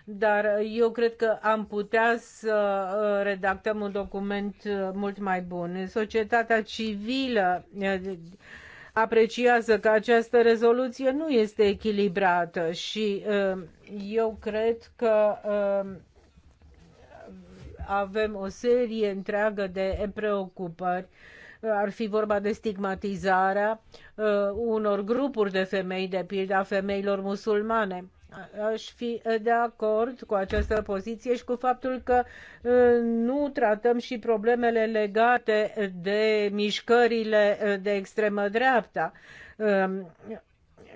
dar eu cred că am putea să uh, redactăm un document uh, mult mai bun. Societatea civilă apreciază că această rezoluție nu este echilibrată și um, eu cred că um, avem o serie întreagă de preocupări ar fi vorba de stigmatizarea uh, unor grupuri de femei, de pildă a femeilor musulmane aș fi uh, de acord cu această poziție și cu faptul că uh, nu tratăm și problemele legate de mișcările uh, de extremă dreapta. Um,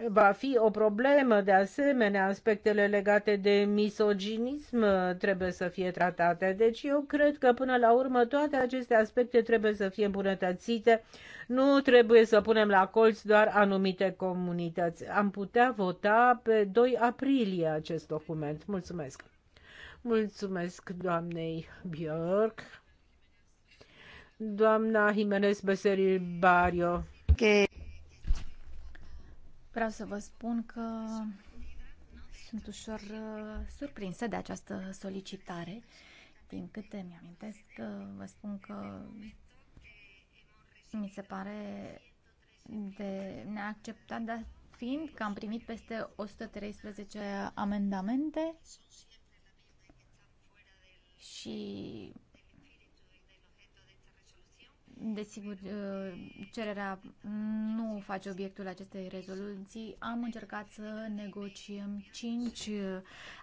va fi o problemă. De asemenea, aspectele legate de misoginism trebuie să fie tratate. Deci eu cred că până la urmă toate aceste aspecte trebuie să fie îmbunătățite. Nu trebuie să punem la colț doar anumite comunități. Am putea vota pe 2 aprilie acest document. Mulțumesc! Mulțumesc doamnei Björk, doamna Jimenez Beseril Barrio. Okay. Vreau să vă spun că sunt ușor uh, surprinsă de această solicitare. Din câte mi-amintesc, uh, vă spun că mi se pare de neacceptat, dar fiind că am primit peste 113 amendamente și Desigur, uh, cererea nu face obiectul acestei rezoluții. Am încercat să negociem cinci uh,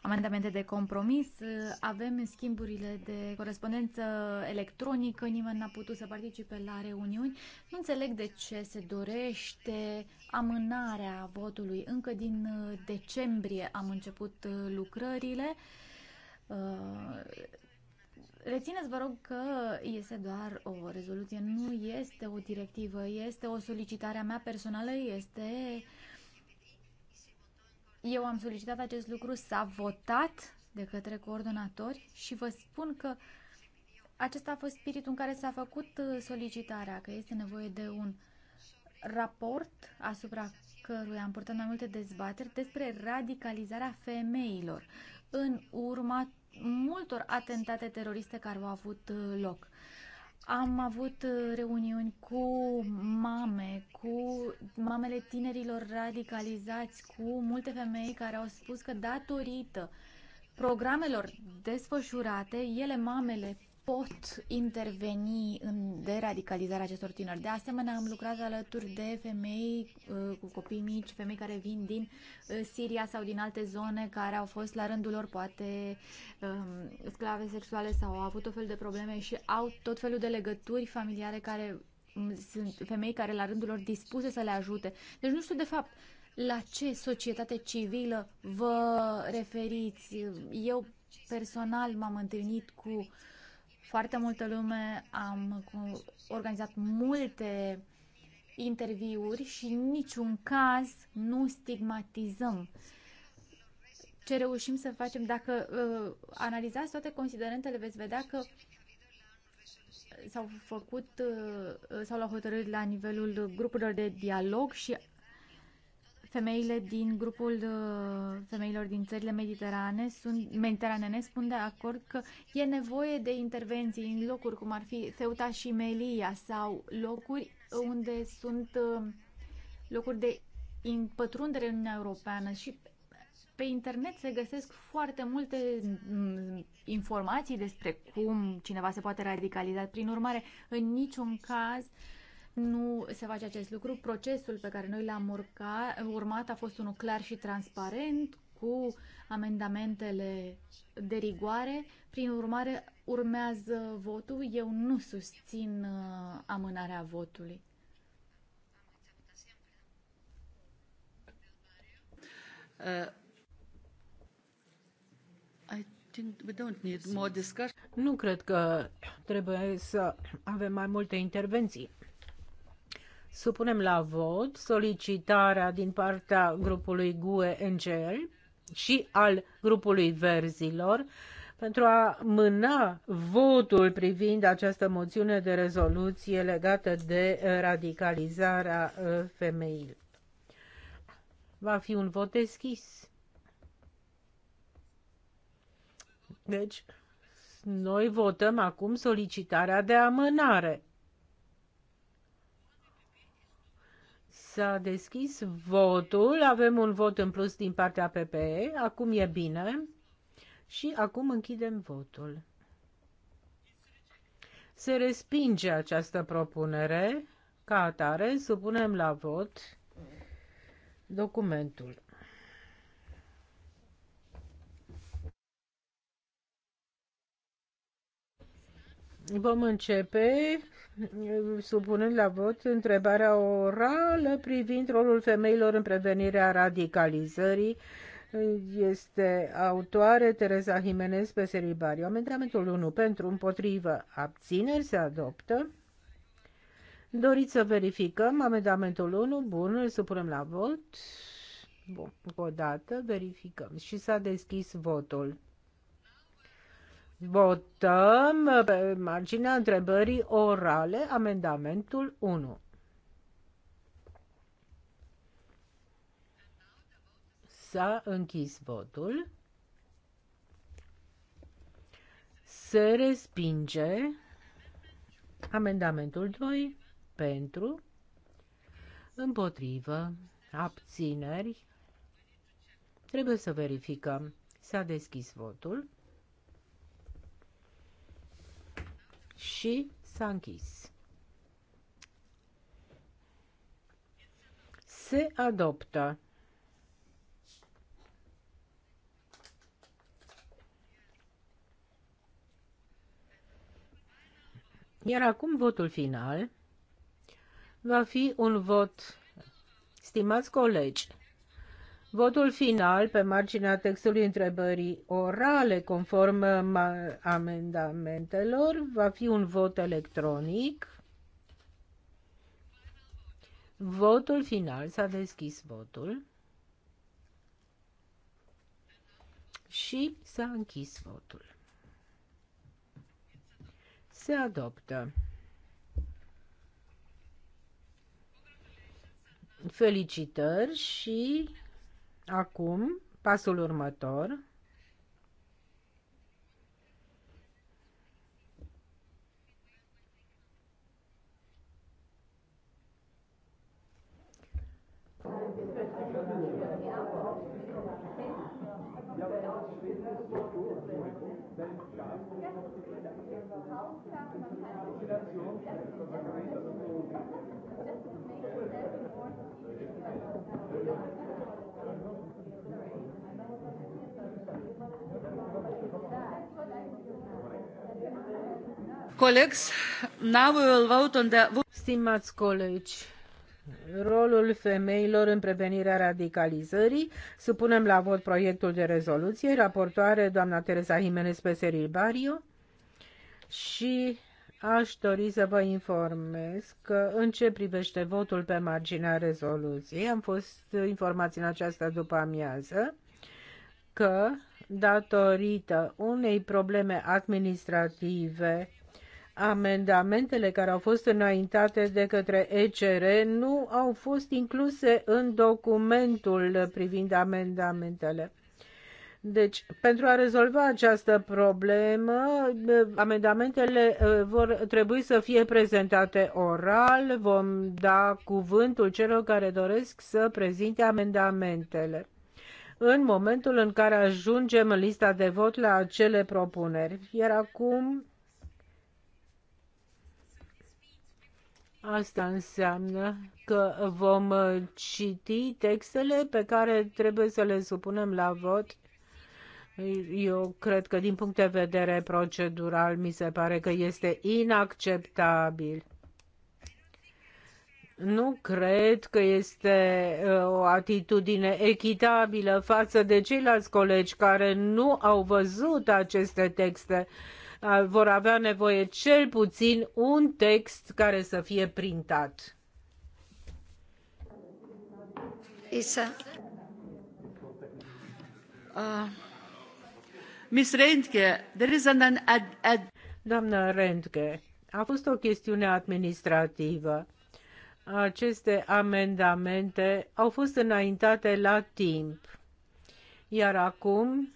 amendamente de compromis. Uh, avem schimburile de corespondență electronică, nimeni n-a putut să participe la reuniuni. Nu înțeleg de ce se dorește amânarea votului. Încă din decembrie am început lucrările Rețineți, vă rog, că este doar o rezoluție, nu este o directivă, este o solicitare a mea personală, este... Eu am solicitat acest lucru, s-a votat de către coordonatori și vă spun că acesta a fost spiritul în care s-a făcut uh, solicitarea, că este nevoie de un raport asupra căruia am purtat mai multe dezbateri despre radicalizarea femeilor în urma multor atentate teroriste care au avut uh, loc. Am avut uh, reuniuni cu mame, cu mamele tinerilor radicalizați, cu multe femei care au spus că datorită programelor desfășurate, ele, mamele, pot interveni în deradicalizarea acestor tineri. De asemenea, am lucrat alături de femei uh, cu copii mici, femei care vin din uh, Siria sau din alte zone care au fost la rândul lor poate um, sclave sexuale sau au avut tot fel de probleme și au tot felul de legături familiare care um, sunt femei care la rândul lor dispuse să le ajute. Deci nu știu de fapt la ce societate civilă vă referiți. Eu personal m-am întâlnit cu uh, foarte multă lume, am organizat multe interviuri și în niciun caz nu stigmatizăm. Ce reușim să facem, dacă uh, analizați toate considerentele, veți vedea că s-au făcut, uh, s-au luat hotărâri la nivelul grupurilor de dialog și Femeile din grupul uh, femeilor din țările mediterane sunt, mediteranene spun de acord că e nevoie de intervenții în locuri cum ar fi Ceuta și Melia sau locuri unde sunt uh, locuri de pătrundere în Uniunea Europeană și pe internet se găsesc foarte multe mm, informații despre cum cineva se poate radicaliza. Prin urmare, în niciun caz uh, nu se face acest lucru. Procesul pe care noi l-am urmat a fost unul clar și transparent, cu amendamentele de rigoare. Prin urmare, urmează votul. Eu nu susțin uh, amânarea votului. Uh, I think we don't need more discussion. Nu cred că trebuie să avem mai multe intervenții. Supunem la vot solicitarea din partea grupului GUE NGL și al grupului Verzilor pentru a mâna votul privind această moțiune de rezoluție legată de radicalizarea uh, femeilor. Va fi un vot deschis. Deci, noi votăm acum solicitarea de amânare. S-a deschis votul, avem un vot în plus din partea PPE, acum e bine și acum închidem votul. Se respinge această propunere, ca atare supunem la vot documentul. Vom începe supunând la vot întrebarea orală privind rolul femeilor în prevenirea radicalizării. Este autoare Teresa Jimenez seribariu. Amendamentul 1 pentru împotrivă abțineri se adoptă. Doriți să verificăm amendamentul 1? Bun, îl supunem la vot. Bun, o dată verificăm și s-a deschis votul. Votăm uh, pe marginea întrebării orale amendamentul 1. S-a închis votul. Se respinge amendamentul 2 pentru, împotrivă, abțineri. Trebuie să verificăm. S-a deschis votul. și s-a închis. Se adoptă. Iar acum votul final va fi un vot, stimați colegi, Votul final pe marginea textului întrebării orale conform uh, amendamentelor va fi un vot electronic. Votul final s-a deschis votul și s-a închis votul. Se adoptă. Felicitări și Acum, pasul următor Stimați colegi, rolul femeilor în prevenirea radicalizării. Supunem la vot proiectul de rezoluție, raportoare doamna Teresa Jimenez Peseril Barrio și aș dori să vă informez că în ce privește votul pe marginea rezoluției, am fost informați în această după amiază că datorită unei probleme administrative amendamentele care au fost înaintate de către ECR nu au fost incluse în documentul privind amendamentele. Deci, pentru a rezolva această problemă, amendamentele uh, vor trebui să fie prezentate oral. Vom da cuvântul celor care doresc să prezinte amendamentele în momentul în care ajungem în lista de vot la acele propuneri. Iar acum Asta înseamnă că vom uh, citi textele pe care trebuie să le supunem la vot. Eu cred că din punct de vedere procedural mi se pare că este inacceptabil. Nu cred că este uh, o atitudine echitabilă față de ceilalți colegi care nu au văzut aceste texte vor avea nevoie cel puțin un text care să fie printat. Isa. Uh, Miss Rentke, there is an ad, ad... Doamnă Rentke, a fost o chestiune administrativă. Aceste amendamente au fost înaintate la timp, iar acum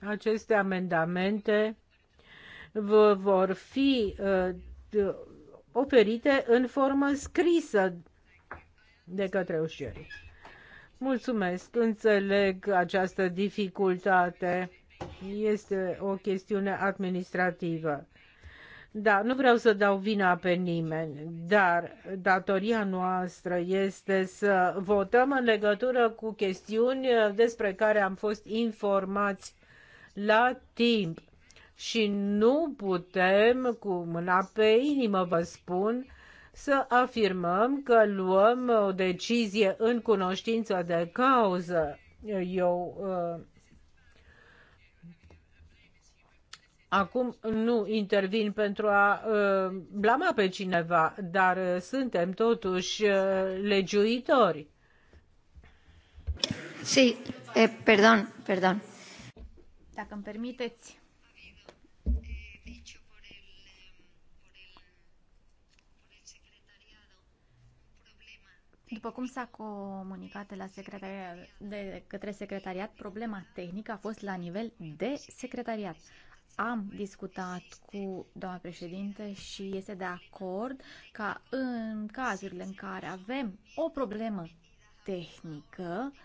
aceste amendamente vor fi uh, oferite în formă scrisă de către ușieri. Mulțumesc, înțeleg această dificultate. Este o chestiune administrativă. Da, nu vreau să dau vina pe nimeni, dar datoria noastră este să votăm în legătură cu chestiuni despre care am fost informați la timp și nu putem, cu mâna pe inimă vă spun, să afirmăm că luăm o decizie în cunoștință de cauză. Eu uh, Acum nu intervin pentru a uh, blama pe cineva, dar uh, suntem totuși uh, legiuitori. Sí, eh, perdon, perdon. Dacă îmi permiteți, După cum s-a comunicat la secretariat, de către secretariat, problema tehnică a fost la nivel de secretariat. Am discutat cu doamna președinte și este de acord ca în cazurile în care avem o problemă tehnică, uh,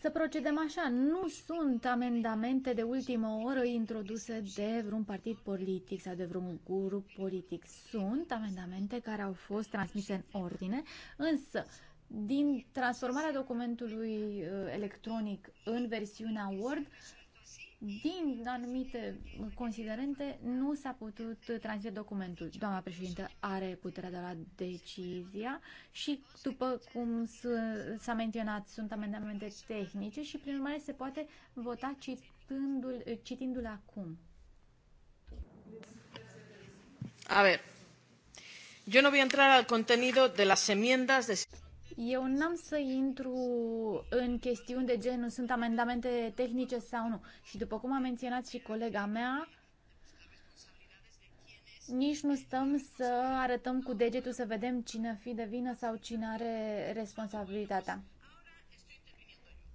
să procedăm așa. Nu sunt amendamente de ultimă oră introduse de vreun partid politic sau de vreun grup politic. Sunt amendamente care au fost transmise în ordine, însă din transformarea documentului uh, electronic în versiunea Word, din anumite considerente nu s-a putut transmite documentul. Doamna președintă are puterea de la decizia și, după cum s-a menționat, sunt amendamente tehnice și, prin urmare, se poate vota citându-l, citindu acum. A ver, yo no voy a entrar al contenido de las enmiendas de... Eu n-am să intru în chestiuni de genul sunt amendamente tehnice sau nu. Și după cum a menționat și colega mea, nici nu stăm să arătăm cu degetul să vedem cine fi de vină sau cine are responsabilitatea.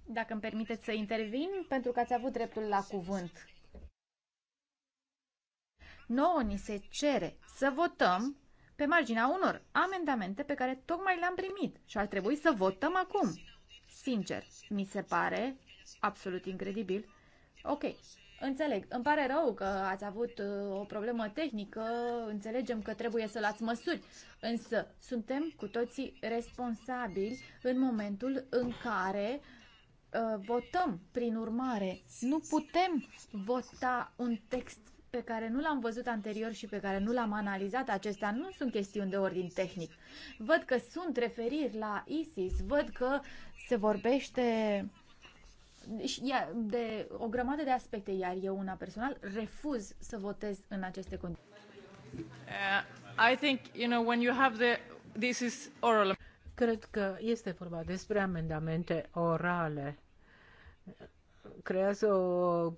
Dacă îmi permiteți să intervin, pentru că ați avut dreptul la cuvânt. Nouă ni se cere să votăm pe marginea unor amendamente pe care tocmai le-am primit și ar trebui să votăm acum. Sincer, mi se pare absolut incredibil. Ok, înțeleg. Îmi pare rău că ați avut uh, o problemă tehnică, înțelegem că trebuie să luați măsuri, însă suntem cu toții responsabili în momentul în care uh, votăm. Prin urmare, nu putem vota un text pe care nu l-am văzut anterior și pe care nu l-am analizat, acestea nu sunt chestiuni de ordin tehnic. Văd că sunt referiri la ISIS, văd că se vorbește de o grămadă de aspecte, iar eu una personal refuz să votez în aceste condiții. Uh, I think, you know, when you have the, this is oral. Cred că este vorba despre amendamente orale creează o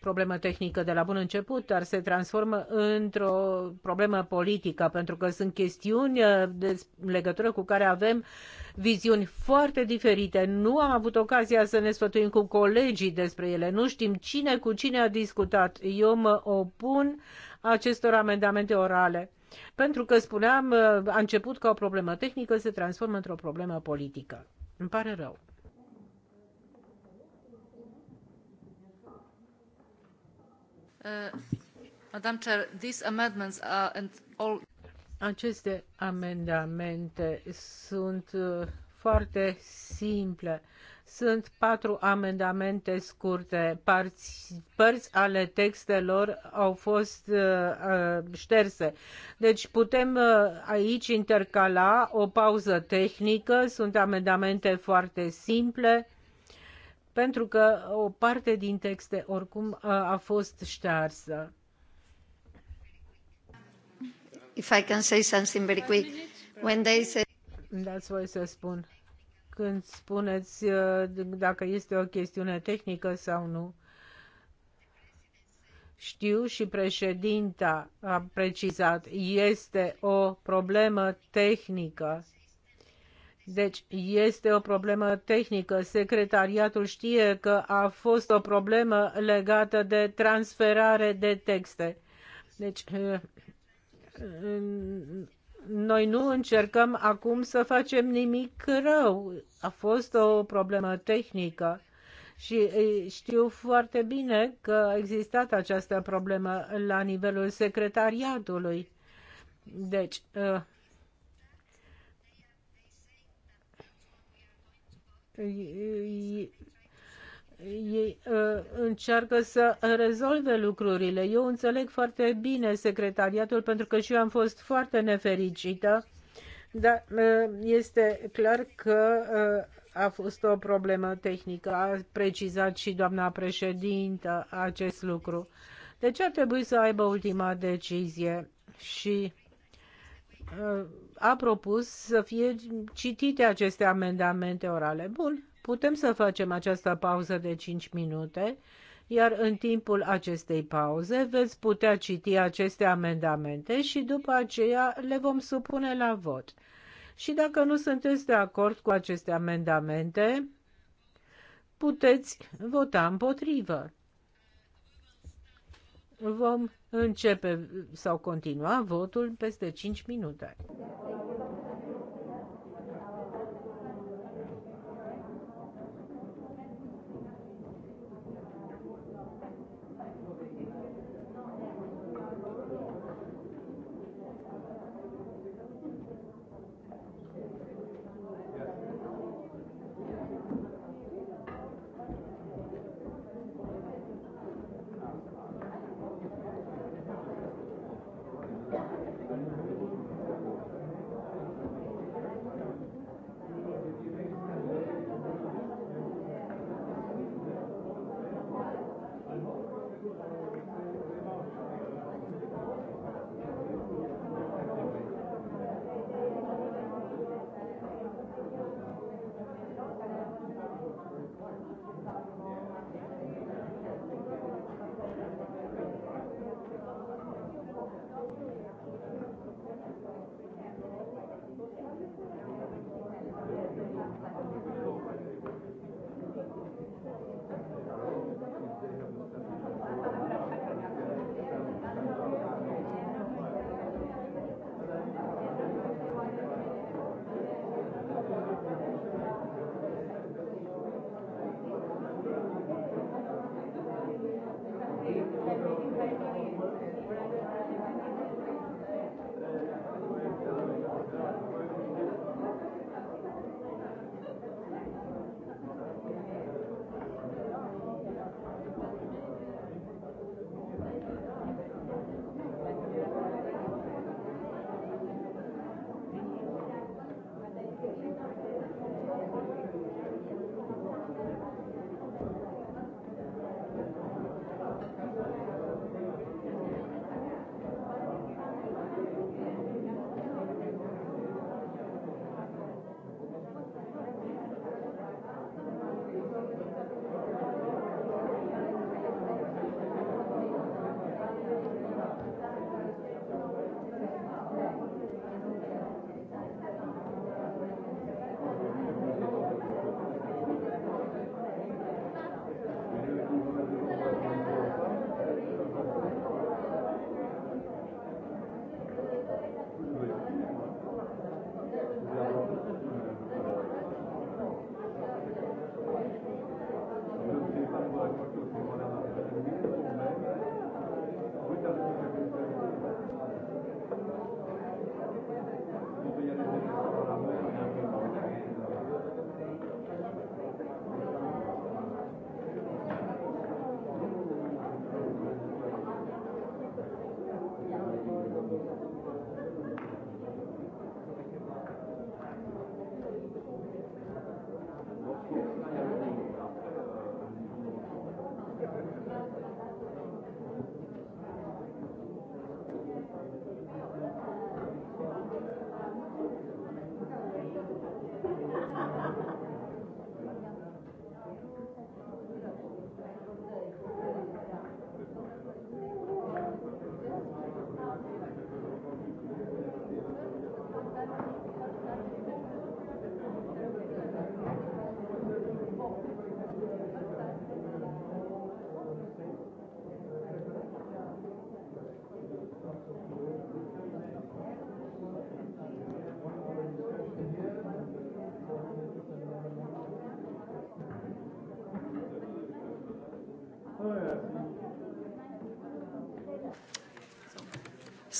problemă tehnică de la bun început, dar se transformă într-o problemă politică, pentru că sunt chestiuni eh, de legătură cu care avem viziuni foarte diferite. Nu am avut ocazia să ne sfătuim cu colegii despre ele, nu știm cine cu cine a discutat. Eu mă opun acestor amendamente orale. Pentru că, spuneam, eh, a început ca o problemă tehnică, se transformă într-o problemă politică. Îmi pare rău. Uh, Aceste amendamente sunt uh, foarte simple. Sunt patru amendamente scurte. părți ale textelor au fost uh, șterse. Deci putem aici intercala o pauză tehnică. Sunt amendamente foarte simple pentru că o parte din texte oricum a fost ștearsă. If I can say something very quick, when they say... Dați voi să spun. Când spuneți uh, dacă este o chestiune tehnică sau nu, știu și președinta a precizat, este o problemă tehnică deci este o problemă tehnică. Secretariatul știe că a fost o problemă legată de transferare de texte. Deci eh, noi nu încercăm acum să facem nimic rău. A fost o problemă tehnică. Și eh, știu foarte bine că a existat această problemă la nivelul secretariatului. Deci, eh, ei uh, încearcă să rezolve lucrurile. Eu înțeleg foarte bine secretariatul pentru că și eu am fost foarte nefericită, dar uh, este clar că uh, a fost o problemă tehnică. A precizat și doamna președintă acest lucru. Deci ar trebui să aibă ultima decizie și uh, a propus să fie citite aceste amendamente orale. Bun, putem să facem această pauză de 5 minute, iar în timpul acestei pauze veți putea citi aceste amendamente și după aceea le vom supune la vot. Și dacă nu sunteți de acord cu aceste amendamente, puteți vota împotrivă. Vom Începe sau continua votul peste 5 minute.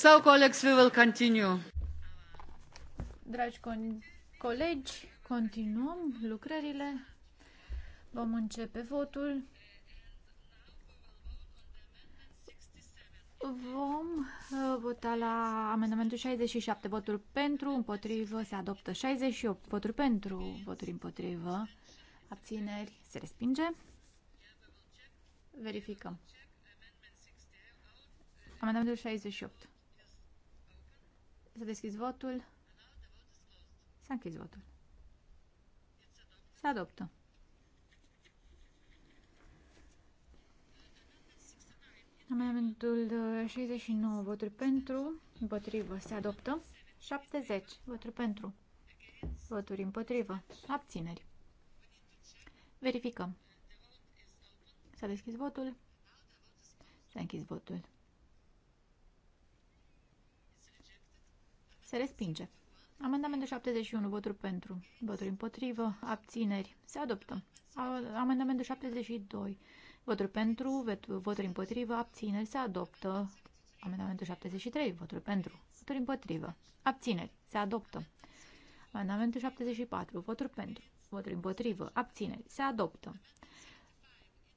So, colleagues, we will continue. Dragi colegi, continuăm lucrările. Vom începe votul. Vom uh, vota la amendamentul 67 Votul pentru, împotrivă, se adoptă 68 voturi pentru, voturi împotrivă, abțineri, se respinge. Verificăm. Amendamentul 68. S-a deschis votul. S-a închis votul. Se adoptă. Amendamentul 69, uh, voturi pentru, împotrivă, se adoptă. 70, voturi pentru, voturi împotrivă, abțineri. Verificăm. S-a deschis votul. S-a închis votul. Se respinge. Amendamentul 71, voturi pentru, voturi împotrivă, abțineri, se adoptă. Amendamentul 72, voturi pentru, voturi împotrivă, abțineri, se adoptă. Amendamentul 73, voturi pentru, voturi împotrivă, abțineri, se adoptă. Amendamentul 74, voturi pentru, voturi împotrivă, abțineri, se adoptă.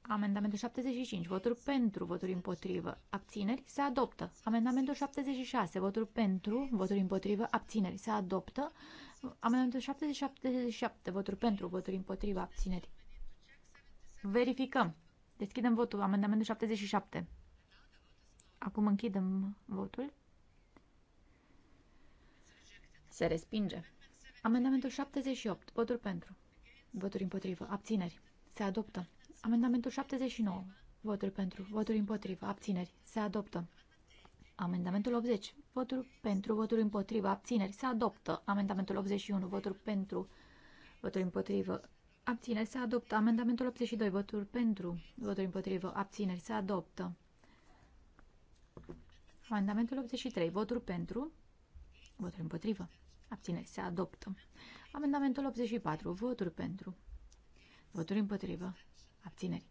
Amendamentul 75, voturi pentru, voturi împotrivă, abțineri, se adoptă. Amendamentul 76, voturi pentru, voturi împotrivă, abțineri, se adoptă. Amendamentul 77, voturi pentru, voturi împotrivă, abțineri. Verificăm. Deschidem votul. Amendamentul 77. Acum închidem votul. Se respinge. Amendamentul 78. Voturi pentru. Voturi împotrivă. Abțineri. Se adoptă. Amendamentul 79. Voturi pentru. Voturi împotrivă. Abțineri. Se adoptă. Amendamentul 80. Voturi pentru. Voturi împotrivă. Abțineri. Se adoptă. Amendamentul 81. Voturi pentru. Voturi împotrivă. Abțineri. Se adoptă. Amendamentul 82. Voturi pentru. Voturi împotrivă. Abțineri. Se adoptă. Amendamentul 83. Voturi pentru. Voturi împotrivă. Abțineri. Se adoptă. Amendamentul 84. Voturi pentru. Voturi împotrivă. Abțineri.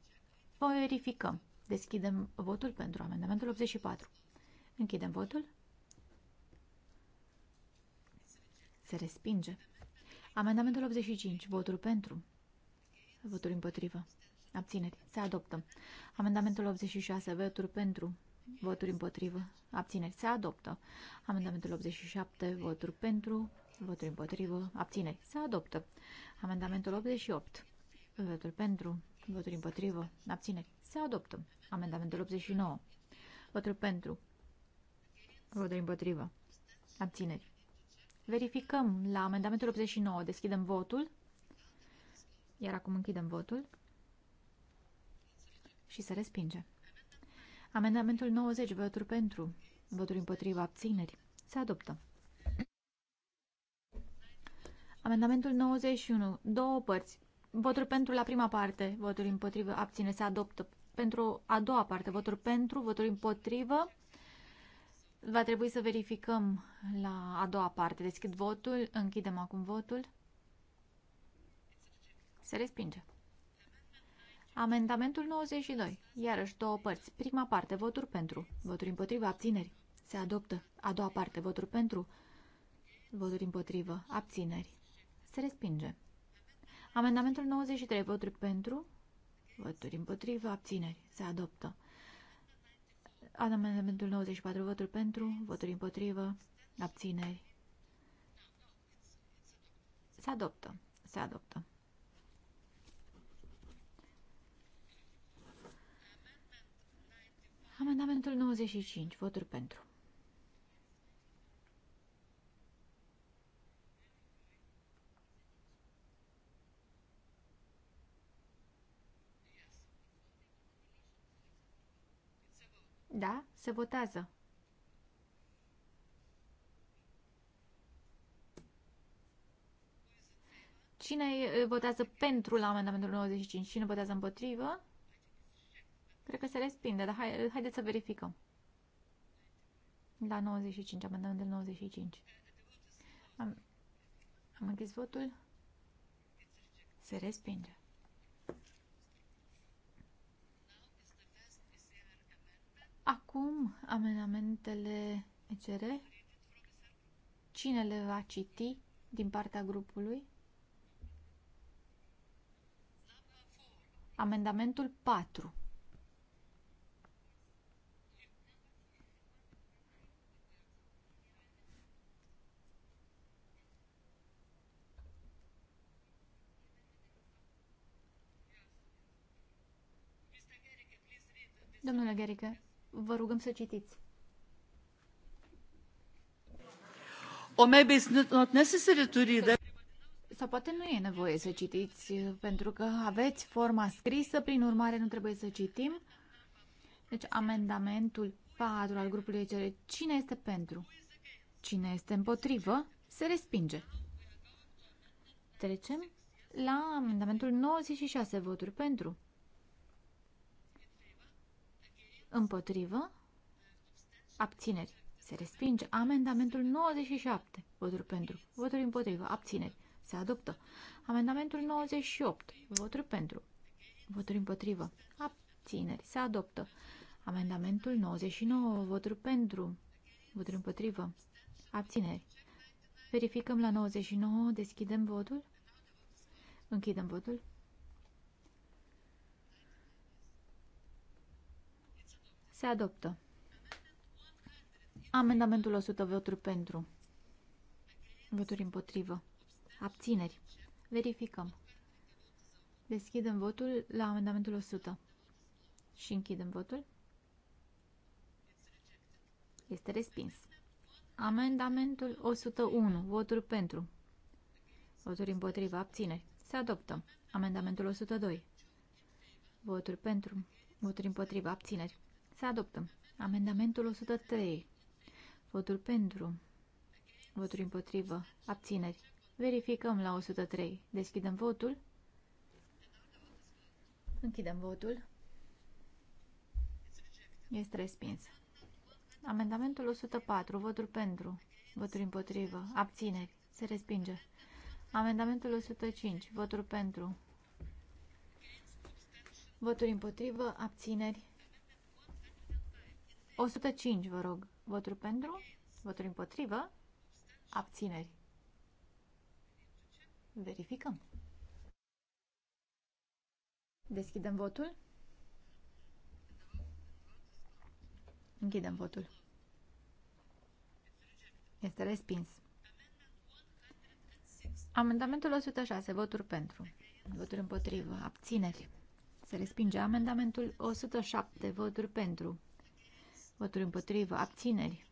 Verificăm. Deschidem votul pentru amendamentul 84. Închidem votul. Se respinge. Amendamentul 85. Votul pentru. Votul împotrivă. Abțineri. Se adoptă. Amendamentul 86. Votul pentru. Voturi împotrivă. Abțineri. Se adoptă. Amendamentul 87. Voturi pentru. Voturi împotrivă. Abțineri. Se adoptă. Amendamentul 88. Votul pentru. Voturi împotrivă. Abțineri. Se adoptă. Amendamentul 89. Votul pentru. Voturi împotrivă. Abțineri. Verificăm la amendamentul 89. Deschidem votul. Iar acum închidem votul. Și se respinge. Amendamentul 90. Voturi pentru. Voturi împotrivă. Abțineri. Se adoptă. Amendamentul 91. Două părți. Voturi pentru la prima parte, voturi împotrivă, abține, se adoptă. Pentru a doua parte, voturi pentru, voturi împotrivă. Va trebui să verificăm la a doua parte. Deschid votul, închidem acum votul. Se respinge. Amendamentul 92. Iarăși două părți. Prima parte, voturi pentru. Voturi împotrivă, abțineri. Se adoptă. A doua parte, voturi pentru. Voturi împotrivă, abțineri. Se respinge. Amendamentul 93, voturi pentru, voturi împotrivă, abțineri, se adoptă. Amendamentul 94, voturi pentru, voturi împotrivă, abțineri, se adoptă, se adoptă. Amendamentul 95, voturi pentru. Da, se votează. Cine votează pentru la amendamentul 95? Cine votează împotrivă? Cred că se respinde, dar hai, haideți să verificăm. La 95, amendamentul 95. Am, am închis votul. Se respinge. Acum, amendamentele ECR. Cine le va citi din partea grupului? Amendamentul 4. Domnule Gherică, vă rugăm să citiți. Or maybe it's not necessary to read. Sau poate nu e nevoie să citiți, pentru că aveți forma scrisă, prin urmare nu trebuie să citim. Deci amendamentul 4 al grupului ECR. Cine este pentru? Cine este împotrivă? Se respinge. Trecem la amendamentul 96 voturi pentru. Împotrivă. Abțineri. Se respinge amendamentul 97. Voturi pentru. Voturi împotrivă. Abțineri. Se adoptă. Amendamentul 98. Voturi pentru. Voturi împotrivă. Abțineri. Se adoptă. Amendamentul 99. Voturi pentru. Voturi împotrivă. Abțineri. Verificăm la 99. Deschidem votul. Închidem votul. Se adoptă. Amendamentul 100, voturi pentru. Voturi împotrivă. Abțineri. Verificăm. Deschidem votul la amendamentul 100. Și închidem votul. Este respins. Amendamentul 101. Voturi pentru. Voturi împotrivă. Abțineri. Se adoptă. Amendamentul 102. Voturi pentru. Voturi împotrivă. Abțineri. Se adoptă. Amendamentul 103. Votul pentru. Voturi împotrivă. Abțineri. Verificăm la 103. Deschidem votul. Închidem votul. Este respins. Amendamentul 104. Votul pentru. Voturi împotrivă. Abțineri. Se respinge. Amendamentul 105. Votul pentru. Voturi împotrivă. Abțineri. 105, vă rog. Voturi pentru, voturi împotrivă, abțineri. Verificăm. Deschidem votul. Închidem votul. Este respins. Amendamentul 106. Voturi pentru. Voturi împotrivă. Abțineri. Se respinge amendamentul 107. Voturi pentru. Voturi împotrivă. Abțineri.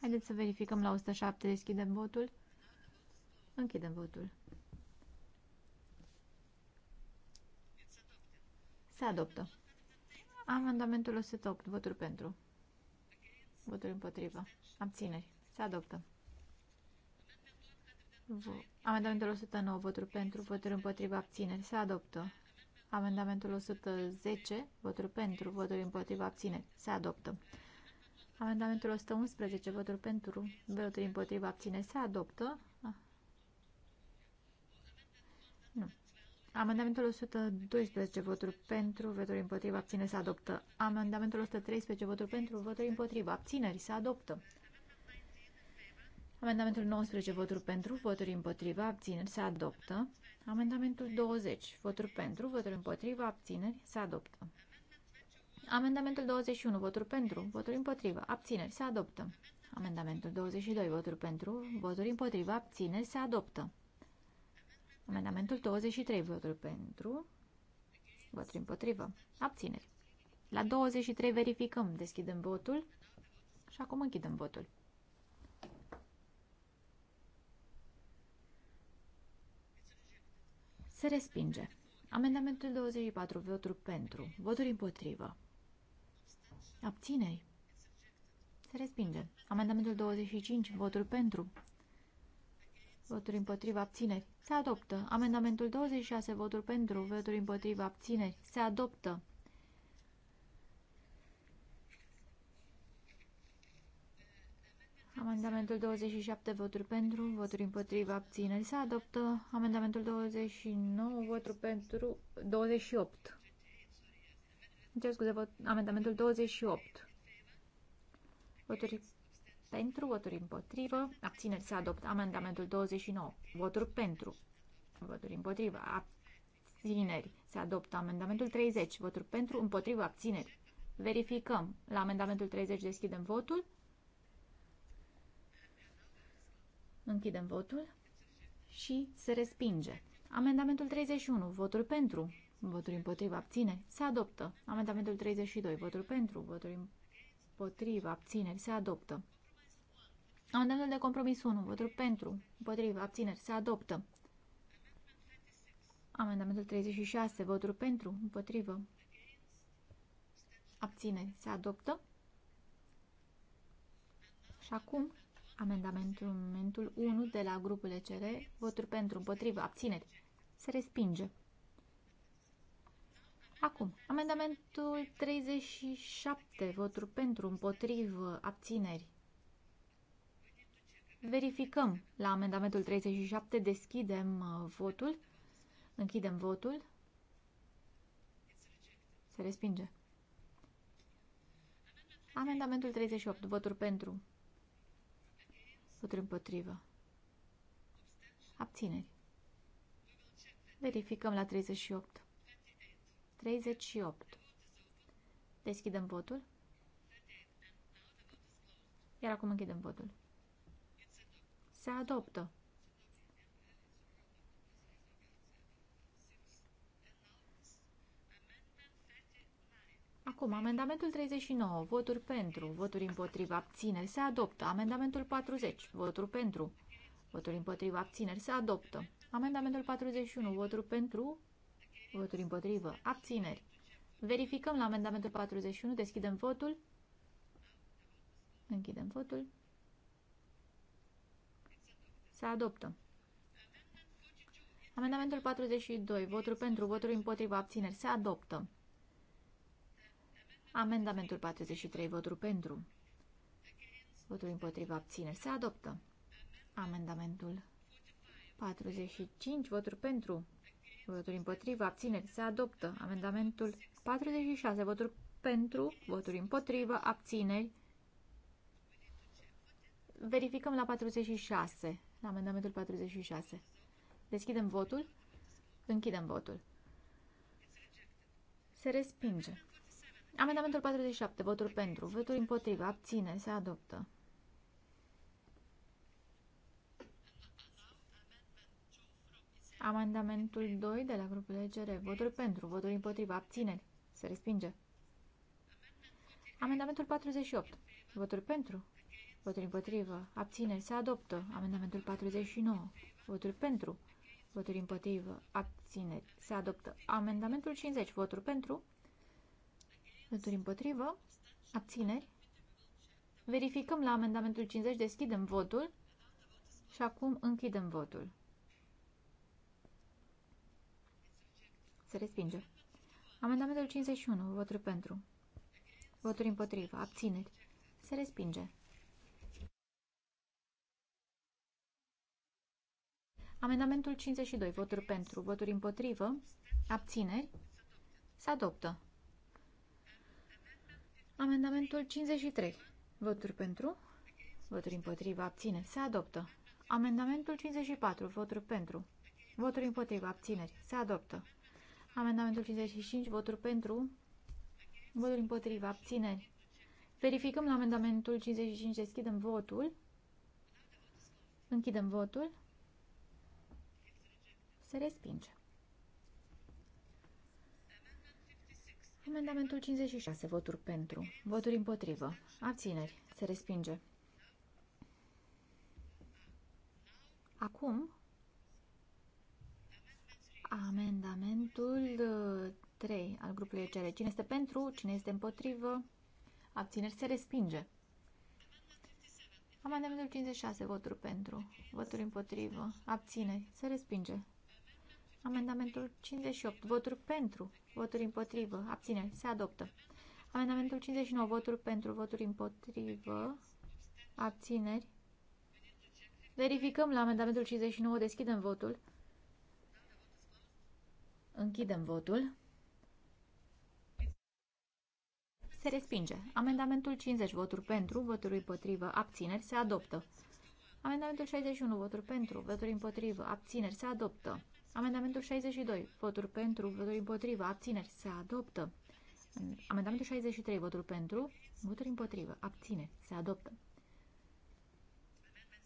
Haideți să verificăm la 107. Deschidem votul. Închidem votul. Se adoptă. Amendamentul 108. Voturi pentru. Voturi împotrivă. Abțineri. Se adoptă. Amendamentul 109. Voturi pentru. Voturi împotrivă. Abțineri. Se adoptă. Amendamentul 110, voturi pentru, voturi împotriva, abțineri. Se adoptă. Amendamentul 111, voturi pentru, voturi împotriva, abțineri. Se adoptă. Ah. Nu. Amendamentul 112, voturi pentru, voturi împotriva, abțineri. Se adoptă. Amendamentul 113, voturi pentru, voturi împotriva, abțineri. Se adoptă. Amendamentul 19, voturi pentru, voturi împotriva, abțineri. Se adoptă. Amendamentul 20. Voturi pentru, voturi împotriva, abțineri, se adoptă. Amendamentul 21. Voturi pentru, voturi împotriva, abțineri, se adoptă. Amendamentul 22. Voturi pentru, voturi împotriva, abțineri, se adoptă. Amendamentul 23. Voturi pentru, voturi împotriva, abțineri. La 23 verificăm, deschidem votul și acum închidem votul. Se respinge. Amendamentul 24. Voturi pentru. Voturi împotrivă. Abțineri. Se respinge. Amendamentul 25. Voturi pentru. Voturi împotrivă. abțineri. Se adoptă. Amendamentul 26. Voturi pentru. Voturi împotrivă. abțineri. Se adoptă. Amendamentul 27, voturi pentru, voturi împotriva, abțineri. Se adoptă amendamentul 29, voturi pentru, 28. Cer scuze, vot, amendamentul 28. Voturi pentru, voturi împotrivă, abțineri. Se adoptă amendamentul 29, voturi pentru, voturi împotrivă, abțineri. Se adoptă amendamentul 30, voturi pentru, împotrivă, abțineri. Verificăm. La amendamentul 30 deschidem votul. Închidem votul și se respinge. Amendamentul 31, votul pentru, votul împotriva, abțineri, se adoptă. Amendamentul 32, votul pentru, votul împotriva, abțineri, se adoptă. Amendamentul de compromis 1, votul pentru, împotriva, abțineri, se adoptă. Amendamentul 36, votul pentru, împotrivă, abțineri, se adoptă. Și acum Amendamentul 1 de la grupul ECR, voturi pentru, împotrivă, abțineri, se respinge. Acum, amendamentul 37, voturi pentru, împotrivă, abțineri. Verificăm la amendamentul 37, deschidem uh, votul, închidem votul, se respinge. Amendamentul 38, voturi pentru, voturi împotrivă. Abțineri. Verificăm la 38. 38. Deschidem votul. Iar acum închidem votul. Se adoptă. Acum, amendamentul 39, voturi pentru, voturi împotriva, abțineri, se adoptă. Amendamentul 40, voturi pentru, voturi împotriva, abțineri, se adoptă. Amendamentul 41, voturi pentru, voturi împotriva, abțineri. Verificăm la amendamentul 41, deschidem votul, închidem votul, se adoptă. Amendamentul 42, voturi pentru, voturi împotriva, abțineri, se adoptă. Amendamentul 43, voturi pentru. Votul împotriva abțineri. Se adoptă. Amendamentul 45, voturi pentru. Voturi împotriva abțineri. Se adoptă. Amendamentul 46, voturi pentru. Voturi împotriva abțineri. Verificăm la 46. La amendamentul 46. Deschidem votul. Închidem votul. Se respinge. Amendamentul 47. Voturi pentru. Voturi împotriva. Abține. Se adoptă. Amendamentul 2 de la grupul ECR. Voturi pentru. Voturi împotriva. abține, Se respinge. Amendamentul 48. Voturi pentru. Voturi împotrivă. abține, Se adoptă. Amendamentul 49. Voturi pentru. Voturi împotrivă. abține, Se adoptă. Amendamentul 50. Voturi pentru voturi împotrivă, abțineri. Verificăm la amendamentul 50, deschidem votul și acum închidem votul. Se respinge. Amendamentul 51, voturi pentru. Voturi împotrivă, abțineri. Se respinge. Amendamentul 52, voturi pentru, voturi împotrivă, abțineri, se adoptă. Amendamentul 53. Voturi pentru. Voturi împotrivă. Abțineri. Se adoptă. Amendamentul 54. Voturi pentru. Voturi împotrivă. Abțineri. Se adoptă. Amendamentul 55. Voturi pentru. Voturi împotrivă. Abțineri. Verificăm la amendamentul 55. Deschidem votul. Închidem votul. Se respinge. Amendamentul 56. Voturi pentru. Voturi împotrivă. Abțineri. Se respinge. Acum, amendamentul 3 uh, al grupului ECR. Cine este pentru? Cine este împotrivă? Abțineri. Se respinge. Amendamentul 56. Voturi pentru. Voturi împotrivă. Abțineri. Se respinge. Amendamentul 58. Voturi pentru. Voturi împotrivă. Abțineri. Se adoptă. Amendamentul 59. Voturi pentru. Voturi împotrivă. Abțineri. Verificăm la amendamentul 59. Deschidem votul. Închidem votul. Se respinge. Amendamentul 50. Voturi pentru. Voturi împotrivă. Abțineri. Se adoptă. Amendamentul 61. Voturi pentru. Voturi împotrivă. Abțineri. Se adoptă. Amendamentul 62. Voturi pentru, voturi împotrivă, abțineri. Se adoptă. Amendamentul 63. Voturi pentru, voturi împotrivă, abțineri. Se adoptă.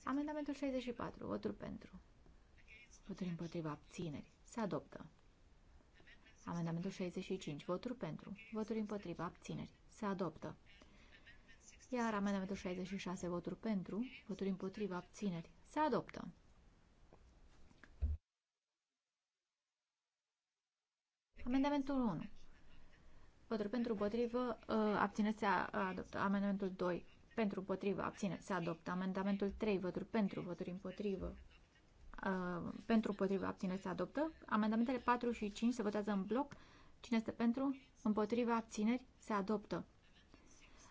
Amendamentul 64. Voturi pentru, voturi împotrivă, abțineri. Se adoptă. Amendamentul 65. Voturi pentru, voturi împotrivă, abțineri. Se adoptă. Iar amendamentul 66. Voturi pentru, voturi împotrivă, abțineri. Se adoptă. Amendamentul 1. Voturi pentru împotrivă, uh, abține să adoptă. Amendamentul 2. Pentru împotrivă, abține să adoptă. Amendamentul 3. Voturi pentru, voturi împotrivă, uh, pentru împotrivă, abține să adoptă. Amendamentele 4 și 5 se votează în bloc. Cine este pentru? Împotriva abțineri se adoptă.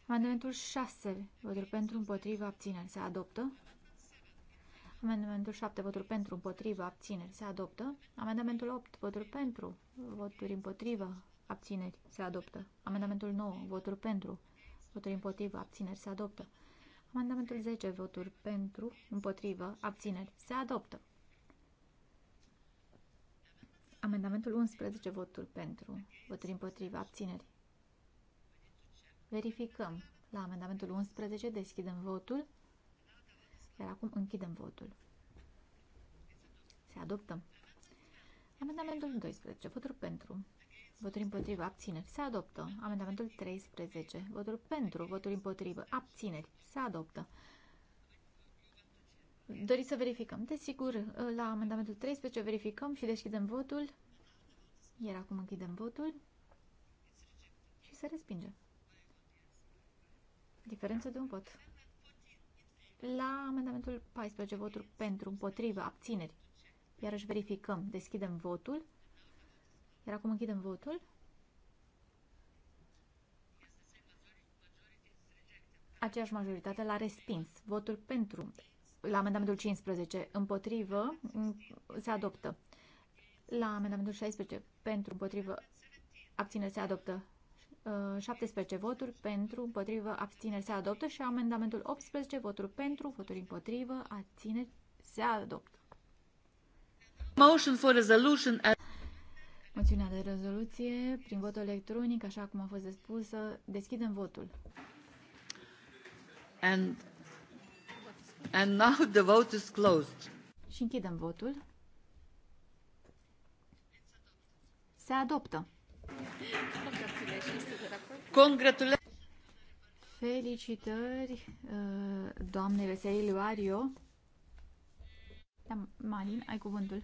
Amendamentul 6. Voturi pentru împotrivă abțineri se adoptă. Amendamentul 7, voturi pentru, împotrivă, abțineri, se adoptă. Amendamentul 8, voturi pentru, voturi împotrivă, abțineri, se adoptă. Amendamentul 9, voturi pentru, voturi împotrivă, abțineri, se adoptă. Amendamentul 10, voturi pentru, împotrivă, abțineri, se adoptă. Amendamentul 11, voturi pentru, voturi împotrivă, abțineri. Verificăm. La amendamentul 11 deschidem votul. Iar acum închidem votul. Se adoptă. Amendamentul 12. Voturi pentru. Voturi împotrivă. Abțineri. Se adoptă. Amendamentul 13. Voturi pentru. Voturi împotrivă. Abțineri. Se adoptă. Doriți să verificăm. Desigur, la amendamentul 13 verificăm și deschidem votul. Iar acum închidem votul și se respinge. Diferență de un vot. La amendamentul 14, voturi pentru, împotrivă, abțineri. Iarăși verificăm. Deschidem votul. Iar acum închidem votul. Aceeași majoritate l-a respins. Votul pentru. La amendamentul 15, împotrivă, se adoptă. La amendamentul 16, pentru, împotrivă, abțineri se adoptă. 17 uh, voturi pentru, împotrivă, abțineri se adoptă și amendamentul 18 voturi pentru, voturi împotrivă, abțineri se adoptă. Motion for resolution. Moțiunea de rezoluție prin vot electronic, așa cum a fost spusă, deschidem votul. And, and now the vote is closed. Și închidem votul. Se adoptă. Congratulations. Congratulări! Felicitări, uh, doamnele Veselii Luario. Da, Malin, ai cuvântul.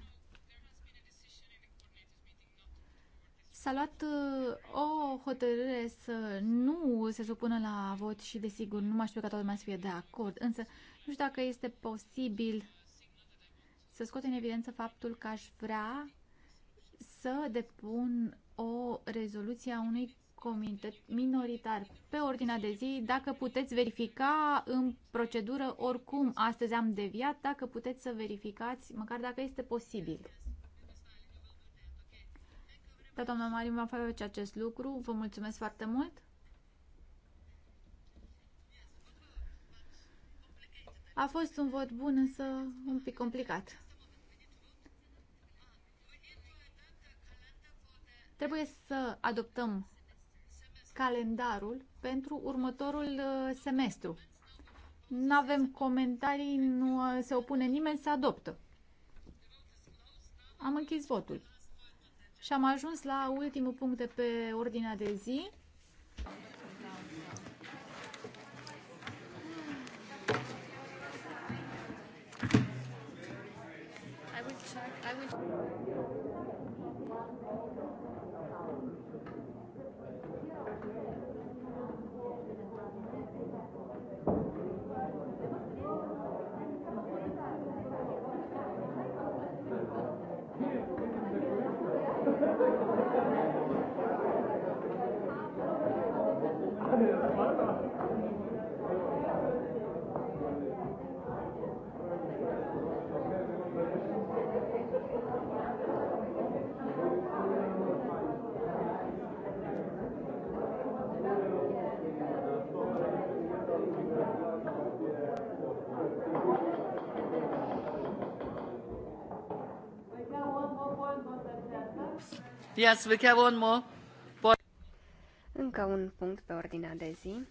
S-a luat uh, o hotărâre să nu se supună la vot și, desigur, nu mai știu că toată lumea să fie de acord, însă nu știu dacă este posibil să scot în evidență faptul că aș vrea să depun o rezoluție a unui minoritar pe ordinea de zi. Dacă puteți verifica în procedură, oricum astăzi am deviat, dacă puteți să verificați, măcar dacă este posibil. Da, doamna Marin va face acest lucru. Vă mulțumesc foarte mult. A fost un vot bun, însă un pic complicat. Trebuie să adoptăm calendarul pentru următorul uh, semestru. Nu avem comentarii, nu uh, se opune nimeni, se adoptă. Am închis votul. Și am ajuns la ultimul punct de pe ordinea de zi. Yes, we have one more. Încă un punct pe ordinea de zi.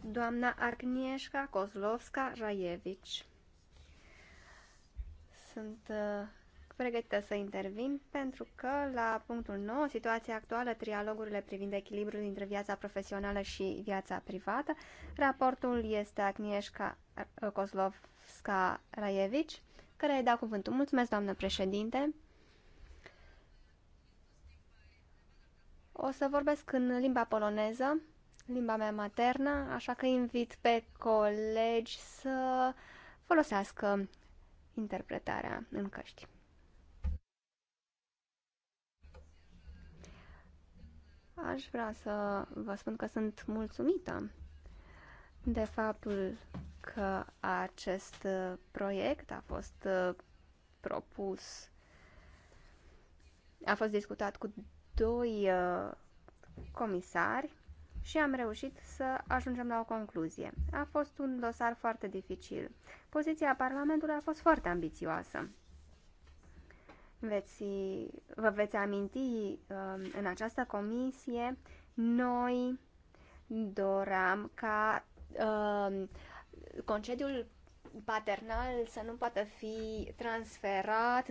Doamna Agnieszka Kozlovska Rajevici. Sunt uh, pregătită să intervin pentru că la punctul 9, situația actuală, trialogurile privind echilibrul dintre viața profesională și viața privată, raportul este Agnieszka uh, Kozlovska Rajevici, care îi da cuvântul. Mulțumesc, doamnă președinte! O să vorbesc în limba poloneză, limba mea maternă, așa că invit pe colegi să folosească interpretarea în căști. Aș vrea să vă spun că sunt mulțumită de faptul că acest proiect a fost propus, a fost discutat cu doi uh, comisari și am reușit să ajungem la o concluzie. A fost un dosar foarte dificil. Poziția Parlamentului a fost foarte ambițioasă. Veți, vă veți aminti, um, în această comisie, noi doram ca um, concediul paternal să nu poată fi transferat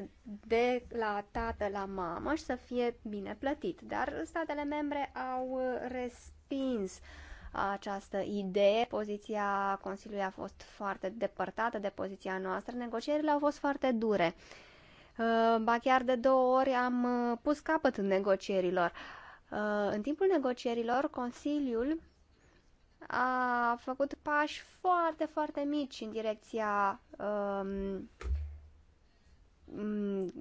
de la tată la mamă și să fie bine plătit. Dar statele membre au respins această idee. Poziția Consiliului a fost foarte depărtată de poziția noastră. Negocierile au fost foarte dure. Uh, ba chiar de două ori am uh, pus capăt negocierilor. Uh, în timpul negocierilor, Consiliul a făcut pași foarte, foarte mici în direcția um, mm,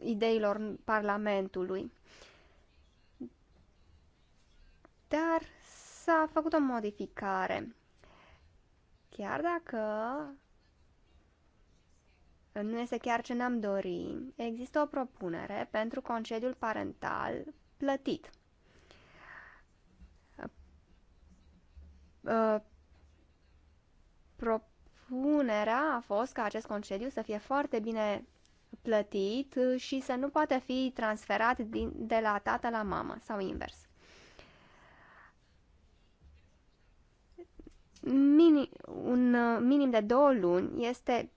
ideilor Parlamentului. Dar s-a făcut o modificare. Chiar dacă nu este chiar ce ne-am dorit, există o propunere pentru concediul parental plătit. Uh, propunerea a fost ca acest concediu să fie foarte bine plătit și să nu poate fi transferat din, de la tată la mamă sau invers. Mini, un uh, minim de două luni este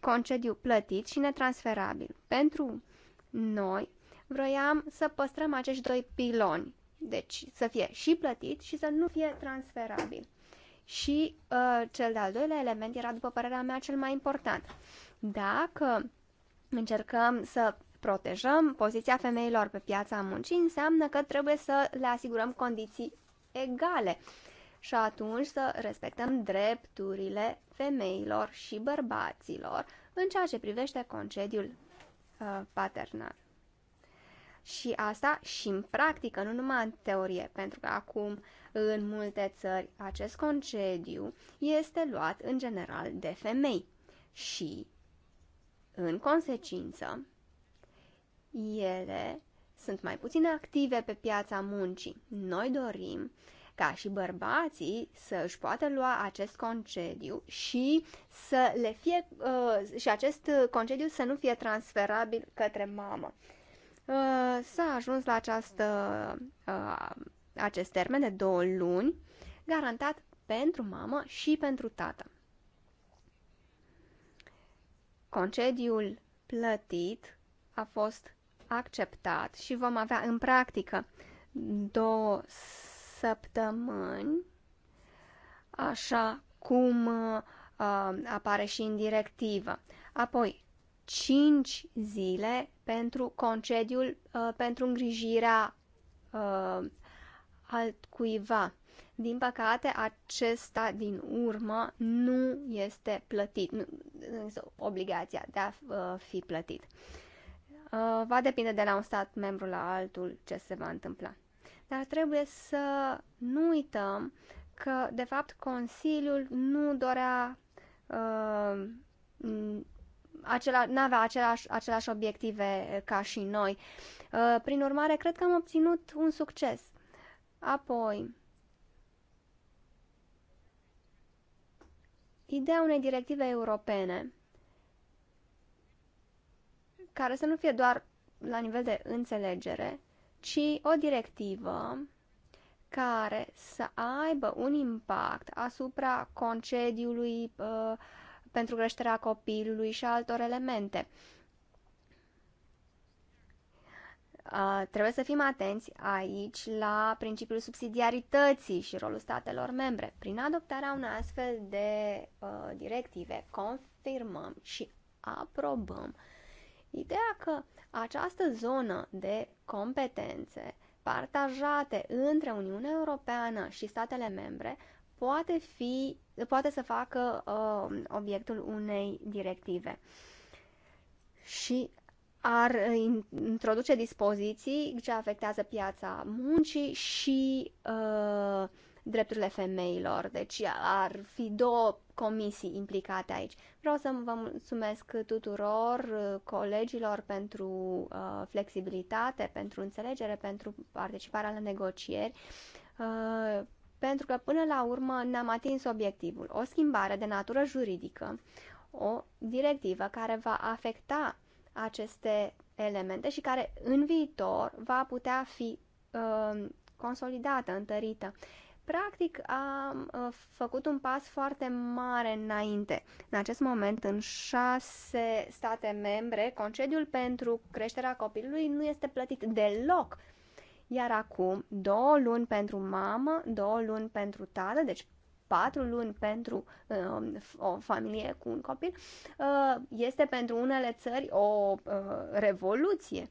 concediu plătit și netransferabil. Pentru noi vroiam să păstrăm acești doi piloni deci să fie și plătit și să nu fie transferabil. Și uh, cel de-al doilea element era, după părerea mea, cel mai important. Dacă încercăm să protejăm poziția femeilor pe piața muncii, înseamnă că trebuie să le asigurăm condiții egale și atunci să respectăm drepturile femeilor și bărbaților în ceea ce privește concediul uh, paternal și asta și în practică, nu numai în teorie, pentru că acum în multe țări acest concediu este luat în general de femei și, în consecință, ele sunt mai puțin active pe piața muncii. Noi dorim ca și bărbații să își poată lua acest concediu și să le fie uh, și acest concediu să nu fie transferabil către mamă. Uh, Uh, s-a ajuns la această, uh, acest termen de două luni, garantat pentru mamă și pentru tată. Concediul plătit a fost acceptat și vom avea în practică două săptămâni, așa cum uh, apare și în directivă. Apoi, 5 zile pentru concediul uh, pentru îngrijirea uh, altcuiva. Din păcate, acesta din urmă nu este plătit, nu este obligația de a uh, fi plătit. Uh, va depinde de la un stat membru la altul ce se va întâmpla. Dar trebuie să nu uităm că, de fapt, Consiliul nu dorea uh, acela, n-avea același, același obiective ca și noi. Uh, prin urmare, cred că am obținut un succes. Apoi, ideea unei directive europene care să nu fie doar la nivel de înțelegere, ci o directivă care să aibă un impact asupra concediului, uh, pentru creșterea copilului și altor elemente. Uh, trebuie să fim atenți aici la principiul subsidiarității și rolul statelor membre. Prin adoptarea unei astfel de uh, directive, confirmăm și aprobăm ideea că această zonă de competențe partajate între Uniunea Europeană și statele membre poate, fi, poate să facă uh, obiectul unei directive. Și ar uh, introduce dispoziții ce afectează piața muncii și uh, drepturile femeilor. Deci ar fi două comisii implicate aici. Vreau să vă mulțumesc tuturor uh, colegilor pentru uh, flexibilitate, pentru înțelegere, pentru participarea la negocieri. Uh, pentru că până la urmă ne-am atins obiectivul, o schimbare de natură juridică, o directivă care va afecta aceste elemente și care în viitor va putea fi uh, consolidată, întărită. Practic am uh, făcut un pas foarte mare înainte. În acest moment, în șase state membre, concediul pentru creșterea copilului nu este plătit deloc iar acum, două luni pentru mamă, două luni pentru tată, deci patru luni pentru uh, o familie cu un copil, uh, este pentru unele țări o uh, revoluție.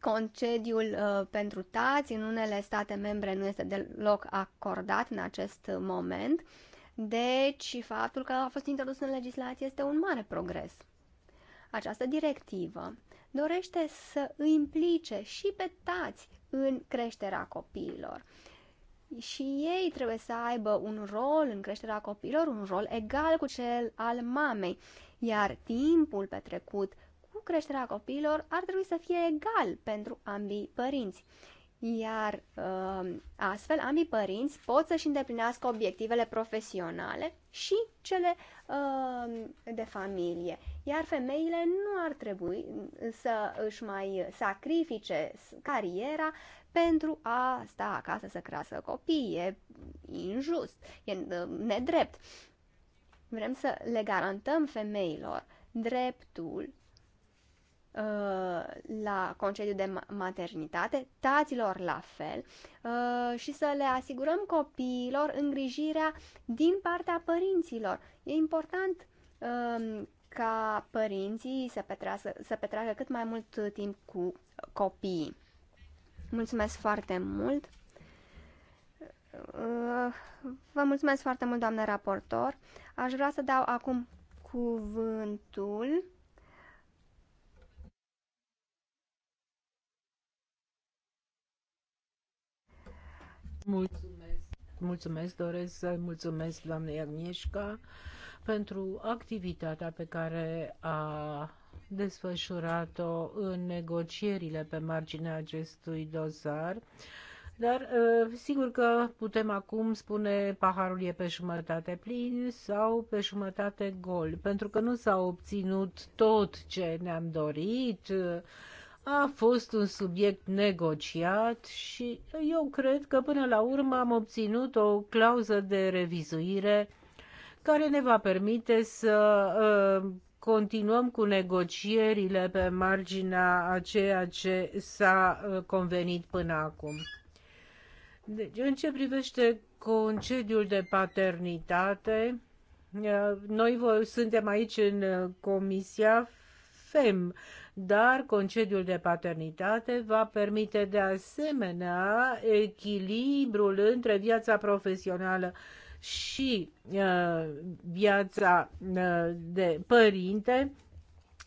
Concediul uh, pentru tați în unele state membre nu este deloc acordat în acest moment, deci faptul că a fost introdus în legislație este un mare progres. Această directivă dorește să îi implice și pe tați în creșterea copiilor. Și ei trebuie să aibă un rol în creșterea copiilor, un rol egal cu cel al mamei, iar timpul petrecut cu creșterea copiilor ar trebui să fie egal pentru ambii părinți iar uh, astfel ambii părinți pot să-și îndeplinească obiectivele profesionale și cele uh, de familie. Iar femeile nu ar trebui să își mai sacrifice cariera pentru a sta acasă să crească copii. E injust, e uh, nedrept. Vrem să le garantăm femeilor dreptul Uh, la concediu de maternitate, taților la fel uh, și să le asigurăm copiilor îngrijirea din partea părinților. E important um, ca părinții să petreacă, să petreacă cât mai mult timp cu copiii. Mulțumesc foarte mult! Uh, vă mulțumesc foarte mult, doamnă raportor. Aș vrea să dau acum cuvântul Mulțumesc. doresc să mulțumesc doamnei Agnieszka pentru activitatea pe care a desfășurat-o în negocierile pe marginea acestui dosar. Dar ă, sigur că putem acum spune paharul e pe jumătate plin sau pe jumătate gol, pentru că nu s-a obținut tot ce ne-am dorit a fost un subiect negociat și eu cred că până la urmă am obținut o clauză de revizuire care ne va permite să uh, continuăm cu negocierile pe marginea a ceea ce s-a ă, convenit până acum. Deci, în ce privește concediul de paternitate, uh, noi suntem aici în Comisia FEM dar concediul de paternitate va permite de asemenea echilibrul între viața profesională și uh, viața uh, de părinte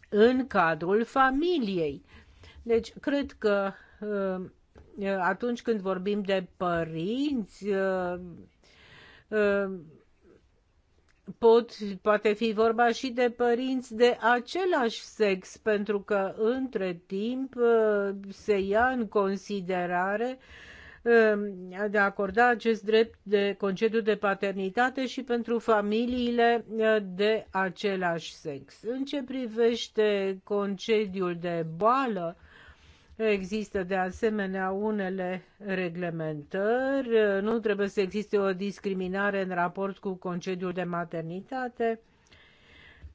în cadrul familiei. Deci, cred că uh, atunci când vorbim de părinți, uh, uh, pot, poate fi vorba și de părinți de același sex, pentru că între timp uh, se ia în considerare uh, de a acorda acest drept de concediu de paternitate și pentru familiile uh, de același sex. În ce privește concediul de boală, Există de asemenea unele reglementări, nu trebuie să existe o discriminare în raport cu concediul de maternitate,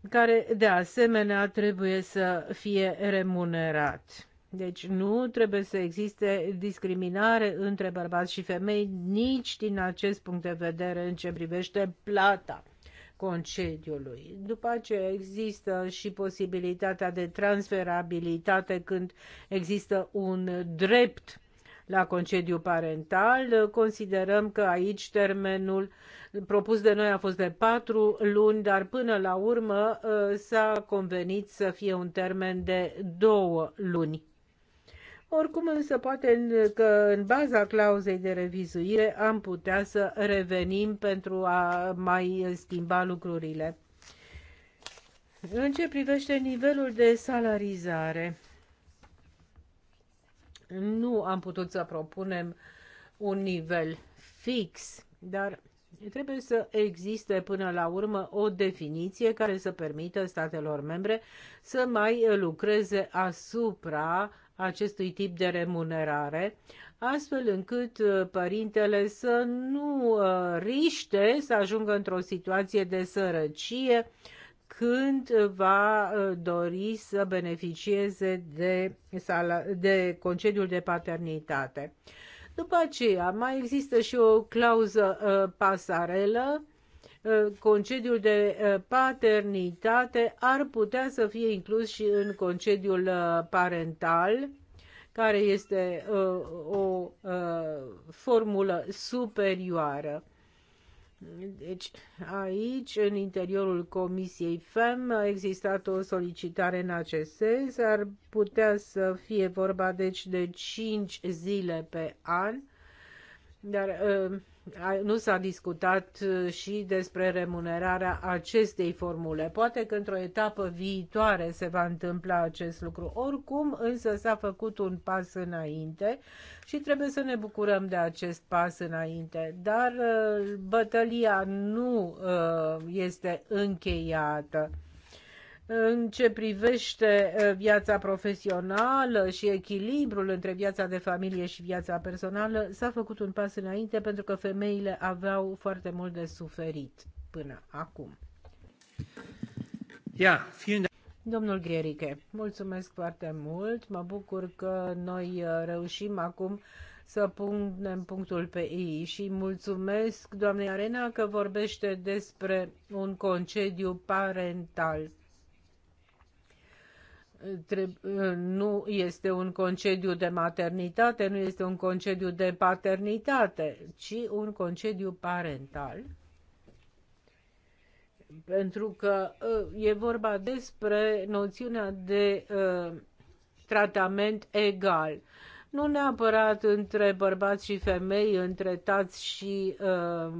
care de asemenea trebuie să fie remunerat. Deci nu trebuie să existe discriminare între bărbați și femei nici din acest punct de vedere în ce privește plata concediului. După aceea există și posibilitatea de transferabilitate când există un drept la concediu parental. Considerăm că aici termenul propus de noi a fost de patru luni, dar până la urmă uh, s-a convenit să fie un termen de două luni. Oricum însă poate că în baza clauzei de revizuire am putea să revenim pentru a mai schimba lucrurile. În ce privește nivelul de salarizare, nu am putut să propunem un nivel fix, dar trebuie să existe până la urmă o definiție care să permită statelor membre să mai lucreze asupra acestui tip de remunerare, astfel încât uh, părintele să nu uh, riște să ajungă într-o situație de sărăcie când va uh, dori să beneficieze de, de concediul de paternitate. După aceea, mai există și o clauză pasarelă Uh, concediul de uh, paternitate ar putea să fie inclus și în concediul uh, parental, care este o formulă superioară. Deci, aici, în interiorul Comisiei FEM, a existat o solicitare în acest sens. Ar putea să fie vorba, deci, de 5 zile pe an, dar nu s-a discutat uh, și despre remunerarea acestei formule. Poate că într-o etapă viitoare se va întâmpla acest lucru. Oricum, însă s-a făcut un pas înainte și trebuie să ne bucurăm de acest pas înainte. Dar uh, bătălia nu uh, este încheiată în ce privește viața profesională și echilibrul între viața de familie și viața personală, s-a făcut un pas înainte pentru că femeile aveau foarte mult de suferit până acum. Ja, vielen Domnul Gherike, mulțumesc foarte mult. Mă bucur că noi reușim acum să punem punctul pe I și mulțumesc doamnei Arena că vorbește despre un concediu parental nu este un concediu de maternitate, nu este un concediu de paternitate, ci un concediu parental. Pentru că uh, e vorba despre noțiunea de uh, tratament egal. Nu neapărat între bărbați și femei, între tați și uh,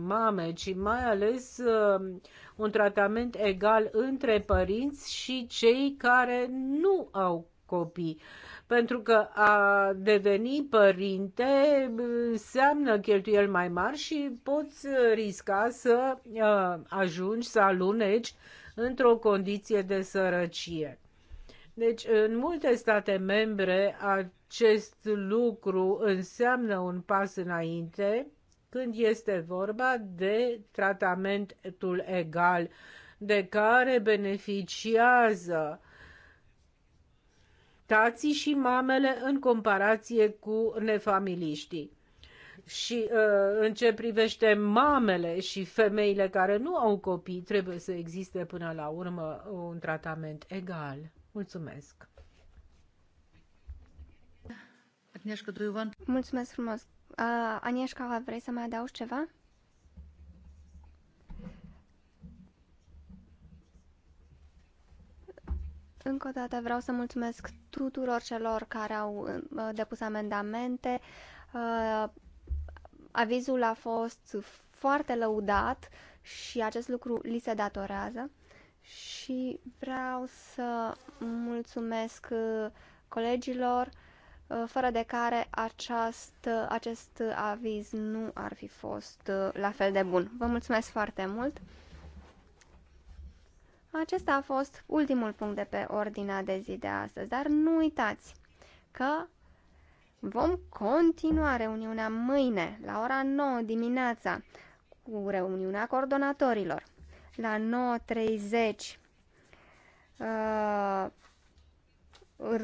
mame, ci mai ales uh, un tratament egal între părinți și cei care nu au copii. Pentru că a deveni părinte uh, înseamnă cheltuieli mai mari și poți uh, risca să uh, ajungi să aluneci într-o condiție de sărăcie. Deci, în multe state membre, acest lucru înseamnă un pas înainte când este vorba de tratamentul egal de care beneficiază tații și mamele în comparație cu nefamiliștii. Și uh, în ce privește mamele și femeile care nu au copii, trebuie să existe până la urmă un tratament egal. Mulțumesc! Mulțumesc frumos! Uh, Anieșca, vrei să mai adaugi ceva? Încă o dată vreau să mulțumesc tuturor celor care au uh, depus amendamente. Uh, avizul a fost foarte lăudat și acest lucru li se datorează și vreau să mulțumesc uh, colegilor Uh, fără de care aceast, uh, acest aviz nu ar fi fost uh, la fel de bun. Vă mulțumesc foarte mult! Acesta a fost ultimul punct de pe ordinea de zi de astăzi, dar nu uitați că vom continua reuniunea mâine la ora 9 dimineața cu reuniunea coordonatorilor. La 9.30 uh,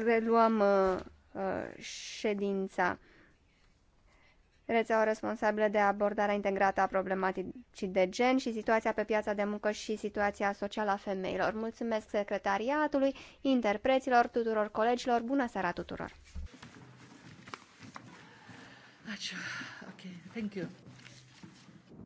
reluăm uh, ședința. Rețeaua responsabilă de abordarea integrată a problematicii de gen și situația pe piața de muncă și situația socială a femeilor. Mulțumesc secretariatului, interpreților, tuturor colegilor. Bună seara tuturor! Așa, ok, thank you.